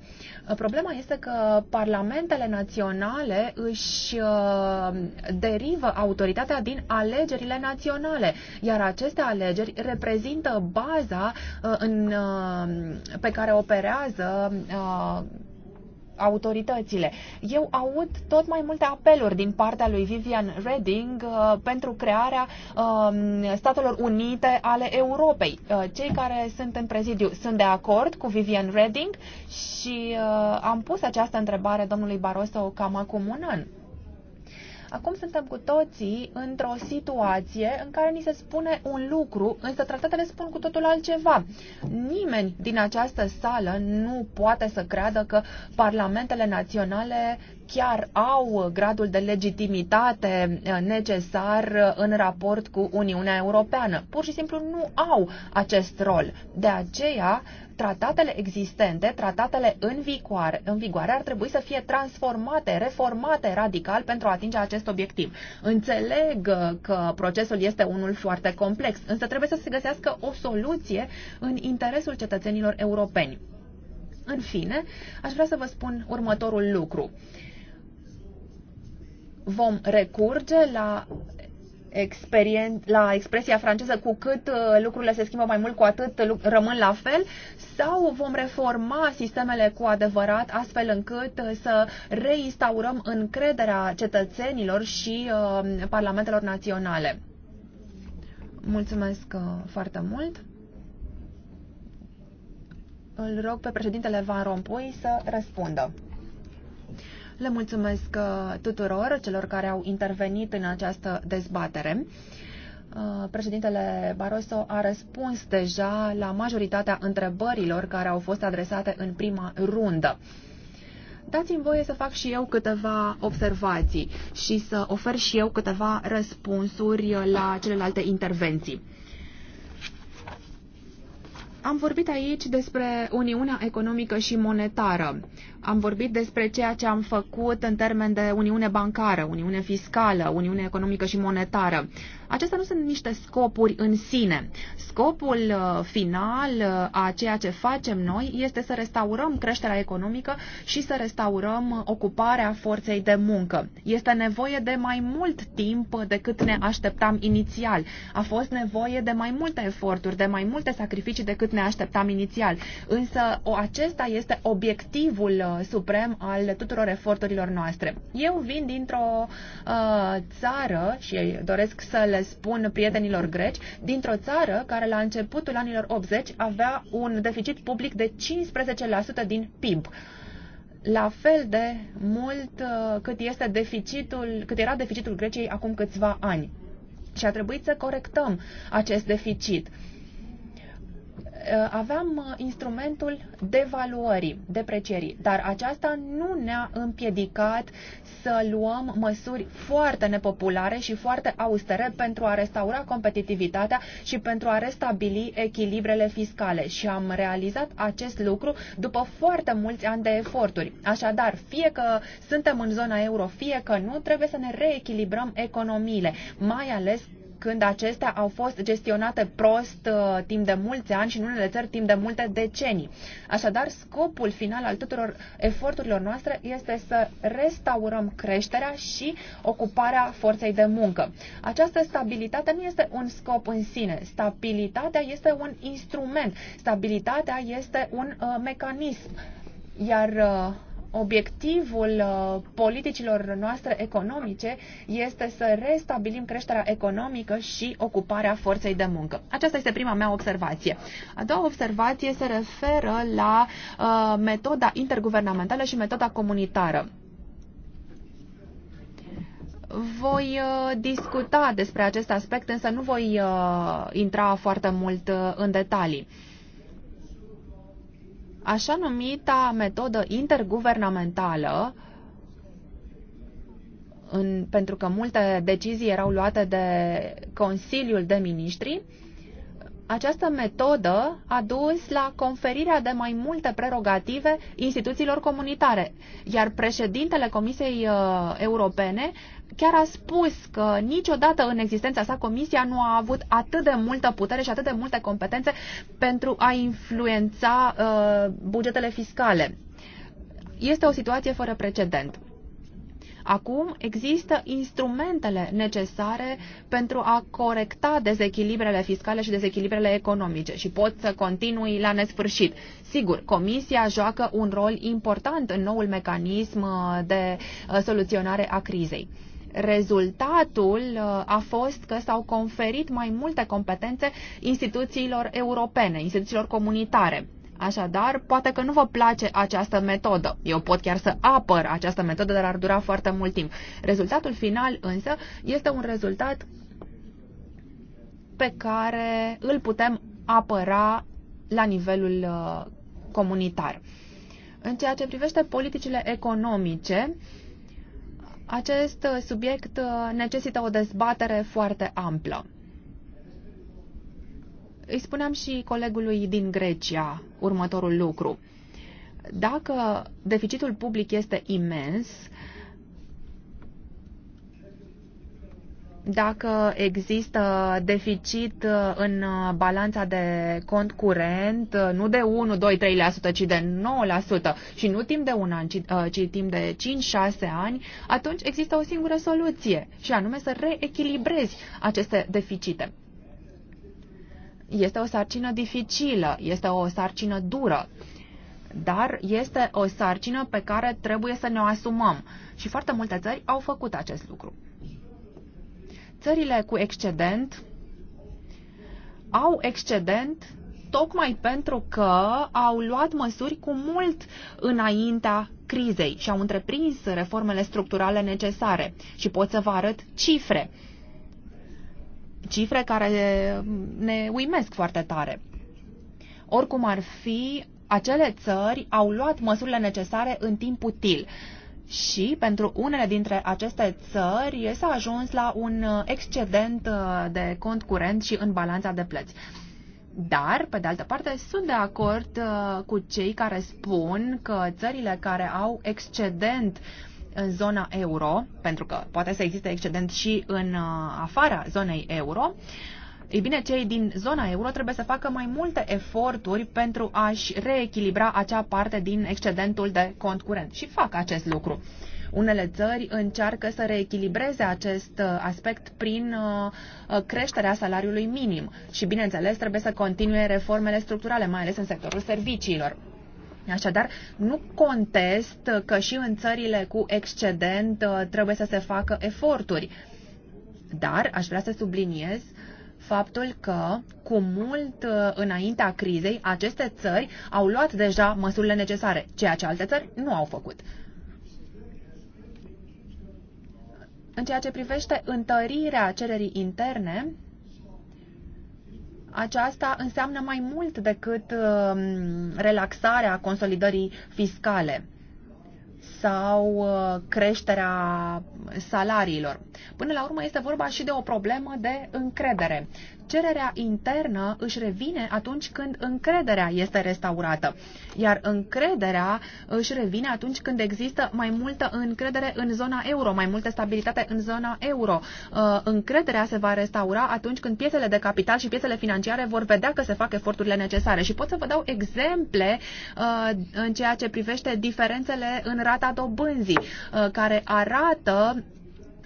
Problema este că parlamentele naționale își uh, derivă autoritatea din alegerile naționale, iar aceste alegeri reprezintă baza uh, în, uh, pe care operează autoritățile. Eu aud tot mai multe apeluri din partea lui Vivian Redding uh, pentru crearea uh, Statelor Unite ale Europei. Uh, cei care sunt în prezidiu sunt de acord cu Vivian Redding și uh, am pus această întrebare domnului Barroso cam acum un an. Acum suntem cu toții într-o situație în care ni se spune un lucru, însă tratatele spun cu totul altceva. Nimeni din această sală nu poate să creadă că parlamentele naționale chiar au gradul de legitimitate eh, necesar eh, în raport cu Uniunea Europeană. Pur și simplu nu au acest rol. De aceea, tratatele existente, tratatele în vigoare, în vigoare ar trebui să fie transformate, reformate radical pentru a atinge acest obiectiv. Înțeleg uh, că procesul este unul foarte complex, însă trebuie să se găsească o soluție în interesul cetățenilor europeni. În fine, aș vrea să vă spun următorul lucru. Vom recurge la experien- la expresia franceză, cu cât uh, lucrurile se schimbă mai mult, cu atât rămân la fel, sau vom reforma sistemele cu adevărat, astfel încât uh, să reinstaurăm încrederea cetățenilor și uh, parlamentelor naționale. Mulțumesc uh, foarte mult. Îl rog pe președintele Van Rompuy să răspundă. Le mulțumesc uh, tuturor celor care au intervenit în această dezbatere. Uh, președintele Barroso a răspuns deja la majoritatea întrebărilor care au fost adresate în prima rundă. Dați-mi voie să fac și eu câteva observații și să ofer și eu câteva răspunsuri uh, la celelalte intervenții. Am vorbit aici despre Uniunea Economică și Monetară. Am vorbit despre ceea ce am făcut în termen de uniune bancară, uniune fiscală, uniune economică și monetară. Acestea nu sunt niște scopuri în sine. Scopul uh, final uh, a ceea ce facem noi este să restaurăm creșterea economică și să restaurăm ocuparea forței de muncă. Este nevoie de mai mult timp decât ne așteptam inițial. A fost nevoie de mai multe eforturi, de mai multe sacrificii decât ne așteptam inițial. Însă acesta este obiectivul uh, suprem al tuturor eforturilor noastre. Eu vin dintr-o uh, țară și doresc să le spun prietenilor greci, dintr-o țară care la începutul anilor 80 avea un deficit public de 15% din PIB la fel de mult uh, cât, este deficitul, cât era deficitul Greciei acum câțiva ani. Și a trebuit să corectăm acest deficit. Eh, aveam eh, instrumentul devaluării, deprecierii, dar aceasta nu ne-a împiedicat să luăm măsuri foarte nepopulare și foarte austere pentru a restaura competitivitatea și pentru a restabili echilibrele fiscale și am realizat acest lucru după foarte mulți ani de eforturi. Așadar, fie că suntem în zona euro, fie că nu, trebuie să ne reechilibrăm economiile, mai ales când acestea au fost gestionate prost uh, timp de mulți ani și în unele țări timp de multe decenii. Așadar, scopul final al tuturor eforturilor noastre este să restaurăm creșterea și ocuparea forței de muncă. Această stabilitate nu este un scop în sine. Stabilitatea este un instrument. Stabilitatea este un uh, mecanism. Iar uh, obiectivul uh, politicilor noastre economice este să restabilim creșterea economică și ocuparea forței de muncă. Aceasta este prima mea observație. A doua observație se referă la uh, metoda interguvernamentală și metoda comunitară voi uh, discuta despre acest aspect, însă nu voi intra foarte mult în detalii. Așa numita metodă interguvernamentală, în, pentru că multe decizii erau luate de Consiliul de Ministri, această metodă a dus la conferirea de mai multe prerogative instituțiilor comunitare, iar președintele Comisiei uh, Europene chiar a spus că niciodată în existența sa Comisia nu a avut atât de multă putere și atât de multe competențe pentru a influența uh, bugetele fiscale. Este o situație fără precedent. Acum există instrumentele necesare pentru a corecta dezechilibrele fiscale și dezechilibrele economice și pot să continui la nesfârșit. Sigur, Comisia joacă un rol important în noul mecanism uh, de uh, soluționare a crizei. Rezultatul uh, a fost că s-au conferit mai multe competențe instituțiilor europene, instituțiilor comunitare. Așadar, poate că nu vă place această metodă. Eu pot chiar să apăr această metodă, dar ar dura foarte mult timp. Rezultatul final, însă, este un rezultat pe care îl putem apăra la nivelul uh, comunitar. În ceea ce privește politicile economice, uh, acest uh, subiect uh, necesită o dezbatere foarte amplă. Îi spuneam și colegului din Grecia următorul lucru. Dacă deficitul public este imens, dacă există deficit uh, în uh, balanța de cont curent, uh, nu de 1, 2, 3%, ci de 9% și nu timp de un an, ci, ci timp de 5-6 ani, atunci există o singură soluție și anume să reechilibrezi aceste deficite. Este o sarcină dificilă, este o sarcină dură dar este o sarcină pe care trebuie să ne o asumăm. Și foarte multe țări au făcut acest lucru țările cu excedent au excedent tocmai pentru că au luat măsuri cu mult înaintea crizei și au întreprins reformele structurale necesare. Și pot să vă arăt cifre. Cifre care ne uimesc foarte tare. Oricum ar fi, acele țări au luat măsurile necesare în timp util și pentru unele dintre aceste țări s-a ajuns la un uh, excedent uh, de cont curent și în balanța de plăți. Dar, pe de altă parte, sunt de acord uh, cu cei care spun că țările care au excedent în zona euro, pentru că poate să existe excedent și în afara zonei euro, uh, ei bine, cei din zona euro trebuie să facă mai multe eforturi pentru a-și reechilibra acea parte din excedentul de cont curent și fac acest lucru. Unele țări încearcă să reechilibreze acest uh, aspect prin uh, uh, creșterea salariului minim și, bineînțeles, trebuie să continue reformele structurale, mai ales în sectorul serviciilor. Așadar, nu contest că și în țările cu excedent trebuie să se facă eforturi. Dar aș vrea să subliniez faptul că, cu mult uh, înaintea crizei, aceste țări au luat deja măsurile necesare, ceea ce alte țări nu au făcut. În ceea ce privește întărirea cererii interne, aceasta înseamnă mai mult decât um, relaxarea consolidării fiscale sau uh, creșterea salariilor. Până la urmă este vorba și de o problemă de încredere cererea internă își revine atunci când încrederea este restaurată, iar încrederea își revine atunci când există mai multă încredere în zona euro, mai multă stabilitate în zona euro. Uh, încrederea se va restaura atunci când piețele de capital și piețele financiare vor vedea că se fac eforturile necesare. Și pot să vă dau exemple uh, în ceea ce privește diferențele în rata dobânzii, uh, care arată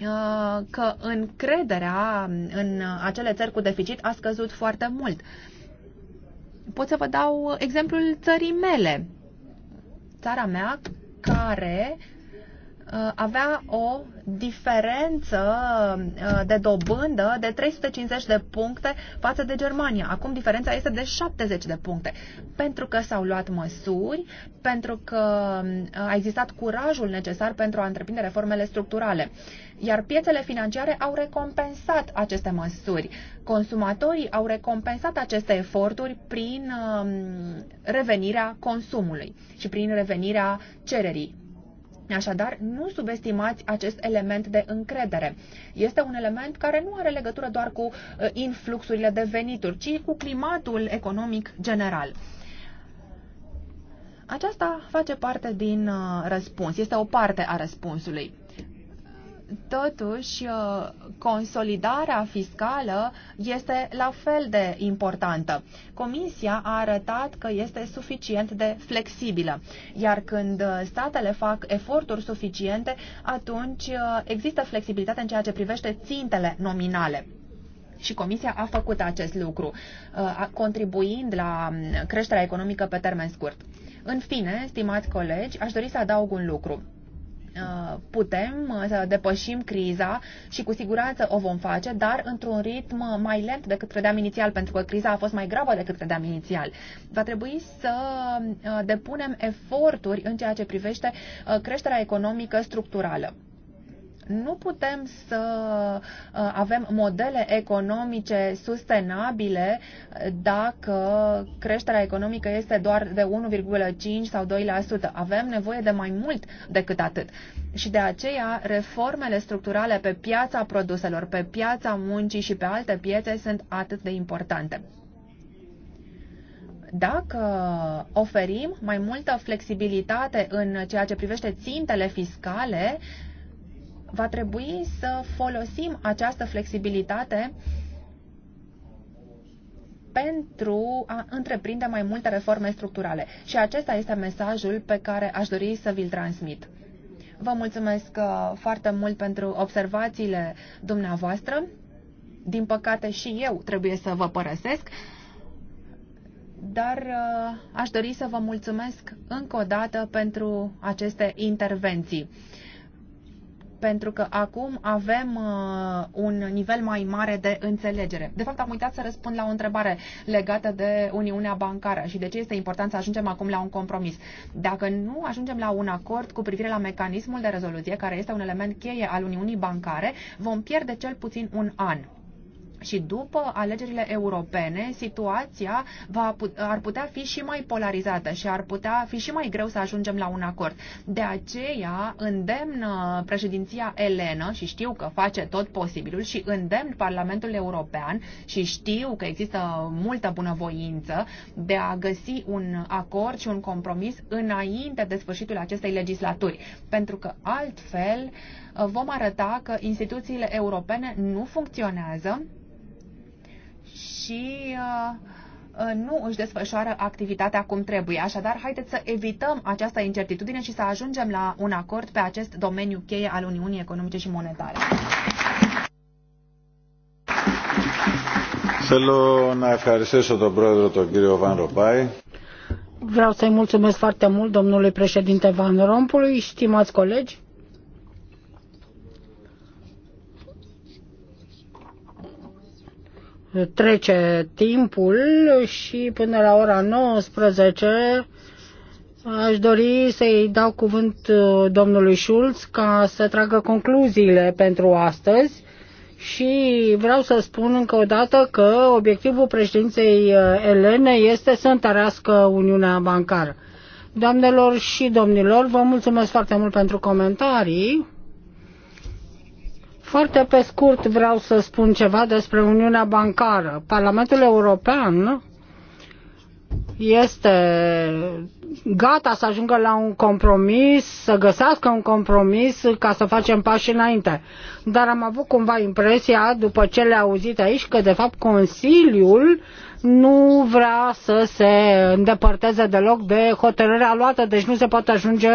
Uh, că încrederea în acele țări cu deficit a scăzut foarte mult. Pot să vă dau exemplul țării mele. Țara mea care Uh, avea o diferență uh, de dobândă de 350 de puncte față de Germania. Acum diferența este de 70 de puncte. Pentru că s-au luat măsuri, pentru că uh, a existat curajul necesar pentru a întreprinde reformele structurale. Iar piețele financiare au recompensat aceste măsuri. Consumatorii au recompensat aceste eforturi prin um, revenirea consumului și prin revenirea cererii Așadar, nu subestimați acest element de încredere. Este un element care nu are legătură doar cu uh, influxurile de venituri, ci cu climatul economic general. Aceasta face parte din uh, răspuns, este o parte a răspunsului. Totuși, uh, consolidarea fiscală este la fel de importantă. Comisia a arătat că este suficient de flexibilă, iar când uh, statele fac eforturi suficiente, atunci uh, există flexibilitate în ceea ce privește țintele nominale și Comisia a făcut acest lucru, contribuind la um, creșterea economică pe termen scurt. În fine, stimați colegi, aș dori să adaug un lucru. Uh, putem uh, să depășim criza și cu siguranță o vom face, dar într-un ritm uh, mai lent decât credeam inițial, pentru că criza a fost mai gravă decât credeam inițial. Va trebui să depunem eforturi în ceea ce privește creșterea economică structurală nu putem să uh, avem modele economice sustenabile uh, dacă creșterea economică este doar de 1,5 sau 2%. Avem nevoie de mai mult decât atât. Și de aceea reformele structurale pe piața produselor, pe piața muncii și pe alte piețe sunt atât de importante dacă oferim mai multă flexibilitate în ceea ce privește țintele fiscale, va trebui să folosim această flexibilitate pentru a întreprinde mai multe reforme structurale. Și acesta este mesajul pe care aș dori să vi-l transmit. Vă mulțumesc uh, foarte mult pentru observațiile dumneavoastră. Din păcate și eu trebuie să vă părăsesc, dar uh, aș dori să vă mulțumesc încă o dată pentru aceste intervenții pentru că acum avem uh, un nivel mai mare de înțelegere. De fapt, am uitat să răspund la o întrebare legată de Uniunea Bancară și de ce este important să ajungem acum la un compromis. Dacă nu ajungem la un acord cu privire la mecanismul de rezoluție, care este un element cheie al Uniunii Bancare, vom pierde cel puțin un an și după alegerile europene, situația va put- ar putea fi și mai polarizată și ar putea fi și mai greu să ajungem la un acord. De aceea îndemn președinția Elenă și știu că face tot posibilul și îndemn Parlamentul European și știu că există multă bunăvoință de a găsi un acord și un compromis înainte de sfârșitul acestei legislaturi, pentru că altfel uh, vom arăta că instituțiile europene nu funcționează și uh, uh, nu își desfășoară activitatea cum trebuie. Așadar, haideți să evităm această incertitudine și să ajungem la un acord pe acest domeniu cheie al Uniunii Economice și Monetare. Vreau să-i mulțumesc foarte mult domnului președinte Van Rompului, stimați colegi. trece timpul și până la ora 19 aș dori să-i dau cuvânt uh, domnului Schulz ca să tragă concluziile pentru astăzi și vreau să spun încă o dată că obiectivul președinței uh, Elene este să întărească Uniunea Bancară. Doamnelor și domnilor, vă mulțumesc foarte mult pentru comentarii. Foarte pe scurt vreau să spun ceva despre Uniunea Bancară. Parlamentul European este gata să ajungă la un compromis, să găsească un compromis ca să facem pași înainte. Dar am avut cumva impresia, după ce le le-a auzit aici, că de fapt Consiliul nu vrea să se îndepărteze deloc de hotărârea luată, deci nu se poate ajunge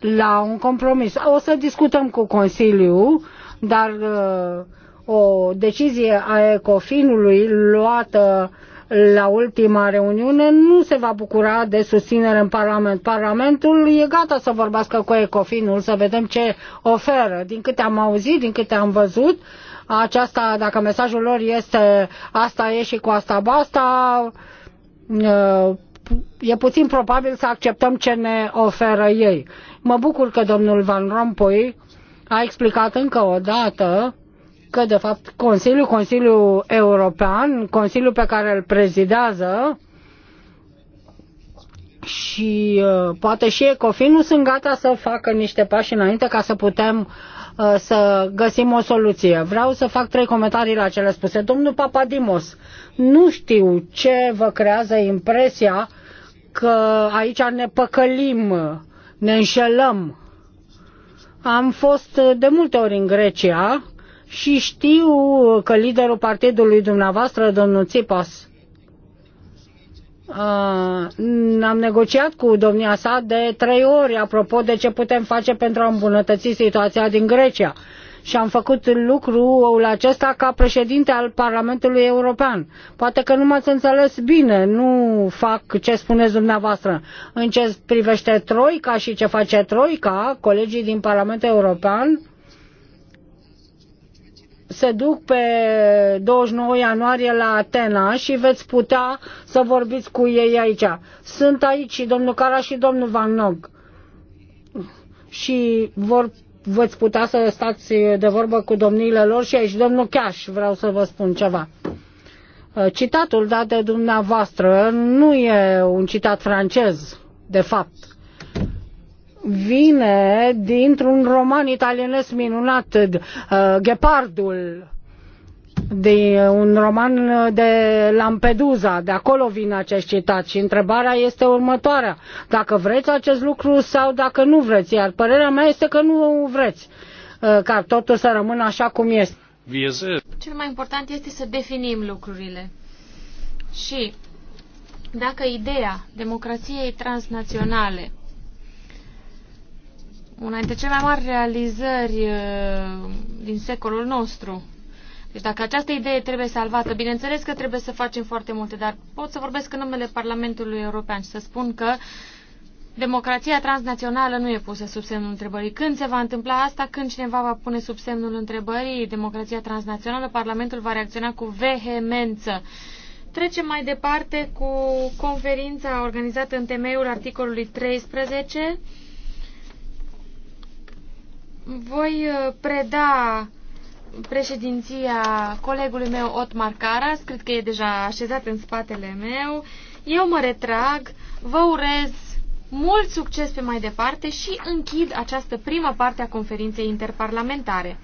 la un compromis. O să discutăm cu Consiliul dar uh, o decizie a Ecofinului luată la ultima reuniune nu se va bucura de susținere în Parlament. Parlamentul e gata să vorbească cu Ecofinul, să vedem ce oferă. Din câte am auzit, din câte am văzut, aceasta, dacă mesajul lor este asta e și cu asta basta, uh, e puțin probabil să acceptăm ce ne oferă ei. Mă bucur că domnul Van Rompuy a explicat încă o dată că, de fapt, Consiliul, Consiliul European, Consiliul pe care îl prezidează și uh, poate și Ecofin nu sunt gata să facă niște pași înainte ca să putem uh, să găsim o soluție. Vreau să fac trei comentarii la cele spuse. Domnul Papadimos, nu știu ce vă creează impresia că aici ne păcălim, ne înșelăm am fost uh, de multe ori în Grecia și știu uh, că liderul partidului dumneavoastră, domnul Tsipas, uh, am negociat cu domnia sa de trei ori apropo de ce putem face pentru a îmbunătăți situația din Grecia și am făcut lucrul acesta ca președinte al Parlamentului European. Poate că nu m-ați înțeles bine, nu fac ce spuneți dumneavoastră. În ce privește Troica și ce face Troica, colegii din Parlamentul European se duc pe 29 ianuarie la Atena și veți putea să vorbiți cu ei aici. Sunt aici și domnul Cara și domnul Van Nog și vor veți putea să stați de vorbă cu domniile lor și aici, domnul Chiaș, vreau să vă spun ceva. Uh, citatul dat de dumneavoastră nu e un citat francez, de fapt. Vine dintr-un roman italienesc minunat, uh, Ghepardul, de uh, un roman uh, de Lampedusa, de acolo vine acest citat și întrebarea este următoarea, dacă vreți acest lucru sau dacă nu vreți, iar părerea mea este că nu vreți, uh, ca totul să rămână așa cum este. Cel mai important este să definim lucrurile. Și dacă ideea democrației transnaționale una dintre cele mai mari realizări din secolul nostru deci dacă această idee trebuie salvată, bineînțeles că trebuie să facem foarte multe, dar pot să vorbesc în numele Parlamentului European și să spun că democrația transnațională nu e pusă sub semnul întrebării. Când se va întâmpla asta? Când cineva va pune sub semnul întrebării democrația transnațională, Parlamentul va reacționa cu vehemență. Trecem mai departe cu conferința organizată în temeiul articolului 13. Voi uh, preda președinția colegului meu Otmar Caras, cred că e deja așezat în spatele meu. Eu mă retrag, vă urez mult succes pe mai departe și închid această primă parte a conferinței interparlamentare.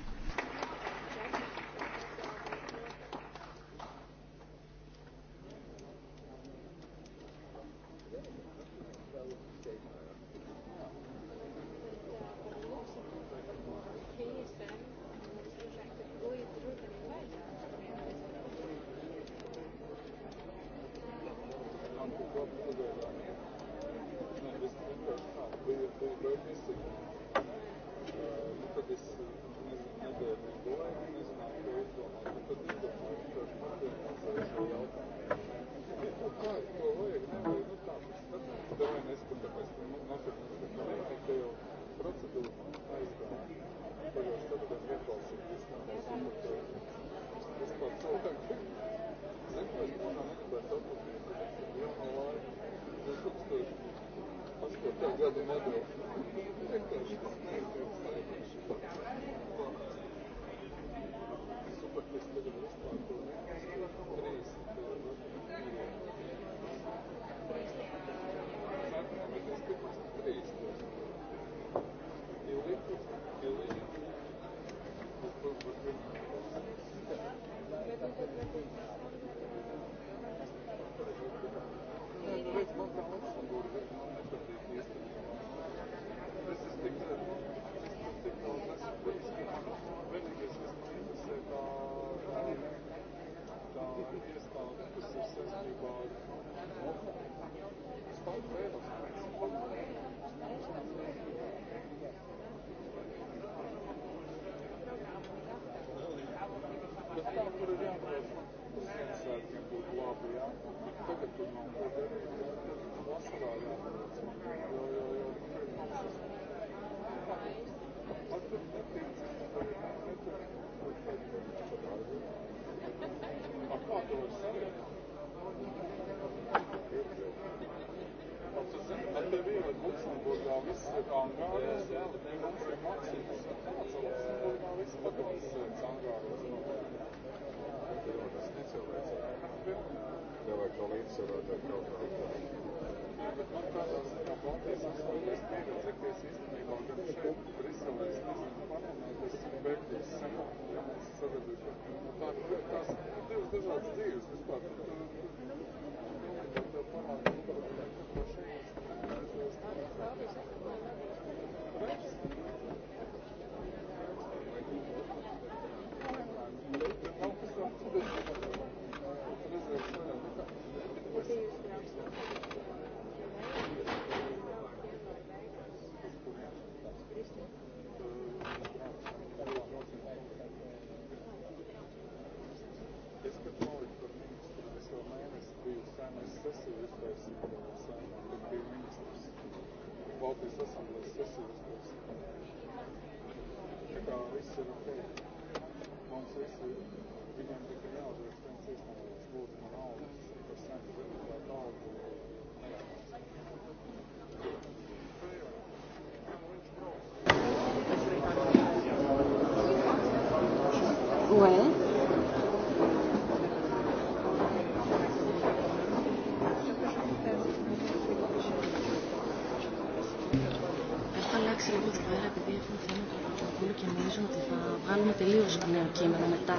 αλλάξει λίγο τις καρέρα επειδή έχουμε θέμα του Ευρωκοινοβούλου και νομίζω ότι θα βγάλουμε τελείως νέο κείμενο μετά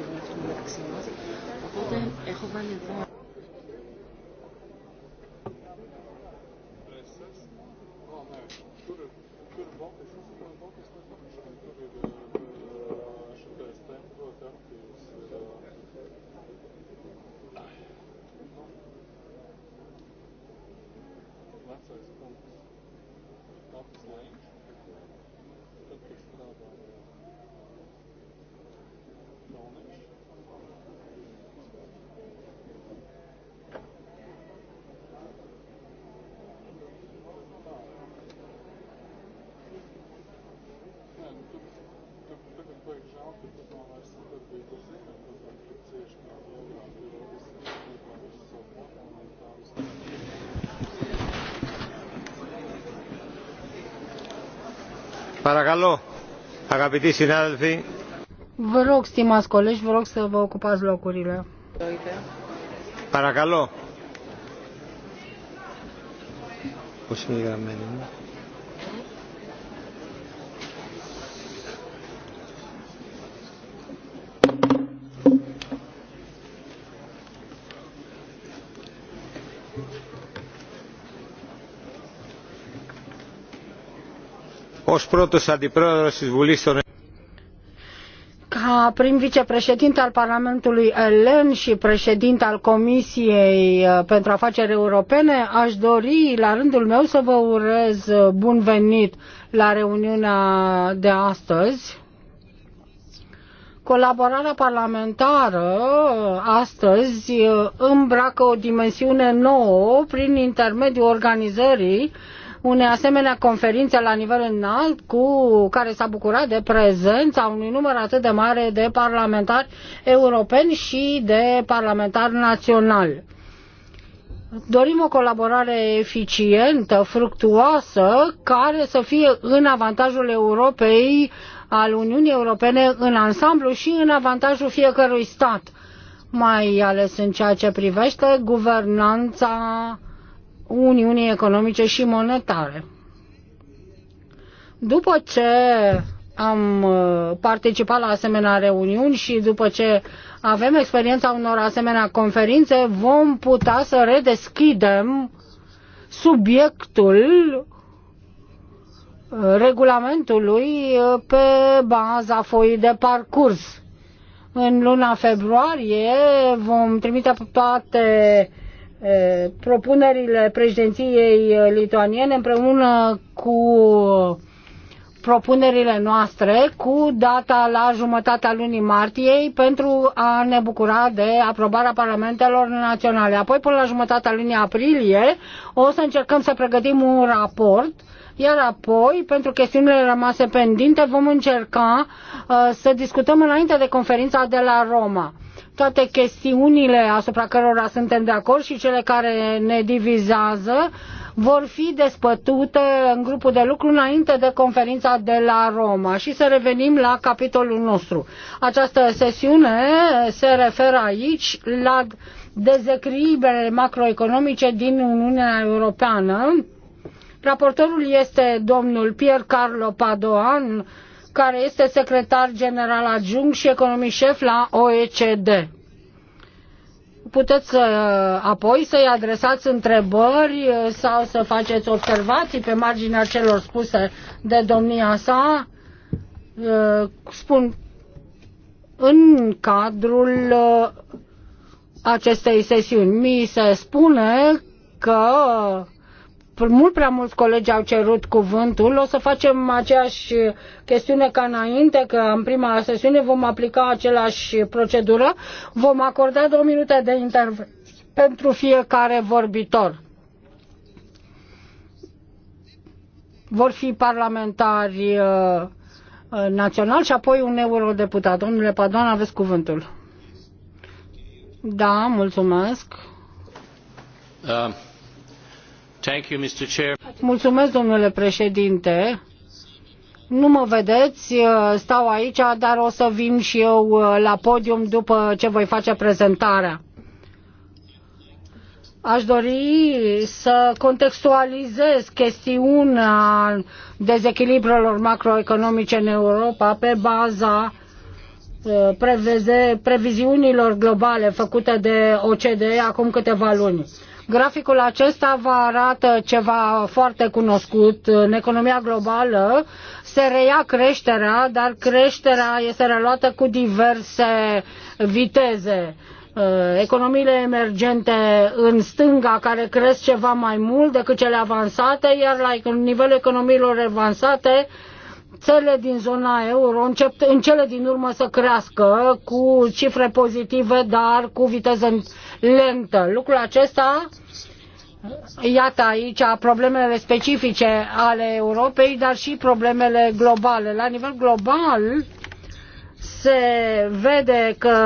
κυβερνητικών μεταξύ μας. Οπότε έχω βάλει εδώ Vă rog, stimați colegi, vă rog să vă ocupați locurile. Paragalo. Poți să ca prim vicepreședinte al Parlamentului Elen și președinte al Comisiei uh, pentru Afaceri Europene, aș dori la rândul meu să vă urez uh, bun venit la reuniunea de astăzi. Colaborarea parlamentară uh, astăzi îmbracă o dimensiune nouă prin intermediul organizării unei asemenea conferințe la nivel înalt cu care s-a bucurat de prezența unui număr atât de mare de parlamentari europeni și de parlamentari naționali. Dorim o colaborare eficientă, fructuoasă, care să fie în avantajul Europei, al Uniunii Europene în ansamblu și în avantajul fiecărui stat, mai ales în ceea ce privește guvernanța Uniunii Economice și Monetare. După ce am uh, participat la asemenea reuniuni și după ce avem experiența unor asemenea conferințe, vom putea să redeschidem subiectul uh, regulamentului uh, pe baza foii de parcurs. În luna februarie vom trimite toate propunerile președinției lituaniene împreună cu propunerile noastre cu data la jumătatea lunii martie pentru a ne bucura de aprobarea parlamentelor naționale. Apoi, până la jumătatea lunii aprilie, o să încercăm să pregătim un raport iar apoi, pentru chestiunile rămase pendinte, vom încerca uh, să discutăm înainte de conferința de la Roma toate chestiunile asupra cărora suntem de acord și cele care ne divizează vor fi despătute în grupul de lucru înainte de conferința de la Roma. Și să revenim la capitolul nostru. Această sesiune se referă aici la dezecribele macroeconomice din Uniunea Europeană. Raportorul este domnul Pier Carlo Padoan, care este secretar general adjunct și economist șef la OECD. Puteți să, apoi să-i adresați întrebări sau să faceți observații pe marginea celor spuse de domnia sa. Spun, în cadrul uh, acestei sesiuni mi se spune că mult prea mulți colegi au cerut cuvântul. O să facem aceeași chestiune ca înainte, că în prima sesiune vom aplica aceeași procedură. Vom acorda două minute de intervenție pentru fiecare vorbitor. Vor fi parlamentari uh, uh național și apoi un eurodeputat. Domnule Padoan, aveți cuvântul. Da, mulțumesc. Uh. Mulțumesc, domnule președinte. Nu mă vedeți, uh, stau aici, dar o să vin și eu uh, la podium după ce voi face prezentarea. Aș dori să contextualizez chestiunea dezechilibrelor macroeconomice în Europa pe baza uh, previziunilor globale făcute de OCDE acum câteva luni. Graficul acesta vă arată ceva foarte cunoscut. În economia globală se reia creșterea, dar creșterea este reluată cu diverse viteze uh, economiile emergente în stânga care cresc ceva mai mult decât cele avansate, iar la nivelul economiilor avansate țările din zona euro încep în cele din urmă să crească cu cifre pozitive, dar cu viteză lentă. Lucrul acesta Iată aici problemele specifice ale Europei, dar și problemele globale. La nivel global se vede că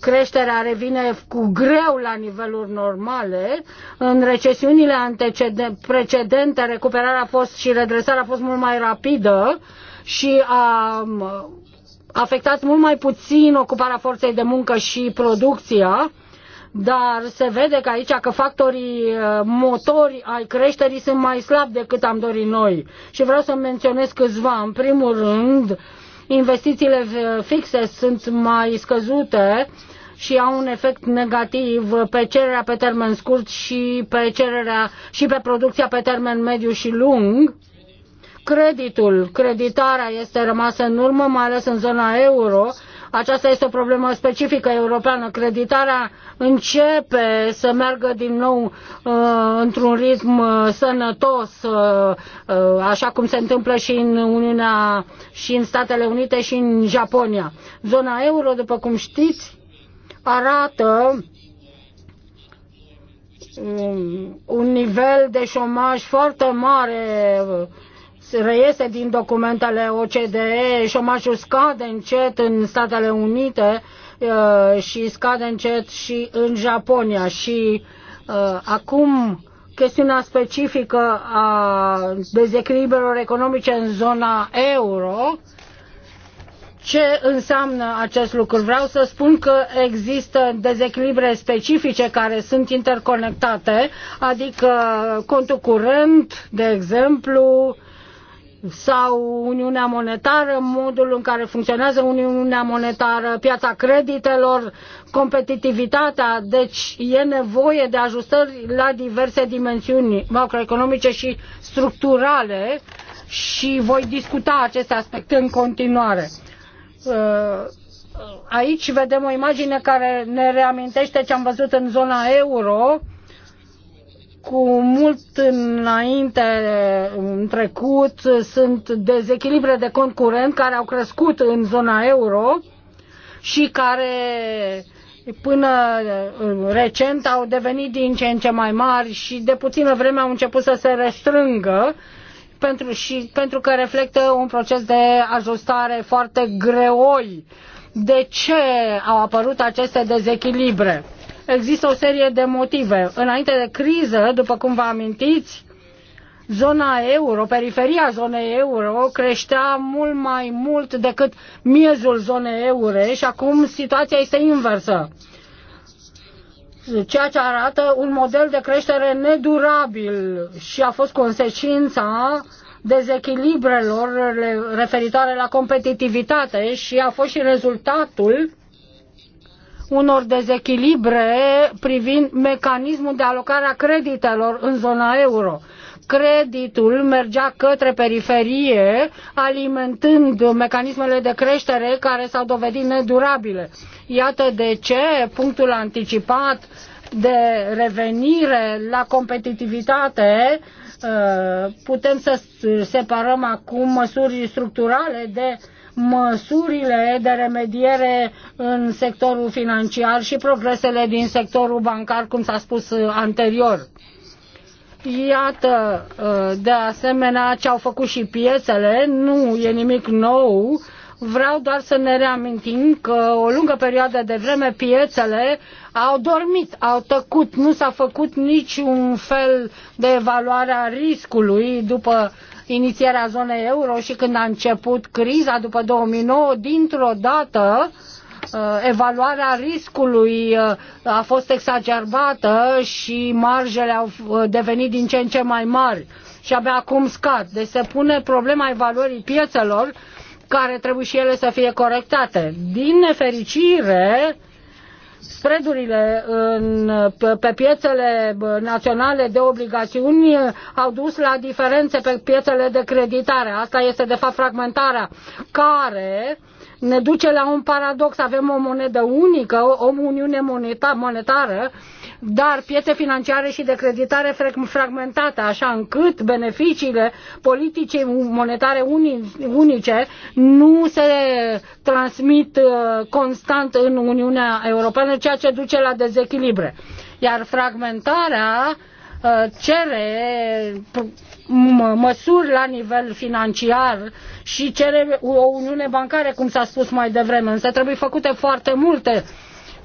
creșterea revine cu greu la niveluri normale. În recesiunile precedente, recuperarea a fost și redresarea a fost mult mai rapidă și a afectat mult mai puțin ocuparea forței de muncă și producția, dar se vede că aici că factorii motori ai creșterii sunt mai slabi decât am dorit noi. Și vreau să menționez câțiva. În primul rând, investițiile fixe sunt mai scăzute și au un efect negativ pe cererea pe termen scurt și pe cererea și pe producția pe termen mediu și lung. Creditul, creditarea este rămasă în urmă, mai ales în zona euro aceasta este o problemă specifică europeană. Creditarea începe să meargă din nou uh, într-un ritm uh, sănătos, uh, uh, așa cum se întâmplă și în Uniunea, și în Statele Unite și în Japonia. Zona euro, după cum știți, arată um, un nivel de șomaj foarte mare uh, reiese din documentele OCDE, șomajul scade încet în Statele Unite uh, și scade încet și în Japonia. Și uh, acum chestiunea specifică a dezechilibrelor economice în zona euro, ce înseamnă acest lucru? Vreau să spun că există dezechilibre specifice care sunt interconectate, adică contul curent, de exemplu, sau Uniunea Monetară, modul în care funcționează Uniunea Monetară, piața creditelor, competitivitatea. Deci e nevoie de ajustări la diverse dimensiuni macroeconomice și structurale și voi discuta aceste aspecte în continuare. Uh, aici vedem o imagine care ne reamintește ce am văzut în zona euro cu mult înainte, în trecut, sunt dezechilibre de concurent care au crescut în zona euro și care până recent au devenit din ce în ce mai mari și de puțină vreme au început să se restrângă pentru, și, pentru că reflectă un proces de ajustare foarte greoi. De ce au apărut aceste dezechilibre? Există o serie de motive. Înainte de criză, după cum vă amintiți, zona euro, periferia zonei euro, creștea mult mai mult decât miezul zonei euro și acum situația este inversă ceea ce arată un model de creștere nedurabil și a fost consecința dezechilibrelor referitoare la competitivitate și a fost și rezultatul unor dezechilibre privind mecanismul de alocare a creditelor în zona euro. Creditul mergea către periferie, alimentând mecanismele de creștere care s-au dovedit nedurabile. Iată de ce punctul anticipat de revenire la competitivitate uh, putem să separăm acum măsuri structurale de măsurile de remediere în sectorul financiar și progresele din sectorul bancar, cum s-a spus anterior. Iată, uh, de asemenea, ce au făcut și piețele, nu e nimic nou. Vreau doar să ne reamintim că o lungă perioadă de vreme piețele au dormit, au tăcut, nu s-a făcut niciun fel de evaluare a riscului după inițierea zonei euro și când a început criza după 2009, dintr-o dată uh, evaluarea riscului uh, a fost exacerbată și marjele au uh, devenit din ce în ce mai mari și abia acum scad. Deci se pune problema evaluării piețelor care trebuie și ele să fie corectate. Din nefericire, spreadurile pe piețele naționale de obligațiuni au dus la diferențe pe piețele de creditare. Asta este de fapt fragmentarea care ne duce la un paradox. Avem o monedă unică, o uniune monetară dar piețe financiare și de creditare fragmentate, așa încât beneficiile politicii monetare unice nu se transmit uh, constant în Uniunea Europeană, ceea ce duce la dezechilibre. Iar fragmentarea uh, cere măsuri la nivel financiar și cere o uniune bancară, cum s-a spus mai devreme, însă trebuie făcute foarte multe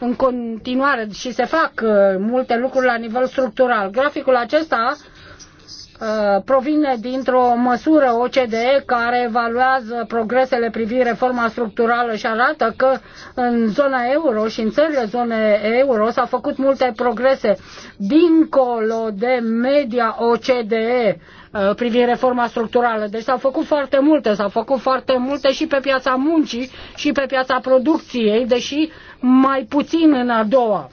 în continuare și se fac uh, multe lucruri la nivel structural. Graficul acesta uh, provine dintr-o măsură OCDE care evaluează progresele privind reforma structurală și arată că în zona euro și în țările zone euro s-au făcut multe progrese dincolo de media OCDE Uh, privind reforma structurală. Deci s-au făcut foarte multe, s-au făcut foarte multe și pe piața muncii și pe piața producției, deși mai puțin în a doua.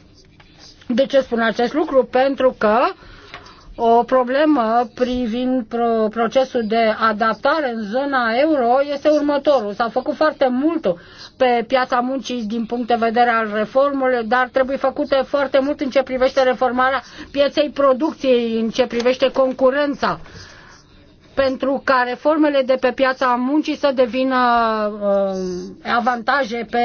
De ce spun acest lucru? Pentru că o problemă privind procesul de adaptare în zona euro este următorul. S-a făcut foarte mult pe piața muncii din punct de vedere al reformelor, dar trebuie făcute foarte mult în ce privește reformarea pieței producției, în ce privește concurența pentru ca reformele de pe piața muncii să devină uh, avantaje pe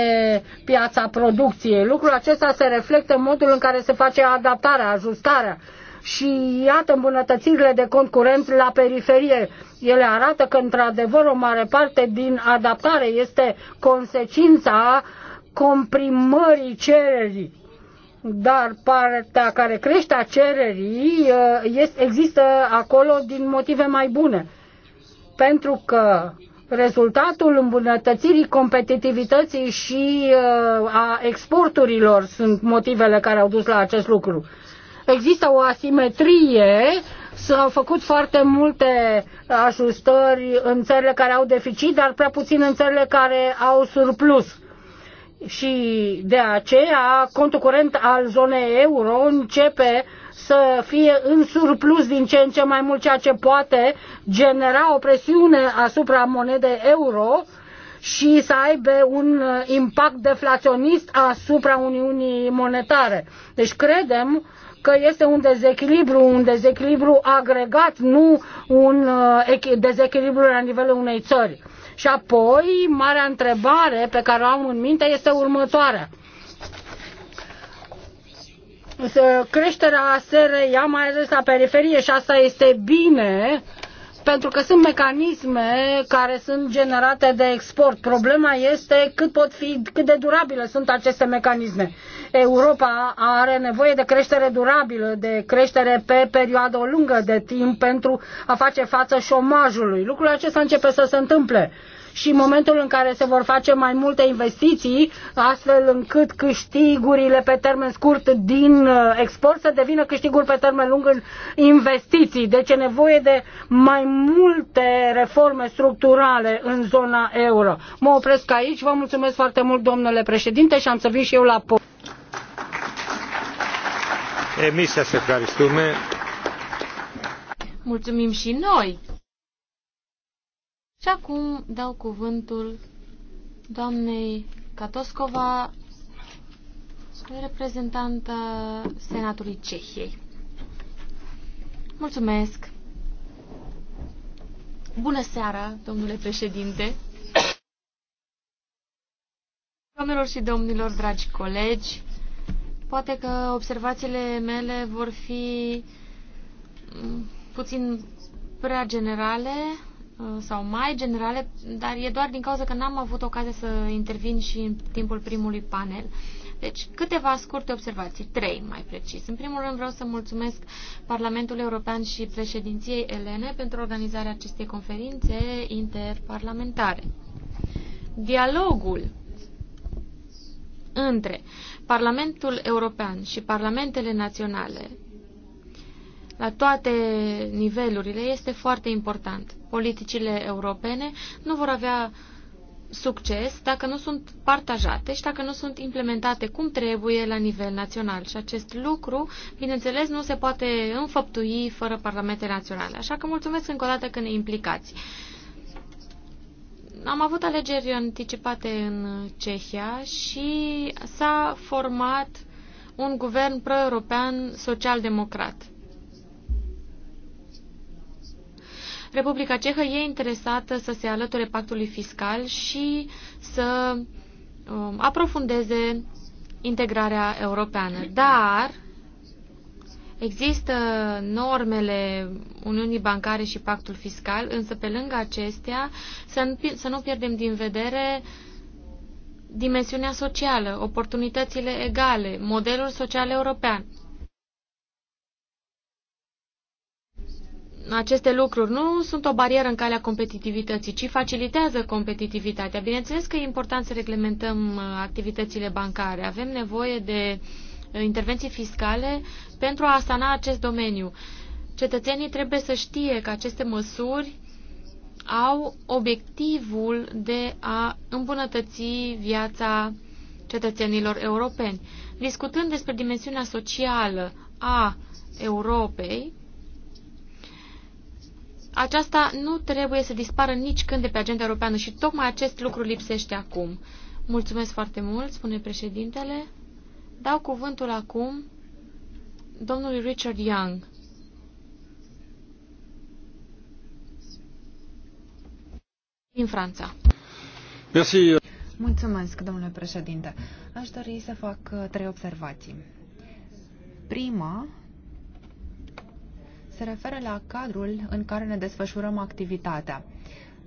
piața producției. Lucrul acesta se reflectă în modul în care se face adaptarea, ajustarea și iată îmbunătățirile de concurent la periferie. Ele arată că, într-adevăr, o mare parte din adaptare este consecința comprimării cererii dar partea care crește a cererii uh, există acolo din motive mai bune. Pentru că rezultatul îmbunătățirii competitivității și uh, a exporturilor sunt motivele care au dus la acest lucru. Există o asimetrie, s-au făcut foarte multe ajustări în țările care au deficit, dar prea puțin în țările care au surplus și de aceea contul curent al zonei euro începe să fie în surplus din ce în ce mai mult, ceea ce poate genera o presiune asupra monedei euro și să aibă un impact deflaționist asupra Uniunii Monetare. Deci credem că este un dezechilibru, un dezechilibru agregat, nu un uh, dezechilibru la nivelul unei țări. Și apoi, marea întrebare pe care o am în minte este următoarea. Creșterea SRI, mai ales la periferie și asta este bine, pentru că sunt mecanisme care sunt generate de export. Problema este cât pot fi, cât de durabile sunt aceste mecanisme. Europa are nevoie de creștere durabilă, de creștere pe perioadă o lungă de timp pentru a face față șomajului. Lucrul acesta începe să se întâmple și în momentul în care se vor face mai multe investiții, astfel încât câștigurile pe termen scurt din uh, export să devină câștiguri pe termen lung în investiții. Deci e nevoie de mai multe reforme structurale în zona euro. Mă opresc aici, vă mulțumesc foarte mult domnule președinte și am să vin și eu la po- Emisia se Mulțumim și noi. Și acum dau cuvântul doamnei Katoscova, reprezentantă Senatului Cehiei. Mulțumesc! Bună seara, domnule președinte! Doamnelor și domnilor, dragi colegi, poate că observațiile mele vor fi puțin prea generale, Uh, sau mai generale, dar e doar din cauza că n-am avut ocazia să intervin și în timpul primului panel. Deci, câteva scurte observații, trei mai precis. În primul rând vreau să mulțumesc Parlamentul European și președinției Elene pentru organizarea acestei conferințe interparlamentare. Dialogul între Parlamentul European și Parlamentele Naționale la toate nivelurile este foarte important. Politicile europene nu vor avea succes dacă nu sunt partajate și dacă nu sunt implementate cum trebuie la nivel național. Și acest lucru, bineînțeles, nu se poate înfăptui fără parlamente naționale. Așa că mulțumesc încă o dată că ne implicați. Am avut alegeri anticipate în Cehia și s-a format un guvern pro-european social-democrat. Republica Cehă e interesată să se alăture pactului fiscal și să um, aprofundeze integrarea europeană. Dar există normele Uniunii Bancare și pactul fiscal, însă pe lângă acestea să nu pierdem din vedere dimensiunea socială, oportunitățile egale, modelul social european. aceste lucruri nu sunt o barieră în calea competitivității, ci facilitează competitivitatea. Bineînțeles că e important să reglementăm uh, activitățile bancare. Avem nevoie de uh, intervenții fiscale pentru a sana acest domeniu. Cetățenii trebuie să știe că aceste măsuri au obiectivul de a îmbunătăți viața cetățenilor europeni. Discutând despre dimensiunea socială a Europei, aceasta nu trebuie să dispară nici când de pe agenda europeană și tocmai acest lucru lipsește acum. Mulțumesc foarte mult, spune președintele. Dau cuvântul acum domnului Richard Young. Din Franța. Merci. Mulțumesc, domnule președinte. Aș dori să fac trei observații. Prima se referă la cadrul în care ne desfășurăm activitatea.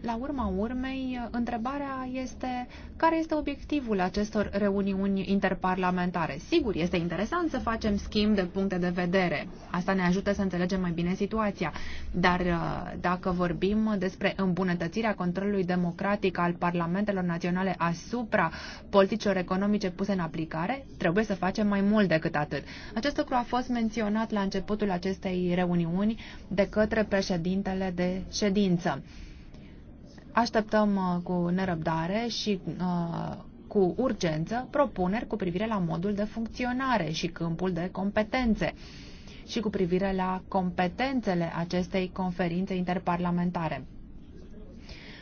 La urma urmei, întrebarea este care este obiectivul acestor reuniuni interparlamentare. Sigur, este interesant să facem schimb de puncte de vedere. Asta ne ajută să înțelegem mai bine situația. Dar uh, dacă vorbim despre îmbunătățirea controlului democratic al parlamentelor naționale asupra politicilor economice puse în aplicare, trebuie să facem mai mult decât atât. Acest lucru a fost menționat la începutul acestei reuniuni de către președintele de ședință. Așteptăm uh, cu nerăbdare și uh, cu urgență propuneri cu privire la modul de funcționare și câmpul de competențe și cu privire la competențele acestei conferințe interparlamentare.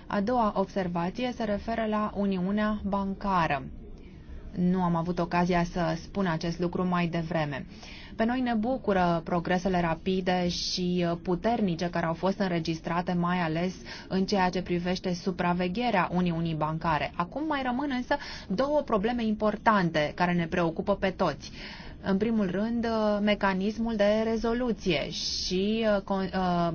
A doua observație se referă la Uniunea Bancară. Nu am avut ocazia să spun acest lucru mai devreme. Uh, pe noi ne bucură progresele rapide și uh, puternice care au fost înregistrate, mai ales în ceea ce privește supravegherea Uniunii Bancare. Acum mai rămân însă două probleme importante care ne preocupă pe toți în primul rând, uh, mecanismul de rezoluție și uh,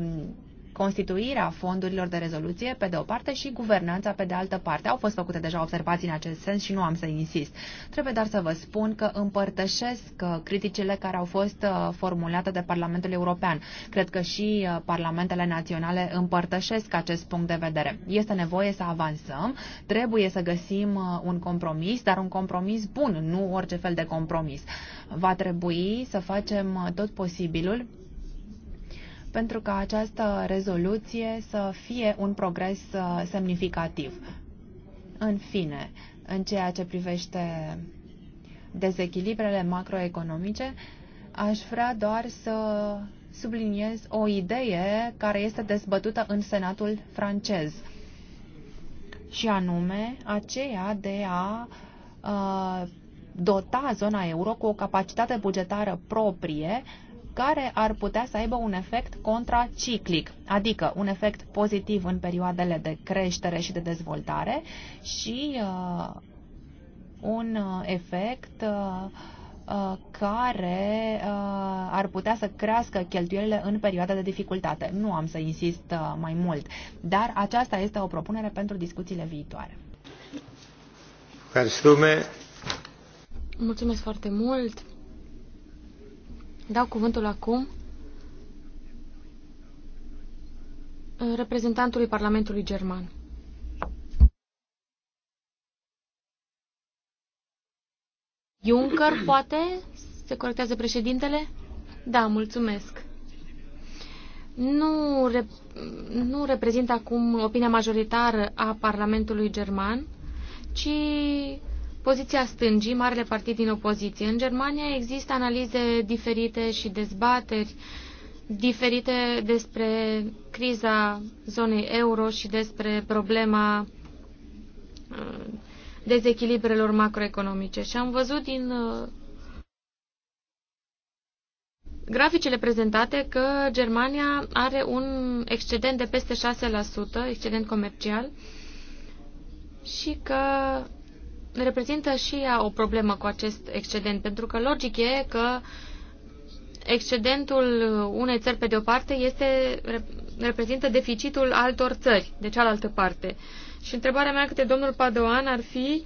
constituirea fondurilor de rezoluție pe de o parte și guvernanța pe de altă parte. Au fost făcute deja observații în acest sens și nu am să insist. Trebuie doar să vă spun că împărtășesc uh, criticile care au fost uh, formulate de Parlamentul European. Cred că și uh, parlamentele naționale împărtășesc acest punct de vedere. Este nevoie să avansăm, trebuie să găsim un compromis, dar un compromis bun, nu orice fel de compromis. Va trebui să facem tot posibilul pentru ca această rezoluție să fie un progres uh, semnificativ. În fine, în ceea ce privește dezechilibrele macroeconomice, aș vrea doar să subliniez o idee care este dezbătută în Senatul francez, și anume aceea de a uh, dota zona euro cu o capacitate bugetară proprie uh, care ar putea să aibă un efect contraciclic, adică un efect pozitiv în perioadele de creștere și de dezvoltare și uh, un uh, efect uh, uh care uh, ar putea să crească cheltuielile în perioada de dificultate. Nu am să insist mai mult, dar aceasta este o propunere pentru discuțiile viitoare. Mulțumesc foarte mult. Dau cuvântul acum uh, reprezentantului Parlamentului German. Juncker, poate? Se corectează președintele? Da, mulțumesc. Nu, rep nu reprezintă acum opinia majoritară a Parlamentului German, ci poziția stângii, marele partid din opoziție. În Germania există analize diferite și dezbateri diferite despre criza zonei euro și despre problema uh, dezechilibrelor macroeconomice. Și am văzut din uh, graficele prezentate că Germania are un excedent de peste 6%, excedent comercial, și că reprezintă și ea o problemă cu acest excedent, pentru că logic e că excedentul unei țări pe de o parte este, reprezintă deficitul altor țări, de cealaltă parte. Și întrebarea mea către domnul Padoan ar fi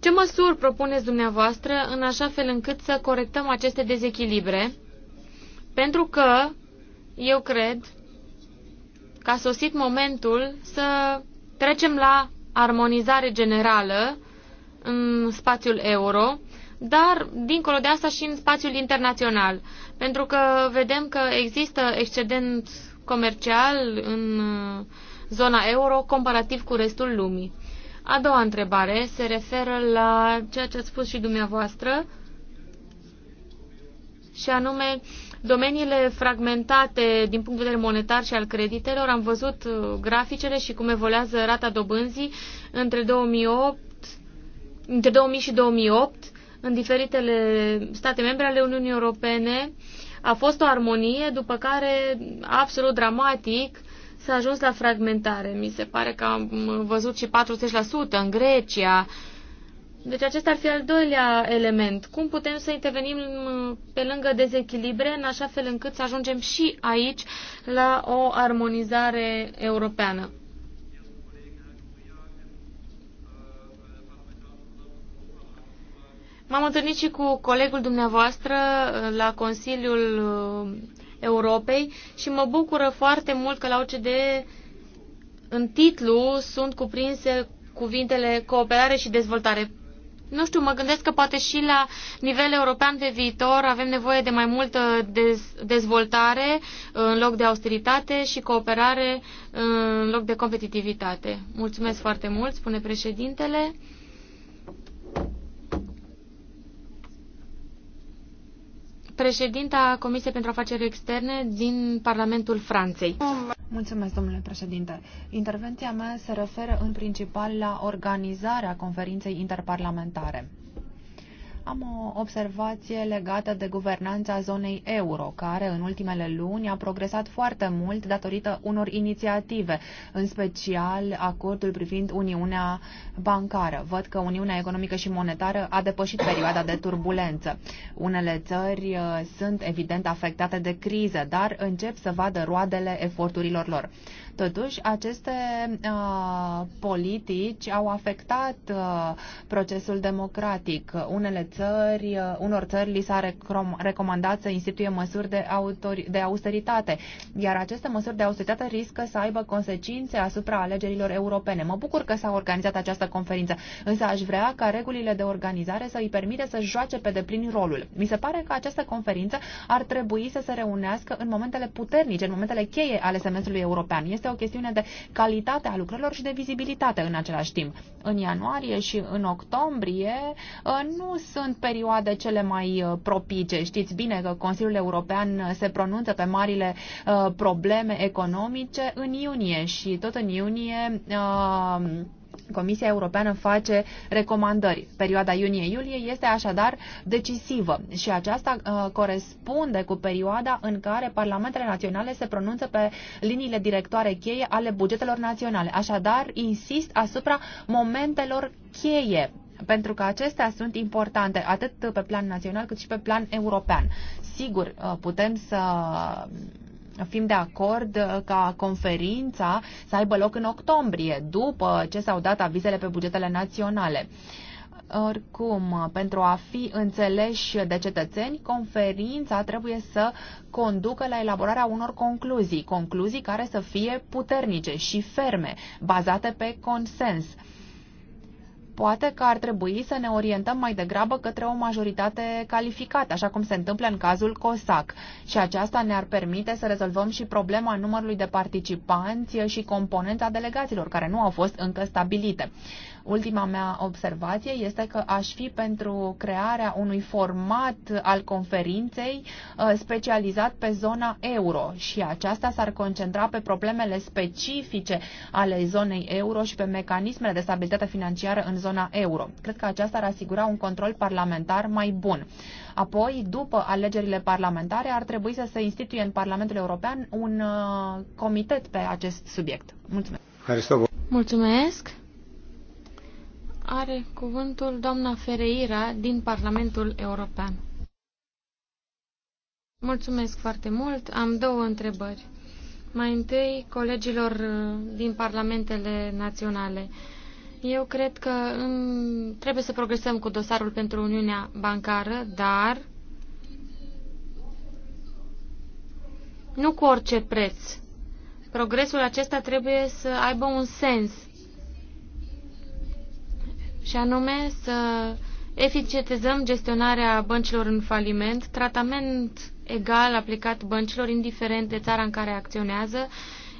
ce măsuri propuneți dumneavoastră în așa fel încât să corectăm aceste dezechilibre? Pentru că eu cred că a sosit momentul să trecem la armonizare generală în spațiul euro, dar dincolo de asta și în spațiul internațional, pentru că vedem că există excedent comercial în uh, zona euro comparativ cu restul lumii. A doua întrebare se referă la ceea ce ați spus și dumneavoastră, și anume domeniile fragmentate din punct de vedere monetar și al creditelor. Am văzut uh, graficele și cum evoluează rata dobânzii între 2008 între 2000 și 2008 în diferitele state membre ale Uniunii Europene a fost o armonie, după care absolut dramatic s-a ajuns la fragmentare. Mi se pare că am văzut și 40% în Grecia. Deci acesta ar fi al doilea element. Cum putem să intervenim pe lângă dezechilibre în așa fel încât să ajungem și aici la o armonizare europeană? M-am întâlnit și cu colegul dumneavoastră uh, la Consiliul uh, Europei și mă bucură foarte mult că la OCDE în titlu sunt cuprinse cuvintele cooperare și dezvoltare. Nu știu, mă gândesc că poate și la nivel european de viitor avem nevoie de mai multă dez- dezvoltare uh, în loc de austeritate și cooperare în loc de competitivitate. Mulțumesc foarte mult, spune președintele. președinta Comisiei pentru Afaceri Externe din Parlamentul Franței. Mulțumesc, domnule președinte. Intervenția mea se referă în principal la organizarea conferinței interparlamentare. Am o observație legată de guvernanța zonei euro, care în ultimele luni a progresat foarte mult datorită unor inițiative, în special acordul privind Uniunea Bancară. Văd că Uniunea Economică și Monetară a depășit perioada de turbulență. Unele țări uh, sunt evident afectate de criză, dar încep să vadă roadele eforturilor lor. Totuși, aceste uh, politici au afectat uh, procesul democratic. Unele țări, uh, unor țări li s-a recomandat să instituie măsuri de, de austeritate, iar aceste măsuri de austeritate riscă să aibă consecințe asupra alegerilor europene. Mă bucur că s-a organizat această conferință, însă aș vrea ca regulile de organizare să îi permite să joace pe deplin rolul. Mi se pare că această conferință ar trebui să se reunească în momentele puternice, în momentele cheie ale semestrului european. Este este o chestiune de calitate a lucrărilor și de vizibilitate în același timp. În ianuarie și în octombrie uh, nu sunt perioade cele mai uh, propice. Știți bine că Consiliul European se pronunță pe marile uh, probleme economice în iunie și tot în iunie Comisia Europeană face recomandări. Perioada iunie-iulie este așadar decisivă și aceasta uh, corespunde cu perioada în care parlamentele naționale se pronunță pe liniile directoare cheie ale bugetelor naționale. Așadar, insist asupra momentelor cheie pentru că acestea sunt importante atât pe plan național cât și pe plan european. Sigur, uh, putem să fim de acord uh, ca conferința să aibă loc în octombrie, după ce s-au dat avizele pe bugetele naționale. Oricum, pentru a fi înțeleși de cetățeni, conferința trebuie să conducă la elaborarea unor concluzii, concluzii care să fie puternice și ferme, bazate pe consens poate că ar trebui să ne orientăm mai degrabă către o majoritate calificată, așa cum se întâmplă în cazul COSAC. Și aceasta ne-ar permite să rezolvăm și problema numărului de participanți și componența delegaților, care nu au fost încă stabilite. Ultima mea observație este că aș fi pentru crearea unui format al conferinței uh, specializat pe zona euro și aceasta s-ar concentra pe problemele specifice ale zonei euro și pe mecanismele de stabilitate financiară în zona euro. Cred că aceasta ar asigura un control parlamentar mai bun. Apoi, după alegerile parlamentare, ar trebui să se instituie în Parlamentul European un uh, comitet pe acest subiect. Mulțumesc! Mulțumesc! Are cuvântul doamna Fereira din Parlamentul European. Mulțumesc foarte mult. Am două întrebări. Mai întâi, colegilor uh, din parlamentele naționale. Eu cred că în... Um, trebuie să progresăm cu dosarul pentru Uniunea Bancară, dar nu cu orice preț. Progresul acesta trebuie să aibă un sens și anume să eficientizăm gestionarea băncilor în faliment, tratament egal aplicat băncilor, indiferent de țara în care acționează,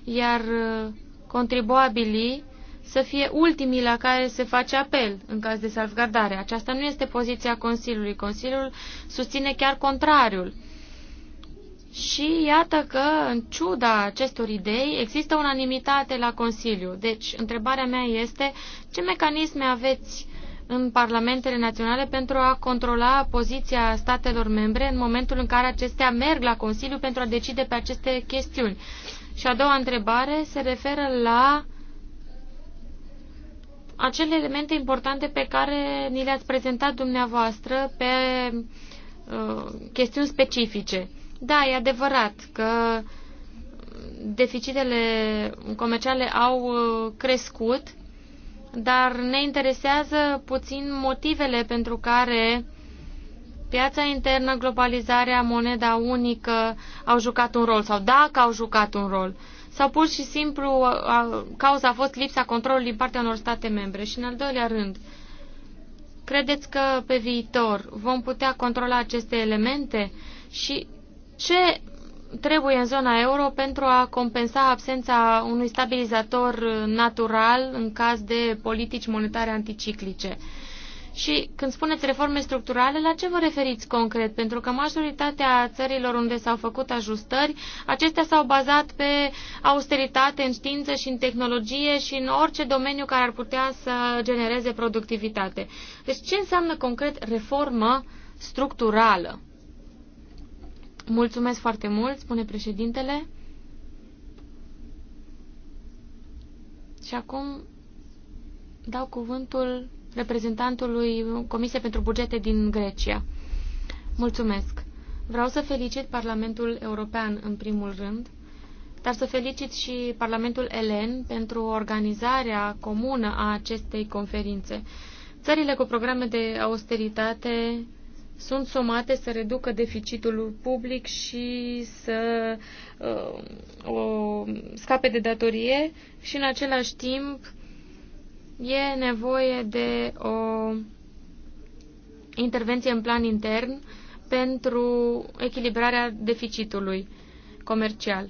iar uh, contribuabilii să fie ultimii la care se face apel în caz de salvgardare. Aceasta nu este poziția Consiliului. Consiliul susține chiar contrariul. Și iată că, în ciuda acestor idei, există unanimitate la Consiliu. Deci, întrebarea mea este ce mecanisme aveți în parlamentele naționale pentru a controla poziția statelor membre în momentul în care acestea merg la Consiliu pentru a decide pe aceste chestiuni. Și a doua întrebare se referă la acele elemente importante pe care ni le-ați prezentat dumneavoastră pe uh, chestiuni specifice. Da, e adevărat că deficitele comerciale au uh, crescut, dar ne interesează puțin motivele pentru care piața internă, globalizarea, moneda unică au jucat un rol sau dacă au jucat un rol. Sau pur și simplu uh, a, cauza a fost lipsa controlului din partea unor state membre. Și în al doilea rând, credeți că pe viitor vom putea controla aceste elemente? Și ce trebuie în zona euro pentru a compensa absența unui stabilizator natural în caz de politici monetare anticiclice? Și când spuneți reforme structurale, la ce vă referiți concret? Pentru că majoritatea țărilor unde s-au făcut ajustări, acestea s-au bazat pe austeritate în știință și în tehnologie și în orice domeniu care ar putea să genereze productivitate. Deci ce înseamnă concret reformă structurală? Mulțumesc foarte mult, spune președintele. Și acum dau cuvântul reprezentantului Comisiei pentru Bugete din Grecia. Mulțumesc. Vreau să felicit Parlamentul European în primul rând, dar să felicit și Parlamentul Elen pentru organizarea comună a acestei conferințe. Țările cu programe de austeritate sunt somate să reducă deficitul public și să uh, o scape de datorie și în același timp e nevoie de o intervenție în plan intern pentru echilibrarea deficitului comercial.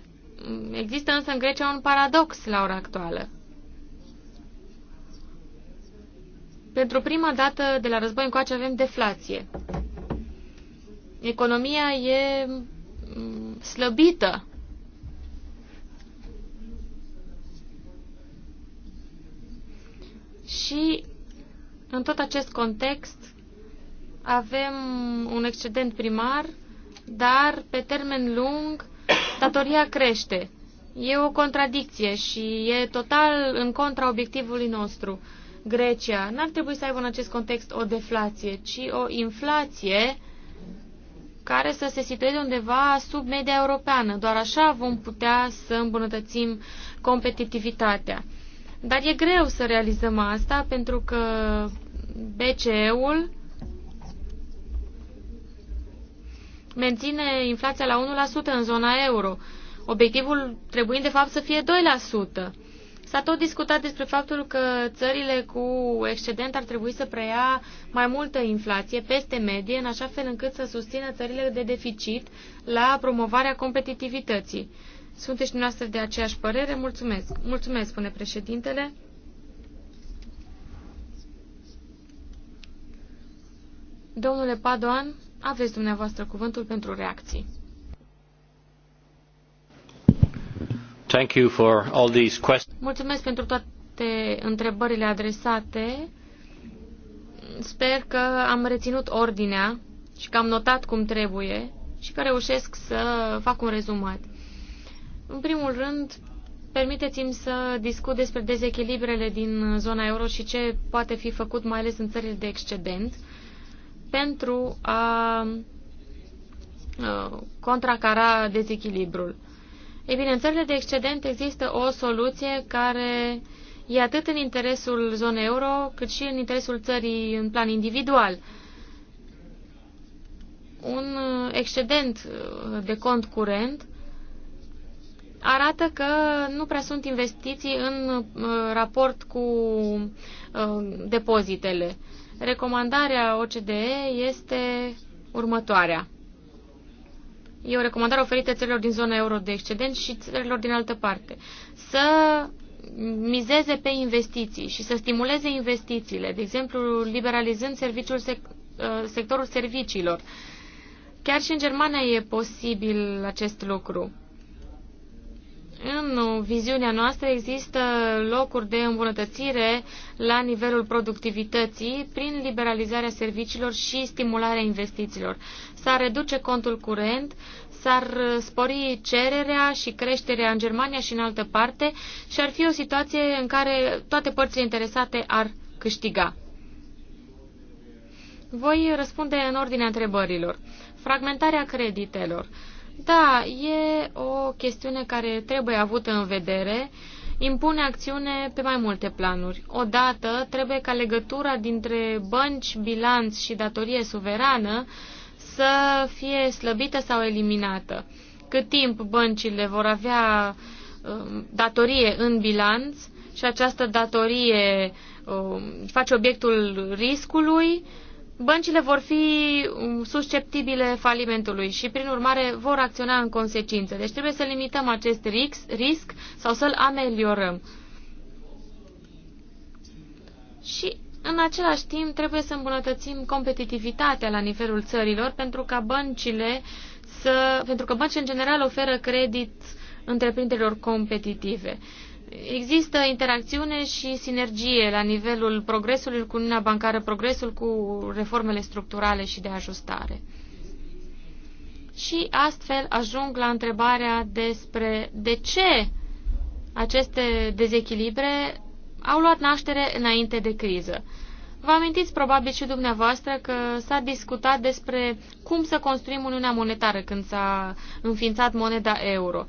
Există însă în Grecia un paradox la ora actuală. Pentru prima dată de la război încoace avem deflație economia e mm, slăbită. Și în tot acest context avem un excedent primar, dar pe termen lung datoria crește. E o contradicție și e total în contra obiectivului nostru. Grecia n-ar trebui să aibă în acest context o deflație, ci o inflație uh, care să se situeze undeva sub media europeană. Doar așa vom putea să îmbunătățim competitivitatea. Dar e greu să realizăm asta pentru că BCE-ul menține inflația la 1% în zona euro, obiectivul trebuind de fapt să fie 2%. S-a tot discutat despre faptul că țările cu excedent ar trebui să preia mai multă inflație peste medie, în așa fel încât să susțină țările de deficit la promovarea competitivității. Sunteți dumneavoastră de aceeași părere? Mulțumesc. Mulțumesc, spune președintele. Domnule Padoan, aveți dumneavoastră cuvântul pentru reacții. Thank you for all these questions. Mulțumesc pentru toate întrebările adresate. Sper că am reținut ordinea și că am notat cum trebuie și că reușesc să fac un rezumat. În primul rând, permiteți-mi să discut despre dezechilibrele din zona euro și ce poate fi făcut, mai ales în țările de excedent, pentru a uh, contracara dezechilibrul. Ei bine, în țările de excedent există o soluție care e atât în interesul zonei euro, cât și în interesul țării în plan individual. Un excedent uh, de cont curent arată că nu prea sunt investiții în uh, raport cu uh, depozitele. Recomandarea OCDE este următoarea. E o recomandare oferită țărilor din zona euro de excedent și țărilor din altă parte. Să mizeze pe investiții și să stimuleze investițiile, de exemplu, liberalizând serviciul sec- ă, sectorul serviciilor. Chiar și în Germania e posibil acest lucru. În viziunea noastră există locuri de îmbunătățire la nivelul productivității prin liberalizarea serviciilor și stimularea investițiilor. S-ar reduce contul curent, s-ar spori cererea și creșterea în Germania și în altă parte și ar fi o situație în care toate părțile interesate ar câștiga. Voi răspunde în ordinea întrebărilor. Fragmentarea creditelor. Da, e o chestiune care trebuie avută în vedere. Impune acțiune pe mai multe planuri. Odată, trebuie ca legătura dintre bănci, bilanț și datorie suverană să fie slăbită sau eliminată. Cât timp băncile vor avea um, datorie în bilanț și această datorie um, face obiectul riscului, băncile vor fi um, susceptibile falimentului și, prin urmare, vor acționa în consecință. Deci trebuie să limităm acest risc, risc sau să-l ameliorăm. Și, în același timp, trebuie să îmbunătățim competitivitatea la nivelul țărilor pentru ca băncile să, pentru că băncile în general oferă credit întreprinderilor competitive. Uh, Există interacțiune și sinergie la nivelul progresului cu Uniunea Bancară, progresul cu reformele structurale și de ajustare. Și astfel ajung la întrebarea despre de ce aceste dezechilibre au luat naștere înainte de criză. Vă amintiți probabil și dumneavoastră că s-a discutat despre cum să construim Uniunea Monetară când s-a înființat moneda euro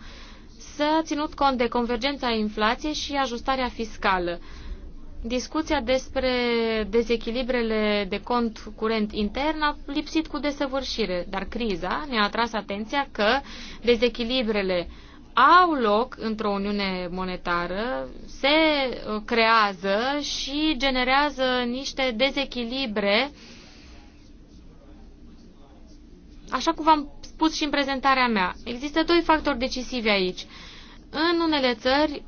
s-a ținut cont de convergența inflației și ajustarea fiscală. Discuția despre dezechilibrele de cont curent intern a lipsit cu desăvârșire, dar criza ne-a atras atenția că dezechilibrele au loc într-o uniune monetară, se uh, creează și generează niște dezechilibre. Așa cum v-am spus și în prezentarea mea, există doi factori decisivi aici. În unele țări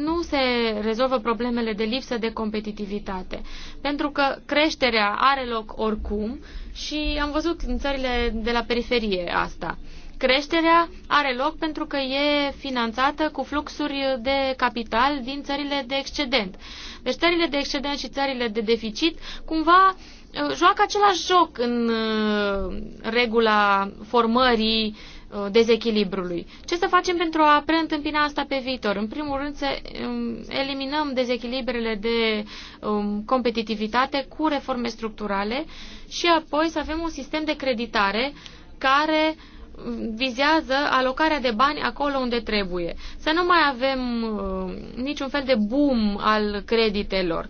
nu se rezolvă problemele de lipsă de competitivitate, pentru că creșterea are loc oricum și am văzut în țările de la periferie asta. Creșterea are loc pentru că e finanțată cu fluxuri de capital din țările de excedent. Deci țările de excedent și țările de deficit cumva uh, joacă același joc în uh, regula formării Uh, dezechilibrului. Ce să facem pentru a preîntâmpina asta pe viitor? În primul rând să um, eliminăm dezechilibrele de um, competitivitate cu reforme structurale și apoi să avem un sistem de creditare care um, vizează alocarea de bani acolo unde trebuie. Să nu mai avem uh, niciun fel de boom al creditelor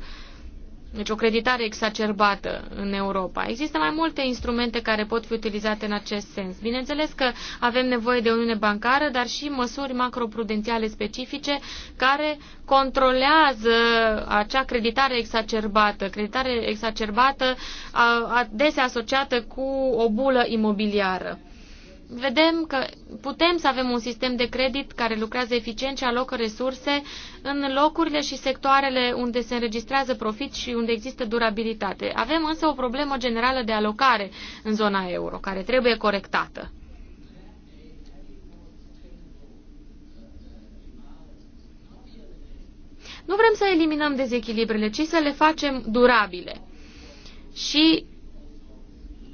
deci o creditare exacerbată în Europa. Există mai multe instrumente care pot fi utilizate în acest sens. Bineînțeles că avem nevoie de uniune bancară, dar și măsuri macroprudențiale specifice care controlează acea creditare exacerbată, creditare exacerbată adesea asociată cu o bulă imobiliară vedem că putem să avem un sistem de credit care lucrează eficient și alocă resurse în locurile și sectoarele unde se înregistrează profit și unde există durabilitate. Avem însă o problemă generală de alocare în zona euro, care trebuie corectată. Nu vrem să eliminăm dezechilibrele, ci să le facem durabile. Și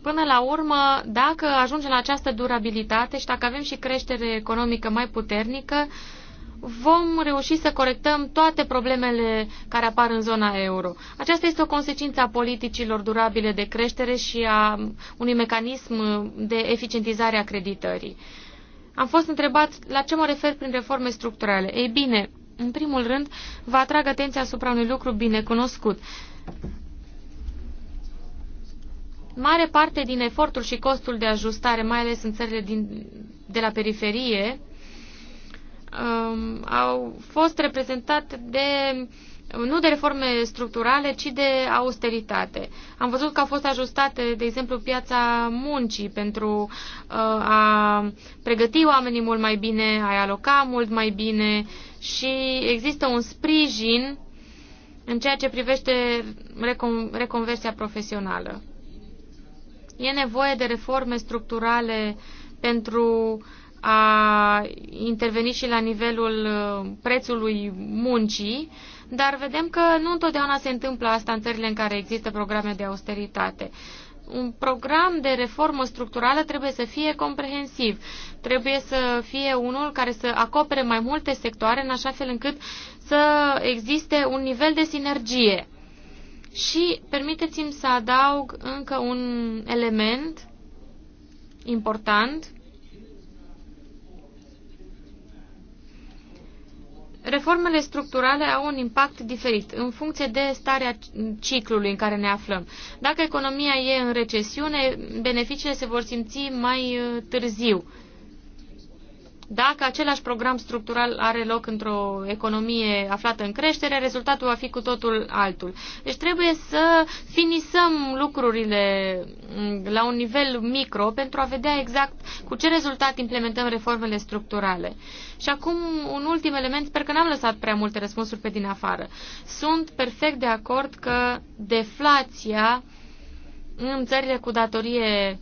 Până la urmă, dacă ajungem la această durabilitate și dacă avem și creștere economică mai puternică, vom reuși să corectăm toate problemele care apar în zona euro. Aceasta este o consecință a politicilor durabile de creștere și a unui mecanism de eficientizare a creditării. Am fost întrebat la ce mă refer prin reforme structurale. Ei bine, în primul rând, vă atrag atenția asupra unui lucru bine cunoscut. Mare parte din efortul și costul de ajustare, mai ales în țările din, de la periferie, um, au fost reprezentat de nu de reforme structurale, ci de austeritate. Am văzut că au fost ajustate, de exemplu, piața muncii pentru uh, a pregăti oamenii mult mai bine, a aloca mult mai bine și există un sprijin în ceea ce privește recon reconversia profesională. E nevoie de reforme structurale pentru a interveni și la nivelul uh, prețului muncii, dar vedem că nu întotdeauna se întâmplă asta în țările în care există programe de austeritate. Un program de reformă structurală trebuie să fie comprehensiv, trebuie să fie unul care să acopere mai multe sectoare în așa fel încât să existe un nivel de sinergie. Și permiteți-mi să adaug încă un element important. Reformele structurale au un impact diferit în funcție de starea ciclului în care ne aflăm. Dacă economia e în recesiune, beneficiile se vor simți mai uh, târziu. Dacă același program structural are loc într-o economie aflată în creștere, rezultatul va fi cu totul altul. Deci trebuie să finisăm lucrurile mm, la un nivel micro pentru a vedea exact cu ce rezultat implementăm reformele structurale. Și acum un ultim element, sper că n-am lăsat prea multe răspunsuri pe din afară. Sunt perfect de acord că deflația în țările cu datorie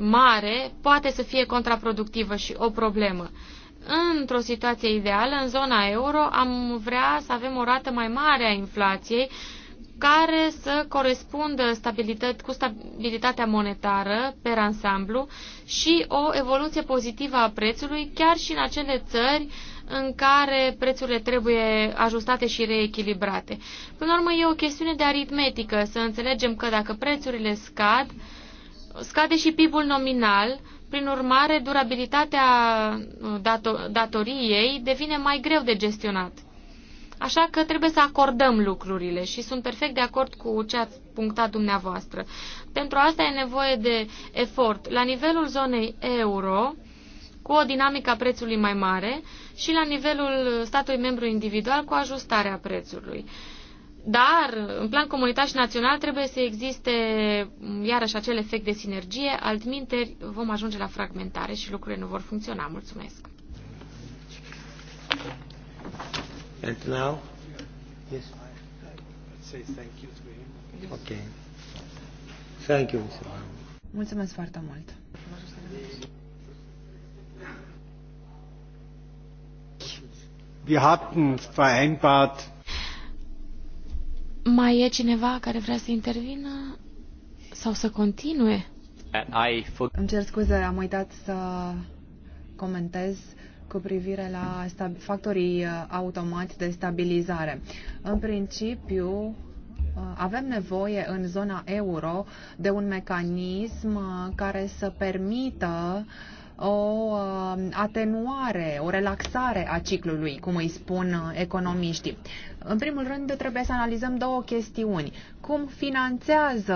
mare poate să fie contraproductivă și o problemă. Într-o situație ideală, în zona euro, am vrea să avem o rată mai mare a inflației, care să corespundă stabilități, cu stabilitatea monetară pe ansamblu și o evoluție pozitivă a prețului chiar și în acele țări în care prețurile trebuie ajustate și reechilibrate. Până la urmă, e o chestiune de aritmetică, să înțelegem că dacă prețurile scad, uh, Scade și PIB-ul nominal, prin urmare, durabilitatea uh, dator datoriei devine mai greu de gestionat. Așa că trebuie să acordăm lucrurile și sunt perfect de acord cu ce ați punctat dumneavoastră. Pentru asta e nevoie de efort la nivelul zonei euro, cu o dinamică a prețului mai mare și la nivelul statului membru individual cu ajustarea prețului. Dar, în plan comunitar și național, trebuie să existe mm, iarăși acel efect de sinergie, altminteri vom ajunge la fragmentare și lucrurile nu vor funcționa. Mulțumesc! And now? Yes. Say thank you to him. Okay. Thank you, Mr. Mulțumesc foarte mult! Wir hatten vereinbart, mai e cineva care vrea să intervină sau să continue? Uh, Îmi cer scuze, am uitat să comentez cu privire la factorii uh, automați de stabilizare. În principiu, uh, avem nevoie în zona euro de un mecanism care să permită uh, o um, atenuare, o relaxare a ciclului, cum îi spun uh, economiștii. În primul rând, trebuie să analizăm două chestiuni cum finanțează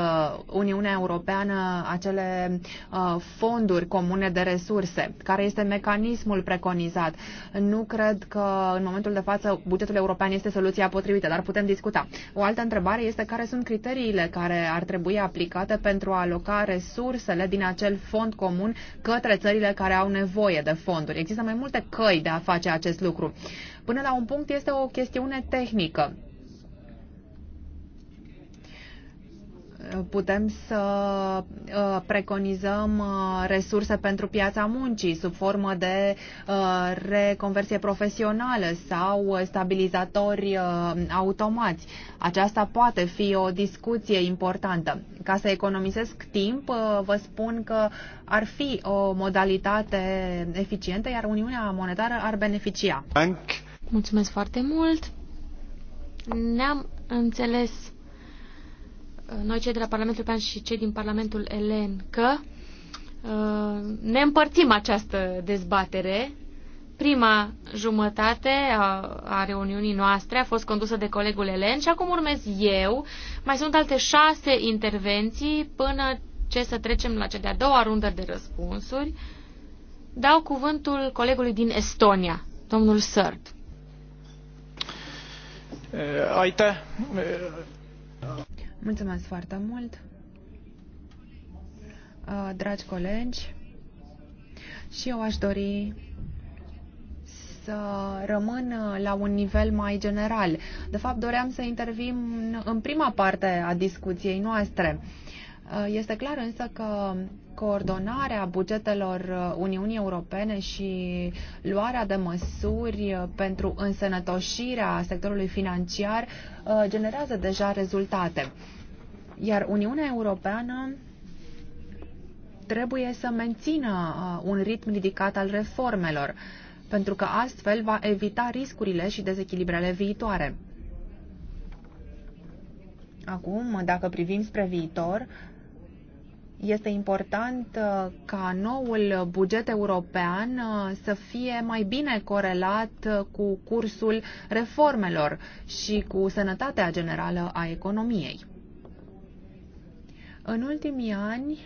Uniunea Europeană acele uh, fonduri comune de resurse, care este mecanismul preconizat. Nu cred că în momentul de față bugetul european este soluția potrivită, dar putem discuta. O altă întrebare este care sunt criteriile care ar trebui aplicate pentru a aloca resursele din acel fond comun către țările care au nevoie de fonduri. Există mai multe căi de a face acest lucru. Până la un punct este o chestiune tehnică putem să uh, preconizăm uh, resurse pentru piața muncii sub formă de uh, reconversie profesională sau stabilizatori automați. Aceasta poate fi o discuție importantă. Ca să economisesc timp, vă spun că ar fi o modalitate eficientă, iar Uniunea Monetară ar beneficia. Mulțumesc foarte mult! Ne-am înțeles noi cei de la Parlamentul European și cei din Parlamentul Elen că uh, ne împărțim această dezbatere. Prima jumătate a, a reuniunii noastre a fost condusă de colegul Elen și acum urmez eu. Mai sunt alte șase intervenții până ce să trecem la cea de-a doua rundă de răspunsuri. Dau cuvântul colegului din Estonia, domnul Sărd. Eh, Aite. Eh, Mulțumesc foarte mult, uh, dragi colegi, și eu aș dori să rămân la un nivel mai general. De fapt, doream să intervim în prima parte a discuției noastre. Uh, este clar însă că coordonarea bugetelor Uniunii Europene și luarea de măsuri pentru însănătoșirea sectorului financiar uh, generează deja rezultate. Iar Uniunea Europeană trebuie să mențină uh, un ritm ridicat al reformelor, pentru că astfel va evita riscurile și dezechilibrele viitoare. Acum, dacă privim spre viitor, este important uh, ca noul buget european uh, să fie mai bine corelat cu cursul reformelor și cu sănătatea generală a economiei. În ultimii ani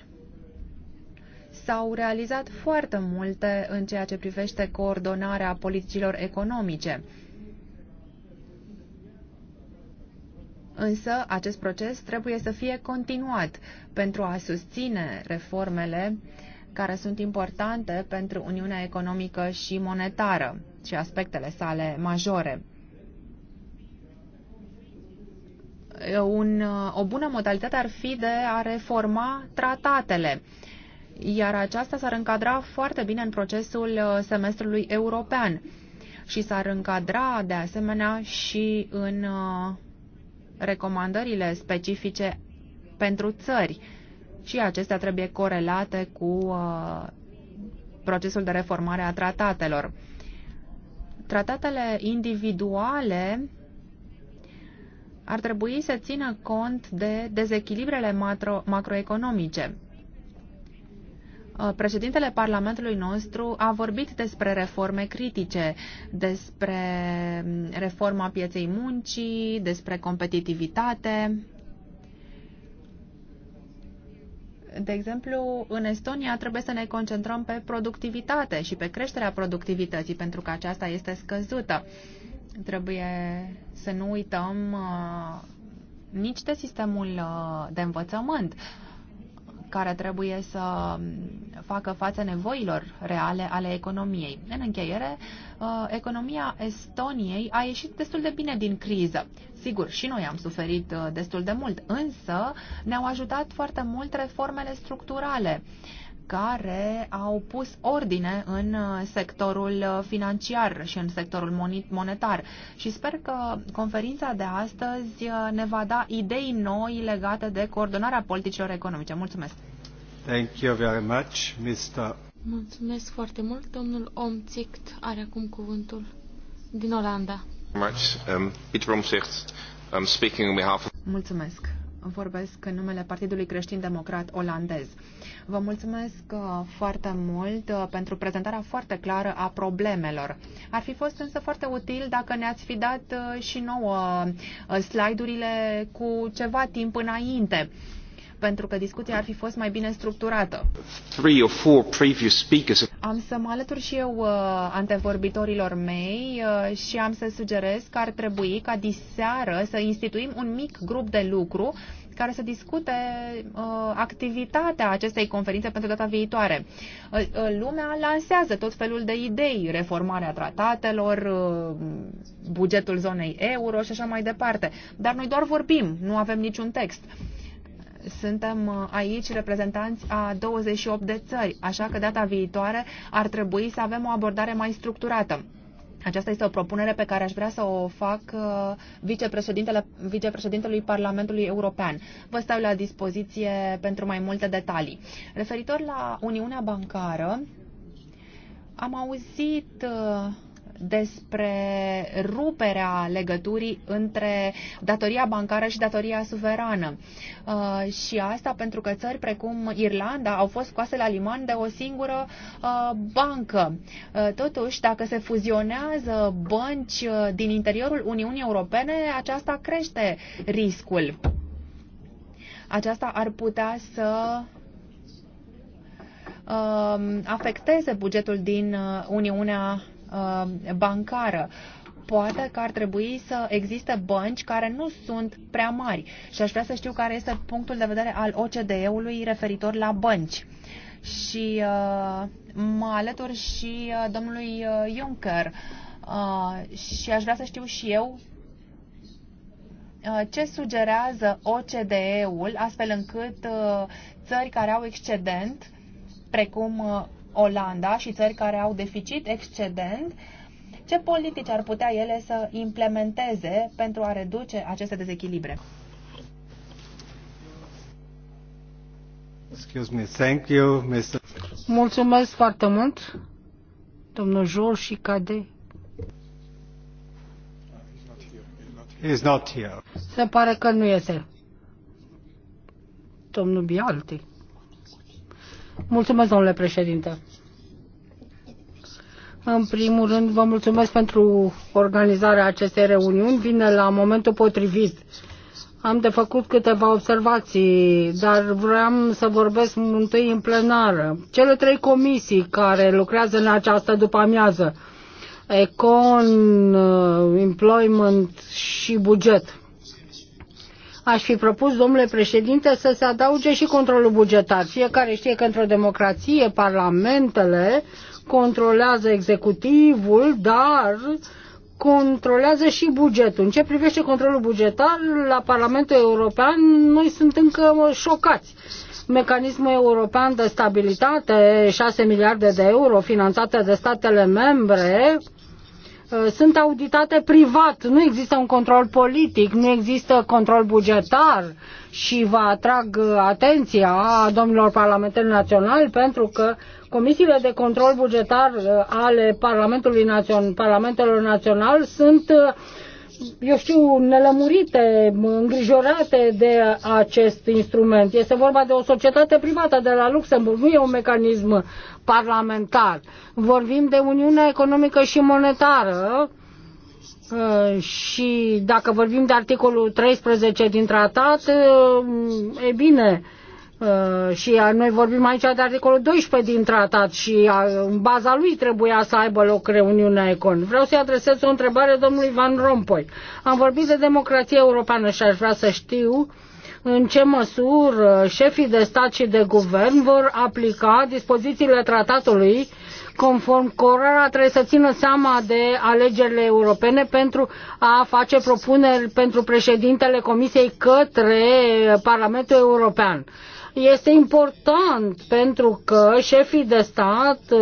s-au realizat foarte multe în ceea ce privește coordonarea politicilor economice. Însă, acest proces trebuie să fie continuat pentru a susține reformele care sunt importante pentru Uniunea Economică și Monetară și aspectele sale majore. un, o bună modalitate ar fi de a reforma tratatele, iar aceasta s-ar încadra foarte bine în procesul uh, semestrului european și s-ar încadra de asemenea și în uh, recomandările specifice pentru țări și acestea trebuie corelate cu uh, procesul de reformare a tratatelor. Tratatele individuale ar trebui să țină cont de dezechilibrele macro, macroeconomice. Uh, președintele Parlamentului nostru a vorbit despre reforme critice, despre um, reforma pieței muncii, despre competitivitate. De exemplu, în Estonia trebuie să ne concentrăm pe productivitate și pe creșterea productivității, pentru că aceasta este scăzută. Uh, Trebuie să nu uităm uh, nici de sistemul uh, de învățământ, care trebuie să um, facă față nevoilor reale ale economiei. În încheiere, uh, economia Estoniei a ieșit destul de bine din criză. Sigur, și noi am suferit destul de mult, însă ne-au ajutat foarte mult reformele structurale. Uh, care au pus ordine în uh, sectorul uh, financiar și în sectorul monetar. Și sper că conferința de astăzi uh, ne va da idei noi legate de coordonarea politicilor economice. Mulțumesc! Thank you very much, Mr. Mulțumesc foarte mult. Domnul Omțict are acum cuvântul din Olanda. Um, um, Mulțumesc. Um, Mulțumesc vorbesc în numele Partidului Creștin Democrat Olandez. Vă mulțumesc uh, foarte mult uh, pentru prezentarea foarte clară a problemelor. Ar fi fost însă foarte util dacă ne-ați fi dat uh, și nouă slide-urile cu ceva timp înainte pentru că discuția ar fi fost mai bine structurată. Am să mă alătur și eu uh, antevorbitorilor mei uh, și am să sugerez că ar trebui ca diseară să instituim un mic grup de lucru care să discute uh, activitatea acestei conferințe pentru data viitoare. Uh, uh lumea lansează tot felul de idei, reformarea tratatelor, uh, bugetul zonei euro și așa mai departe. Dar noi doar vorbim, nu avem niciun text suntem uh, aici reprezentanți a 28 de țări, așa că data viitoare ar trebui să avem o abordare mai structurată. Aceasta este o propunere pe care aș vrea să o fac uh, vicepreședintele, vicepreședintelui Parlamentului European. Vă stau la dispoziție pentru mai multe detalii. Referitor la Uniunea Bancară, am auzit uh, despre ruperea legăturii între datoria bancară și datoria suverană. Uh, și asta pentru că țări precum Irlanda au fost scoase la liman de o singură uh, bancă. Uh, totuși, dacă se fuzionează bănci din interiorul Uniunii Europene, aceasta crește riscul. Aceasta ar putea să afecteze bugetul din Uniunea Uh, bancară. Poate că ar trebui să existe bănci care nu sunt prea mari și aș vrea să știu care este punctul de vedere al OCDE-ului referitor la bănci și uh, mă alătur și uh, domnului uh, Juncker uh, și aș vrea să știu și eu uh, ce sugerează OCDE-ul astfel încât uh, țări care au excedent, precum Olanda și țări care au deficit excedent, ce politici ar putea ele să implementeze pentru a reduce aceste dezechilibre? Excuse me. Thank you, Mr. Mulțumesc foarte mult, domnul Jor și Cade. He's not here. Se pare că nu este. Domnul Bialti. Mulțumesc, domnule președinte. În primul rând, vă mulțumesc pentru organizarea acestei reuniuni. Vine la momentul potrivit. Am de făcut câteva observații, dar vreau să vorbesc întâi în plenară. Cele trei comisii care lucrează în această după-amiază, Econ, Employment și Buget. Aș fi propus, domnule președinte, să se adauge și controlul bugetar. Fiecare știe că într-o democrație parlamentele controlează executivul, dar controlează și bugetul. În ce privește controlul bugetar, la Parlamentul European noi suntem încă șocați mecanismul european de stabilitate, 6 miliarde de euro finanțate de statele membre, Uh, sunt auditate privat, nu există un control politic, nu există control bugetar și vă atrag uh, atenția a domnilor parlamentari naționali pentru că comisiile de control bugetar uh, ale Parlamentului Parlamentelor Național sunt eu știu, nelămurite, îngrijorate de acest instrument. Este vorba de o societate privată de la Luxemburg, nu e un mecanism parlamentar. Vorbim de Uniunea Economică și Monetară uh, și dacă vorbim de articolul 13 din tratat, uh, e bine, Uh, și noi vorbim aici de articolul 12 din tratat și uh, în baza lui trebuia să aibă loc reuniunea Econ. Vreau să-i adresez o întrebare domnului Van Rompuy. Am vorbit de democrație europeană și aș vrea să știu în ce măsură șefii de stat și de guvern vor aplica dispozițiile tratatului conform cărora trebuie să țină seama de alegerile europene pentru a face propuneri pentru președintele Comisiei către Parlamentul European este important pentru că șefii de stat uh,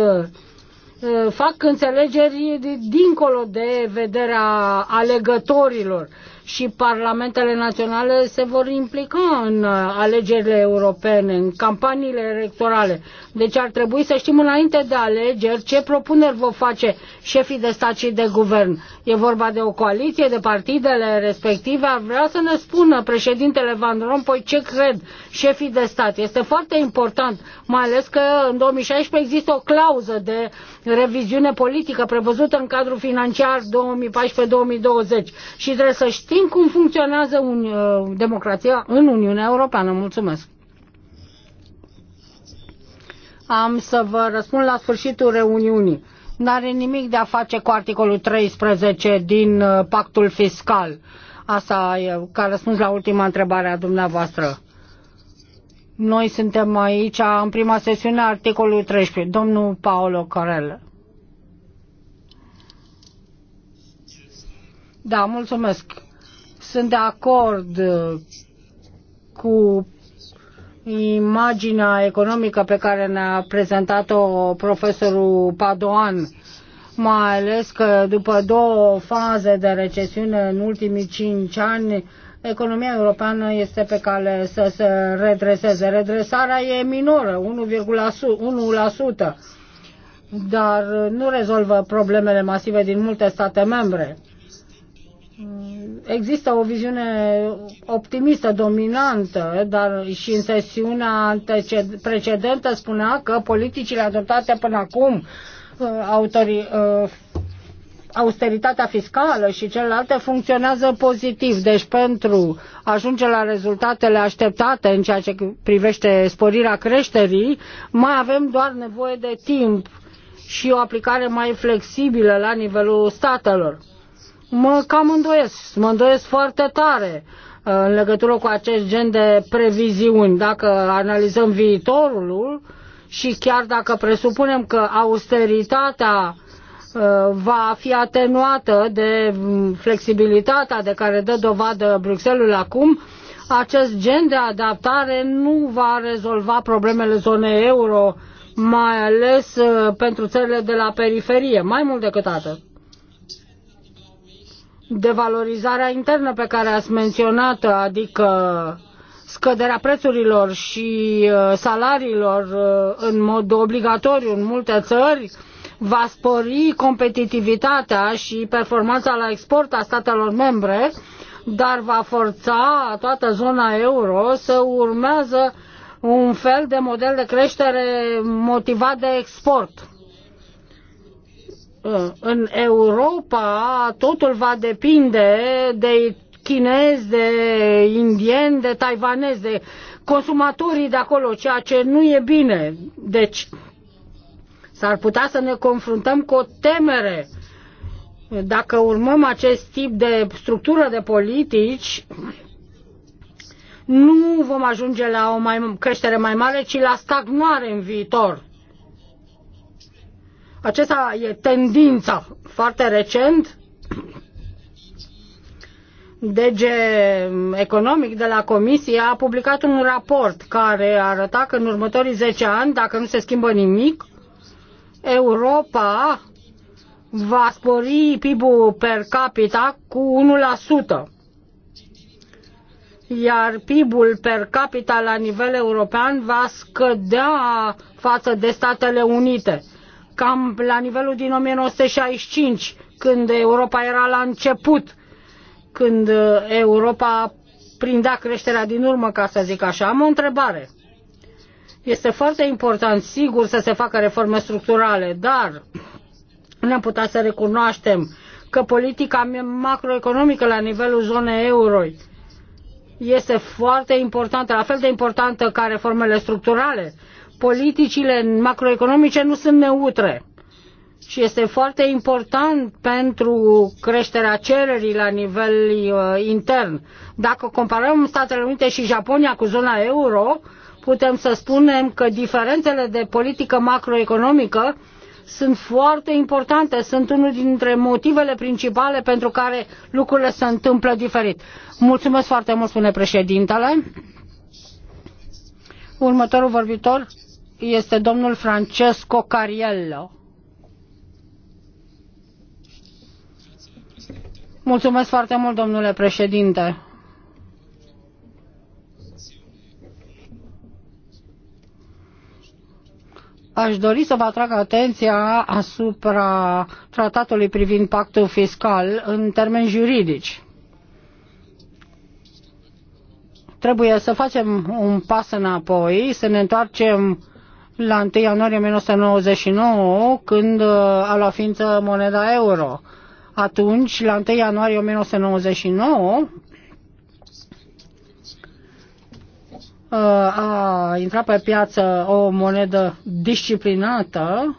uh, fac înțelegeri dincolo de vederea alegătorilor și parlamentele naționale se vor implica în uh, alegerile europene, în campaniile electorale. Deci ar trebui să știm înainte de alegeri ce propuneri vor face șefii de stat și de guvern. E vorba de o coaliție, de partidele respective. Ar vrea să ne spună președintele Van Rompuy ce cred șefii de stat. Este foarte important, mai ales că în 2016 există o clauză de reviziune politică prevăzută în cadrul financiar 2014-2020 și trebuie să știm cum funcționează un, uh, democrația în Uniunea Europeană. Mulțumesc! am să vă răspund la sfârșitul reuniunii. N-are nimic de a face cu articolul 13 din uh, pactul fiscal. Asta e ca răspuns la ultima întrebare a dumneavoastră. Noi suntem aici în prima sesiune a articolului 13. Domnul Paolo Corel. Da, mulțumesc. Sunt de acord uh, cu imaginea economică pe care ne-a prezentat-o profesorul Padoan, mai ales că după două faze de recesiune în ultimii cinci ani, economia europeană este pe cale să se redreseze. Redresarea e minoră, 1,1%, dar nu rezolvă problemele masive din multe state membre există o viziune optimistă, dominantă, dar și în sesiunea precedentă spunea că politicile adoptate până acum, uh, autori, uh, austeritatea fiscală și celelalte funcționează pozitiv. Deci pentru a ajunge la rezultatele așteptate în ceea ce privește sporirea creșterii, mai avem doar nevoie de timp și o aplicare mai flexibilă la nivelul statelor. Mă cam îndoiesc, mă îndoiesc foarte tare uh, în legătură cu acest gen de previziuni. Dacă analizăm viitorul și chiar dacă presupunem că austeritatea uh, va fi atenuată de mm, flexibilitatea de care dă dovadă Bruxelles acum, acest gen de adaptare nu va rezolva problemele zonei euro, mai ales uh, pentru țările de la periferie, mai mult decât atât devalorizarea internă pe care ați menționat adică scăderea prețurilor și uh, salariilor uh, în mod obligatoriu în multe țări, va spori competitivitatea și performanța la export a statelor membre, dar va forța toată zona euro să urmează un fel de model de creștere motivat de export în Europa totul va depinde de chinezi, de indieni, de taiwanezi, de consumatorii de acolo, ceea ce nu e bine. Deci s-ar putea să ne confruntăm cu o temere. Dacă urmăm acest tip de structură de politici, nu vom ajunge la o mai, creștere mai mare, ci la stagnare în viitor. Acesta e tendința. Foarte recent, DG Economic de la Comisie a publicat un raport care arăta că în următorii 10 ani, dacă nu se schimbă nimic, Europa va spori PIB-ul per capita cu 1%, iar PIB-ul per capita la nivel european va scădea față de Statele Unite cam la nivelul din 1965, când Europa era la început, când uh, Europa prindea creșterea din urmă, ca să zic așa. Am o întrebare. Este foarte important, sigur, să se facă reforme structurale, dar ne-am putea să recunoaștem că politica macroeconomică la nivelul zonei euro este foarte importantă, la fel de importantă ca reformele structurale politicile macroeconomice nu sunt neutre. Și este foarte important pentru creșterea cererii la nivel uh, intern. Dacă comparăm Statele Unite și Japonia cu zona euro, putem să spunem că diferențele de politică macroeconomică sunt foarte importante, sunt unul dintre motivele principale pentru care lucrurile se întâmplă diferit. Mulțumesc foarte mult, spune președintele. Următorul vorbitor, este domnul Francesco Cariello. Mulțumesc foarte mult, domnule președinte. Aș dori să vă atrag atenția asupra tratatului privind pactul fiscal în termeni juridici. Trebuie să facem un pas înapoi, să ne întoarcem la 1 ianuarie 1999, când uh, a luat ființă moneda euro. Atunci, la 1 ianuarie 1999, uh, a intrat pe piață o monedă disciplinată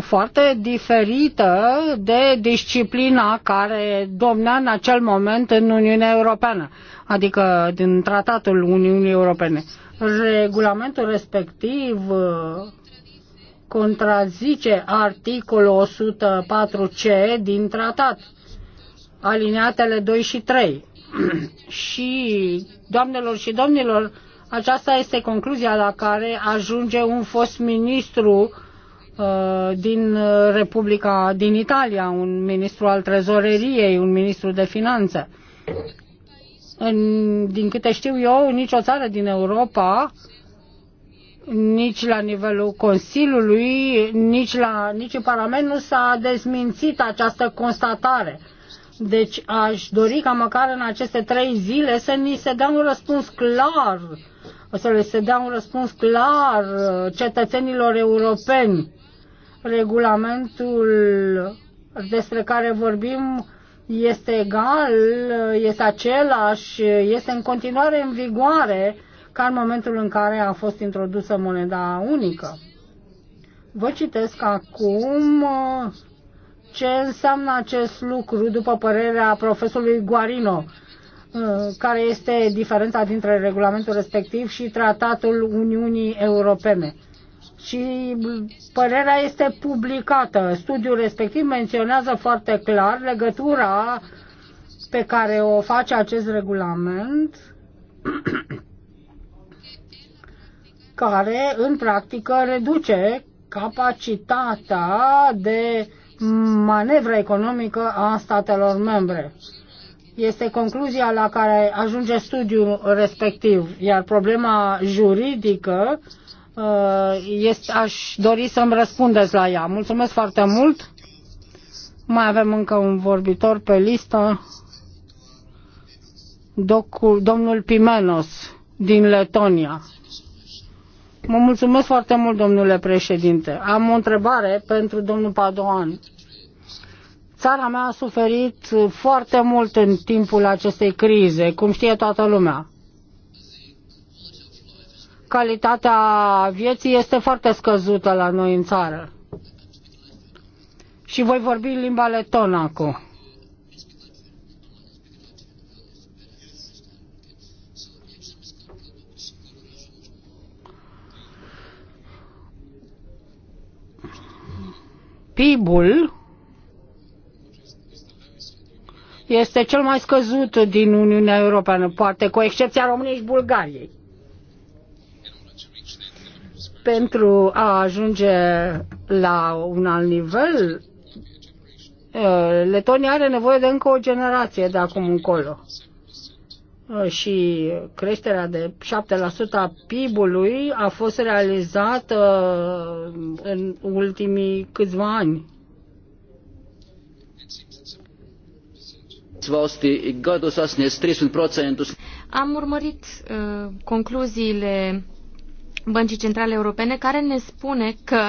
foarte diferită de disciplina care domnea în acel moment în Uniunea Europeană, adică din tratatul Uniunii Europene. Regulamentul respectiv uh, contrazice articolul 104C din tratat, alineatele 2 și 3. și, doamnelor și domnilor, aceasta este concluzia la care ajunge un fost ministru uh, Uh, din uh, Republica din Italia, un ministru al trezoreriei, un ministru de finanță. În, din câte știu eu, nicio țară din Europa, nici la nivelul Consiliului, nici, la, nici în Parlament nu s-a dezmințit această constatare. Deci aș dori ca măcar în aceste trei zile să ni se dea un răspuns clar, să le se dea un răspuns clar uh, cetățenilor europeni regulamentul despre care vorbim este egal, este același, este în continuare în vigoare ca în momentul în care a fost introdusă moneda unică. Vă citesc acum uh, ce înseamnă acest lucru după părerea profesorului Guarino, uh, care este diferența dintre regulamentul respectiv și tratatul Uniunii Europene și părerea este publicată. Studiul respectiv menționează foarte clar legătura pe care o face acest regulament care în practică reduce capacitatea de manevră economică a statelor membre. Este concluzia la care ajunge studiul respectiv, iar problema juridică uh, Uh, este, aș dori să-mi răspundeți la ea. Mulțumesc foarte mult. Mai avem încă un vorbitor pe listă. Docul, domnul Pimenos din Letonia. Mă mulțumesc foarte mult, domnule președinte. Am o întrebare pentru domnul Padoan. Țara mea a suferit foarte mult în timpul acestei crize, cum știe toată lumea calitatea vieții este foarte scăzută la noi în țară. Și voi vorbi în limba letonă acum. PIB-ul este cel mai scăzut din Uniunea Europeană, poate cu excepția României și Bulgariei pentru a ajunge la un alt nivel, eh, Letonia are nevoie de încă o generație de acum încolo. Eh, și creșterea de 7% a PIB-ului a fost realizată eh, în ultimii câțiva ani. Am urmărit uh, concluziile Băncii Centrale Europene, care ne spune că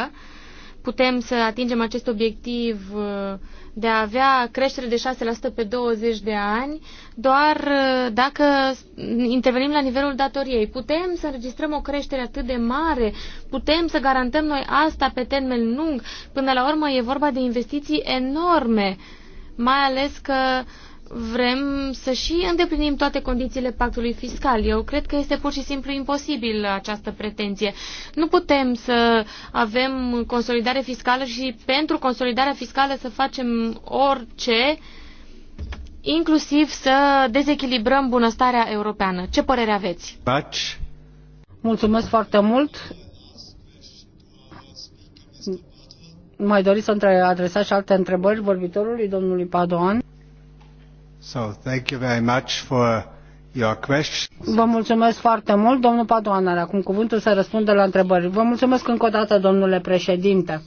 putem să atingem acest obiectiv uh, de a avea creștere de 6% pe 20 de ani doar uh, dacă intervenim la nivelul datoriei. Putem să înregistrăm o creștere atât de mare? Putem să garantăm noi asta pe termen lung? Până la urmă e vorba de investiții enorme, mai ales că uh, vrem să și îndeplinim toate condițiile pactului fiscal. Eu cred că este pur și simplu imposibil această pretenție. Nu putem să avem consolidare fiscală și pentru consolidarea fiscală să facem orice, inclusiv să dezechilibrăm bunăstarea europeană. Ce părere aveți? Paci. Mulțumesc foarte mult. Mai doriți să adresați și alte întrebări vorbitorului, domnului Padoan? Vă mulțumesc foarte mult, domnul Padoan are acum cuvântul să răspundă la întrebări. Vă mulțumesc încă o dată, domnule președinte.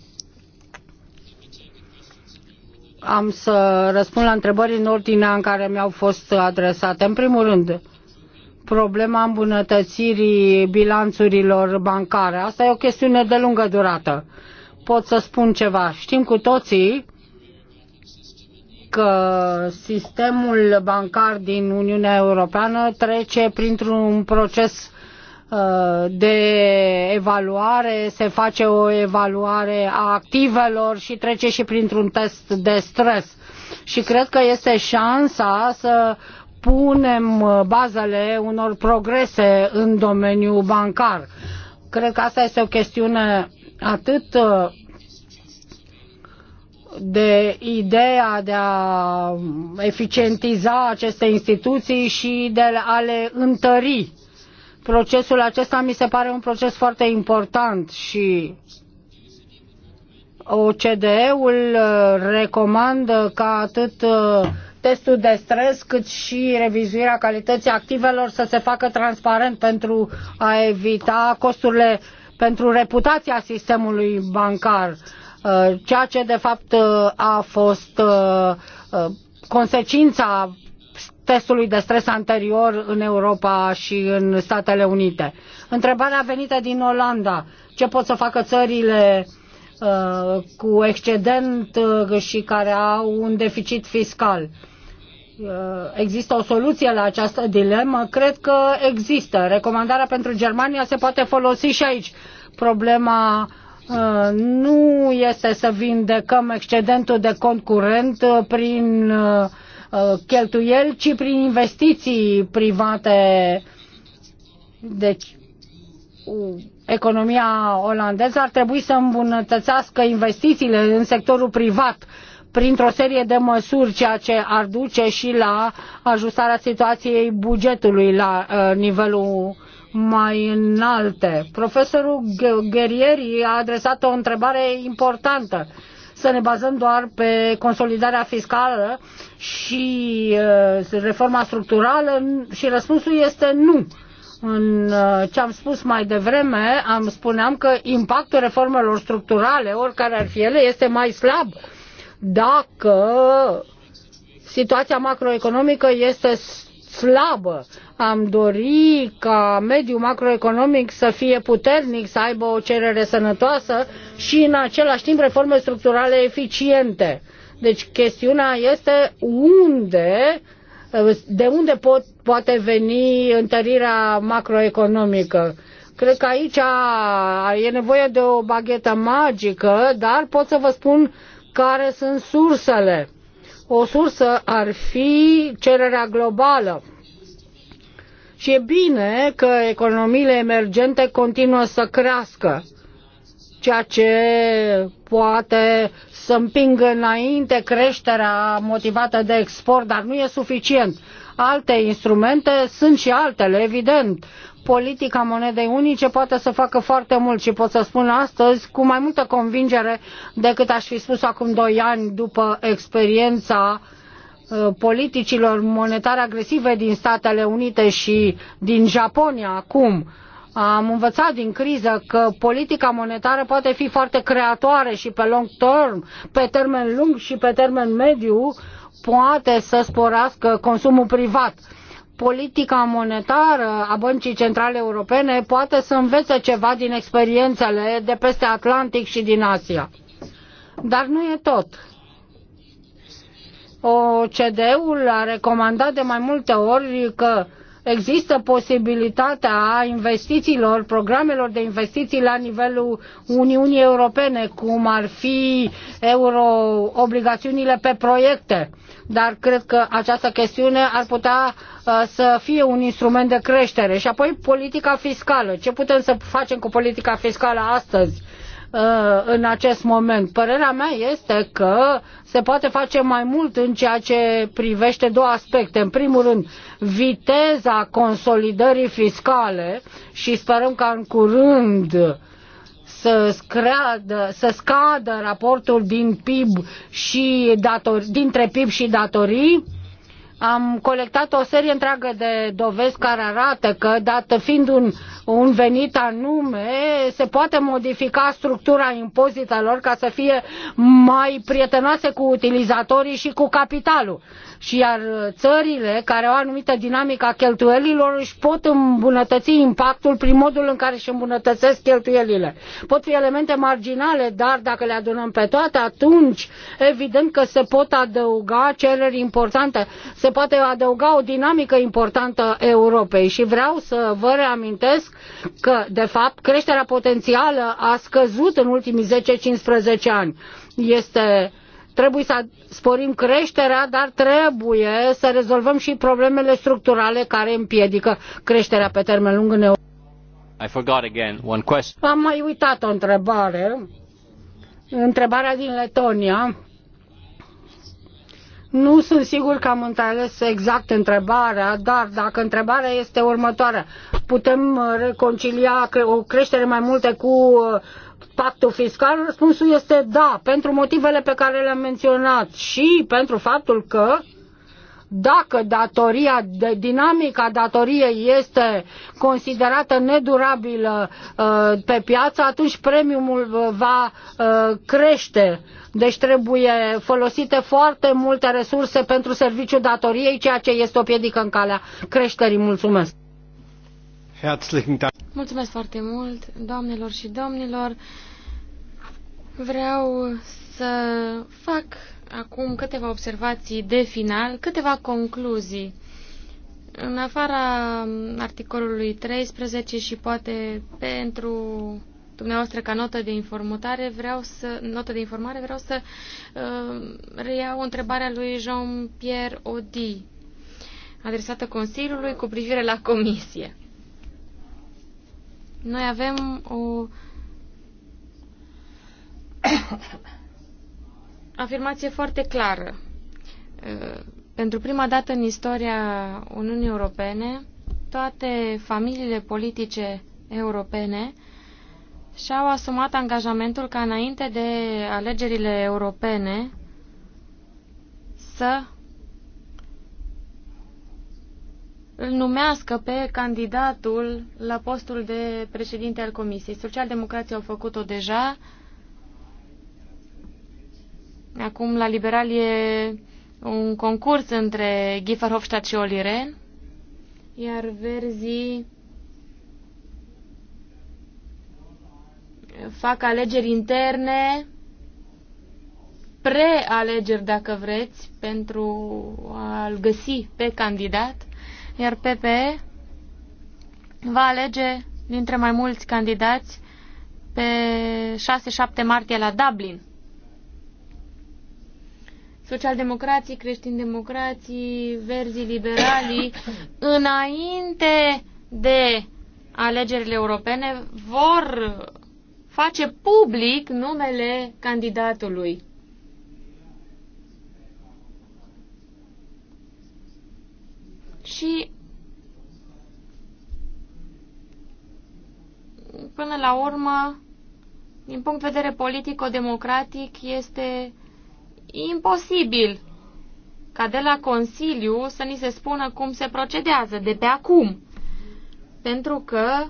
Am să răspund la întrebări în ordinea în care mi-au fost adresate. În primul rând, problema îmbunătățirii bilanțurilor bancare. Asta e o chestiune de lungă durată. Pot să spun ceva. Știm cu toții practic, sistemul bancar din Uniunea Europeană trece printr-un proces uh, de evaluare, se face o evaluare a activelor și trece și printr-un test de stres. Și cred că este șansa să punem uh, bazele unor progrese în domeniul bancar. Cred că asta este o chestiune atât uh, de ideea de a eficientiza aceste instituții și de a le întări. Procesul acesta mi se pare un proces foarte important și OCDE-ul uh, recomandă ca atât uh, testul de stres cât și revizuirea calității activelor să se facă transparent pentru a evita costurile pentru reputația sistemului bancar Uh, ceea ce de fapt uh, a fost uh, consecința testului de stres anterior în Europa și în Statele Unite. Întrebarea venită din Olanda, ce pot să facă țările cu excedent și care au un deficit fiscal? există o soluție la această dilemă? Cred că există. Recomandarea pentru Germania se poate folosi și aici. Problema Uh, nu este să vindecăm excedentul de cont curent uh, prin uh, cheltuieli, ci prin investiții private. Deci, economia olandeză ar trebui să îmbunătățească investițiile în sectorul privat printr-o serie de măsuri, ceea ce ar duce și la ajustarea situației bugetului la nivelul mai înalte. Profesorul Gherieri a adresat o întrebare importantă. Să ne bazăm doar pe consolidarea fiscală și uh, reforma structurală și răspunsul este nu în uh, ce am spus mai devreme, am spuneam că impactul reformelor structurale, oricare ar fi ele, este mai slab dacă situația macroeconomică este slabă. Am dori ca mediul macroeconomic să fie puternic, să aibă o cerere sănătoasă și în același timp reforme structurale eficiente. Deci chestiunea este unde, de unde pot, poate veni întărirea macroeconomică. Cred că aici e nevoie de o baghetă magică, dar pot să vă spun care sunt sursele o sursă ar fi cererea globală. Și e bine că economiile emergente continuă să crească, ceea ce poate să împingă înainte creșterea motivată de export, dar nu e suficient alte instrumente, sunt și altele, evident, politica monedei unice poate să facă foarte mult și pot să spun astăzi cu mai multă convingere decât aș fi spus acum doi ani după experiența uh, politicilor monetare agresive din Statele Unite și din Japonia acum. Am învățat din criză că politica monetară poate fi foarte creatoare și pe long term, pe termen lung și pe termen mediu, poate să sporească consumul privat politica monetară a Băncii Centrale Europene poate să învețe ceva din experiențele de peste Atlantic și din Asia. Dar nu e tot. OCDE-ul a recomandat de mai multe ori că există posibilitatea investițiilor, programelor de investiții la nivelul Uniunii Europene, cum ar fi euro-obligațiunile pe proiecte. Dar cred că această chestiune ar putea uh, să fie un instrument de creștere. Și apoi politica fiscală. Ce putem să facem cu politica fiscală astăzi? Uh, în acest moment. Părerea mea este că se poate face mai mult în ceea ce privește două aspecte. În primul rând, viteza consolidării fiscale și sperăm ca în curând să, screadă, să scadă raportul din PIB și dator, dintre PIB și datorii. Am colectat o serie întreagă de dovezi care arată că, dată fiind un, un venit anume, se poate modifica structura impozitelor ca să fie mai prietenoase cu utilizatorii și cu capitalul și iar uh, țările care au anumită dinamică a cheltuielilor își pot îmbunătăți impactul prin modul în care își îmbunătățesc cheltuielile. Pot fi elemente marginale, dar dacă le adunăm pe toate, atunci evident că se pot adăuga cereri importante, se poate adăuga o dinamică importantă Europei și vreau să vă reamintesc că, de fapt, creșterea potențială a scăzut în ultimii 10-15 ani. Este Trebuie să sporim creșterea, dar trebuie să rezolvăm și problemele structurale care împiedică creșterea pe termen lung în Europa. I forgot again one question. Am mai uitat o întrebare. Întrebarea din Letonia. Nu sunt sigur că am înțeles exact întrebarea, dar dacă întrebarea este următoarea, putem reconcilia o creștere mai multă cu pactul fiscal? Răspunsul este da, pentru motivele pe care le-am menționat și pentru faptul că dacă datoria, dinamica datoriei este considerată nedurabilă uh, pe piață, atunci premiumul uh, va uh, crește. Deci trebuie folosite foarte multe resurse pentru serviciul datoriei, ceea ce este o piedică în calea creșterii. Mulțumesc! Mulțumesc foarte mult, doamnelor și domnilor. Vreau să fac acum câteva observații de final, câteva concluzii. În afara articolului 13 și poate pentru dumneavoastră ca notă de informare vreau să, notă de informare vreau să uh, reiau întrebarea lui Jean-Pierre Odi adresată Consiliului cu privire la comisie. Noi avem o afirmație foarte clară. Uh, pentru prima dată în istoria Uniunii Europene, toate familiile politice europene și-au asumat angajamentul ca înainte de alegerile europene să îl numească pe candidatul la postul de președinte al Comisiei. Socialdemocrații au făcut-o deja. Acum la liberal e un concurs între Guy Hofstadt și Oli Ren, iar verzii fac alegeri interne, prealegeri dacă vreți, pentru a-l găsi pe candidat iar PPE va alege dintre mai mulți candidați pe 6-7 martie la Dublin. Socialdemocrații, creștini-democrații, verzii liberalii, înainte de alegerile europene, vor face public numele candidatului. și până la urmă, din punct de vedere politico-democratic, este imposibil ca de la Consiliu să ni se spună cum se procedează de pe acum. Pentru că,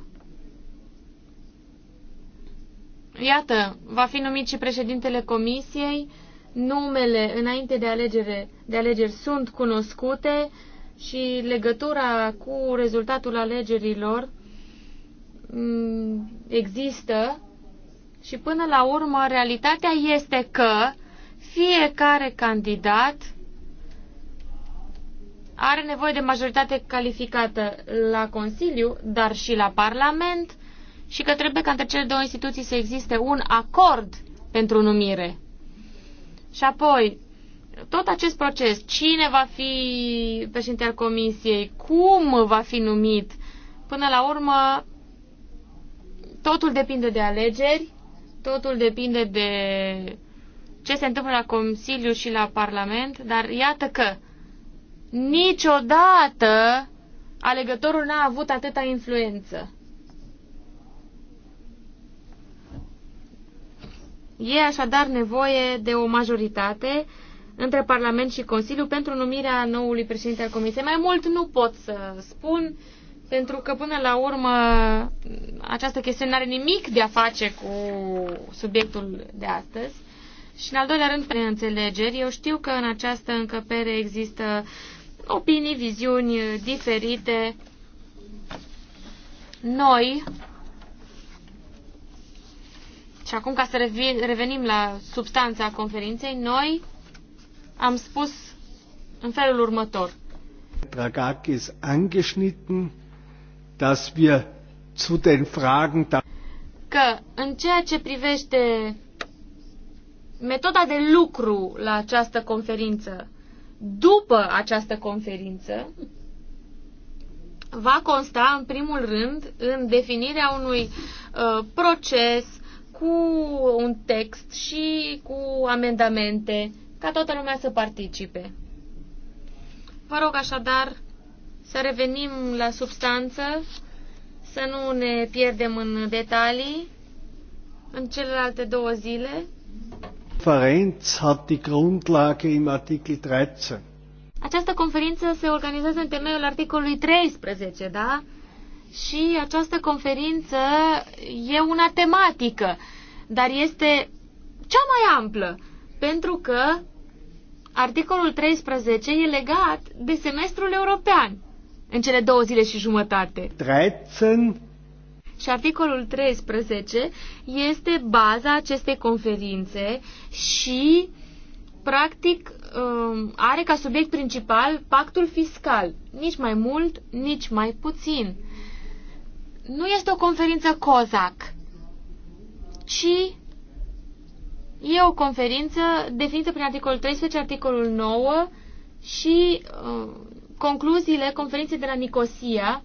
iată, va fi numit și președintele Comisiei, numele înainte de, alegere, de alegeri sunt cunoscute, și legătura cu rezultatul alegerilor mm, există și până la urmă realitatea este că fiecare candidat are nevoie de majoritate calificată la Consiliu, dar și la Parlament și că trebuie ca între cele două instituții să existe un acord pentru numire. Și apoi, tot acest proces, cine va fi președinte al comisiei, cum va fi numit, până la urmă, totul depinde de alegeri, totul depinde de ce se întâmplă la Consiliu și la Parlament, dar iată că niciodată alegătorul n-a avut atâta influență. E așadar nevoie de o majoritate între Parlament și Consiliu pentru numirea noului președinte al Comisiei. Mai mult nu pot să spun, pentru că până la urmă această chestiune nu are nimic de a face cu subiectul de astăzi. Și în al doilea rând, pe înțelegeri, eu știu că în această încăpere există opinii, viziuni diferite. Noi, și acum ca să revenim la substanța conferinței, noi am spus în felul următor. Dragakis angeschnitten, dass wir zu den Fragen da că în ceea ce privește metoda de lucru la această conferință, după această conferință, va consta în primul rând în definirea unui uh, proces cu un text și cu amendamente ca toată lumea să participe. Vă rog așadar să revenim la substanță, să nu ne pierdem în detalii în celelalte două zile. Konferenz hat die Grundlage im Artikel 13. Această conferință se organizează în temeiul articolului 13, da? Și această conferință e una tematică, dar este cea mai amplă, pentru că articolul 13 e legat de semestrul european în cele două zile și jumătate. 13. Și articolul 13 este baza acestei conferințe și, practic, um, are ca subiect principal pactul fiscal. Nici mai mult, nici mai puțin. Nu este o conferință COSAC, ci E o conferință definită prin articolul 13, articolul 9 și uh, concluziile conferinței de la Nicosia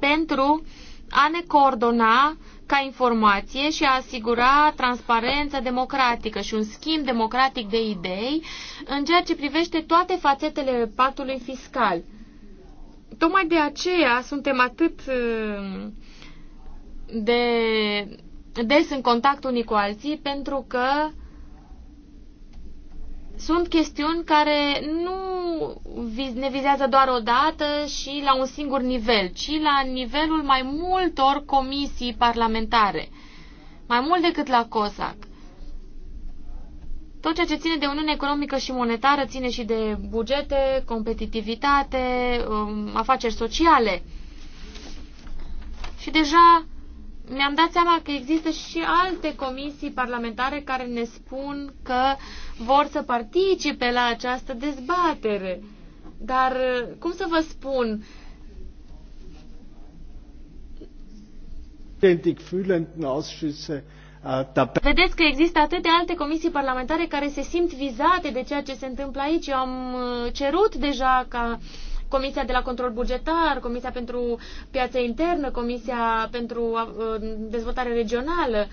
pentru a ne coordona ca informație și a asigura transparența democratică și un schimb democratic de idei în ceea ce privește toate fațetele pactului fiscal. Tocmai de aceea suntem atât uh, de des în contact unii cu alții pentru că sunt chestiuni care nu ne vizează doar o dată și la un singur nivel, ci la nivelul mai multor comisii parlamentare, mai mult decât la COSAC. Tot ceea ce ține de Uniune Economică și Monetară ține și de bugete, competitivitate, um, afaceri sociale. Și deja ne-am dat seama că există și alte comisii parlamentare care ne spun că vor să participe la această dezbatere. Dar, cum să vă spun, äh, da- Vedeți că există atâtea alte comisii parlamentare care se simt vizate de ceea ce se întâmplă aici. Eu am äh, cerut deja ca uh, Comisia de la Control Bugetar, Comisia pentru Piața Internă, Comisia pentru uh, Dezvoltare Regională,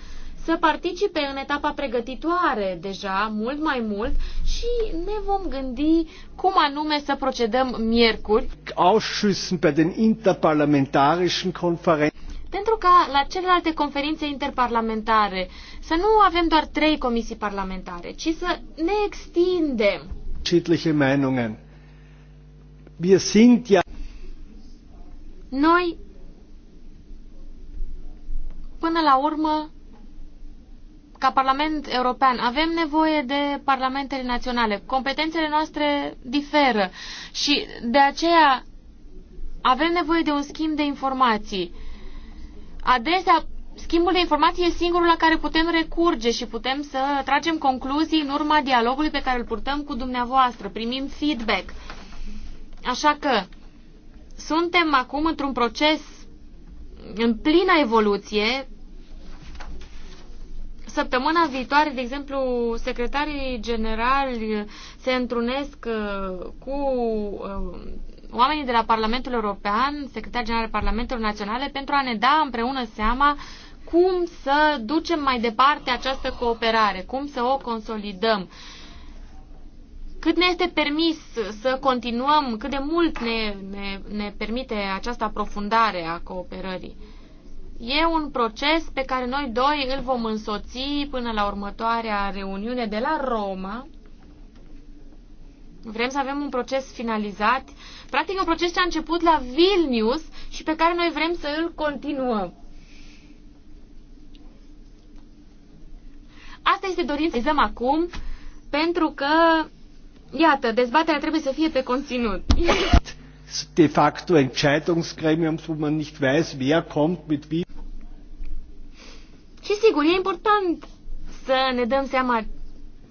să participe în etapa pregătitoare deja, mult mai mult, și ne vom gândi cum anume să procedăm miercuri. Ausschüssen pe den interparlamentarischen Konferenzen pentru ca la celelalte conferințe interparlamentare să nu avem doar trei comisii parlamentare, ci să ne extindem. Wir sind ja Noi, până la urmă, ca Parlament European, avem nevoie de parlamentele naționale. Competențele noastre diferă și de aceea avem nevoie de un schimb de informații. Adesea, schimbul de informații e singurul la care putem recurge și putem să tragem concluzii în urma dialogului pe care îl purtăm cu dumneavoastră. Primim feedback. Așa că suntem acum într-un proces în plină evoluție. Săptămâna viitoare, de exemplu, secretarii generali se întrunesc uh, cu uh, oamenii de la Parlamentul European, secretarii general Parlamentului Naționale, pentru a ne da împreună seama cum să ducem mai departe această cooperare, cum să o consolidăm cât ne este permis să continuăm, cât de mult ne, ne, ne permite această aprofundare a cooperării. E un proces pe care noi doi îl vom însoți până la următoarea reuniune de la Roma. Vrem să avem un proces finalizat, practic un proces ce a început la Vilnius și pe care noi vrem să îl continuăm. Asta este dorința. Acum, pentru că Iată, dezbaterea trebuie să fie pe conținut. de facto entscheidungsgremium, wo man nicht weiß, wer kommt mit wie. Și sigur, e important să ne dăm seama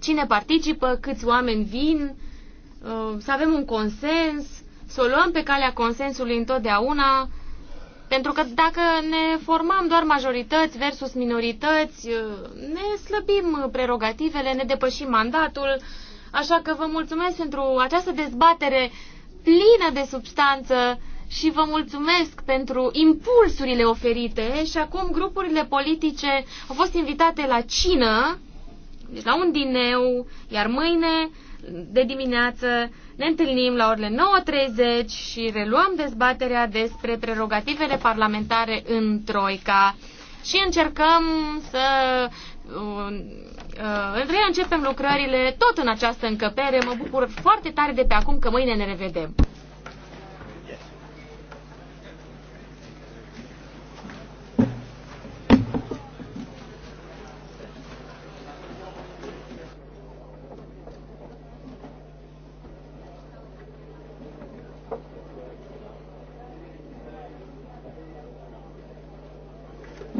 cine participă, câți oameni vin, uh, să avem un consens, să o luăm pe calea consensului întotdeauna, pentru că dacă ne formăm doar majorități versus minorități, uh, ne slăbim prerogativele, ne depășim mandatul, Așa că vă mulțumesc pentru această dezbatere plină de substanță și vă mulțumesc pentru impulsurile oferite și acum grupurile politice au fost invitate la cină, deci la un dineu, iar mâine de dimineață ne întâlnim la orele 9.30 și reluăm dezbaterea despre prerogativele parlamentare în Troica și încercăm să uh, Uh, reîncepem lucrările tot în această încăpere. Mă bucur foarte tare de pe acum că mâine ne revedem.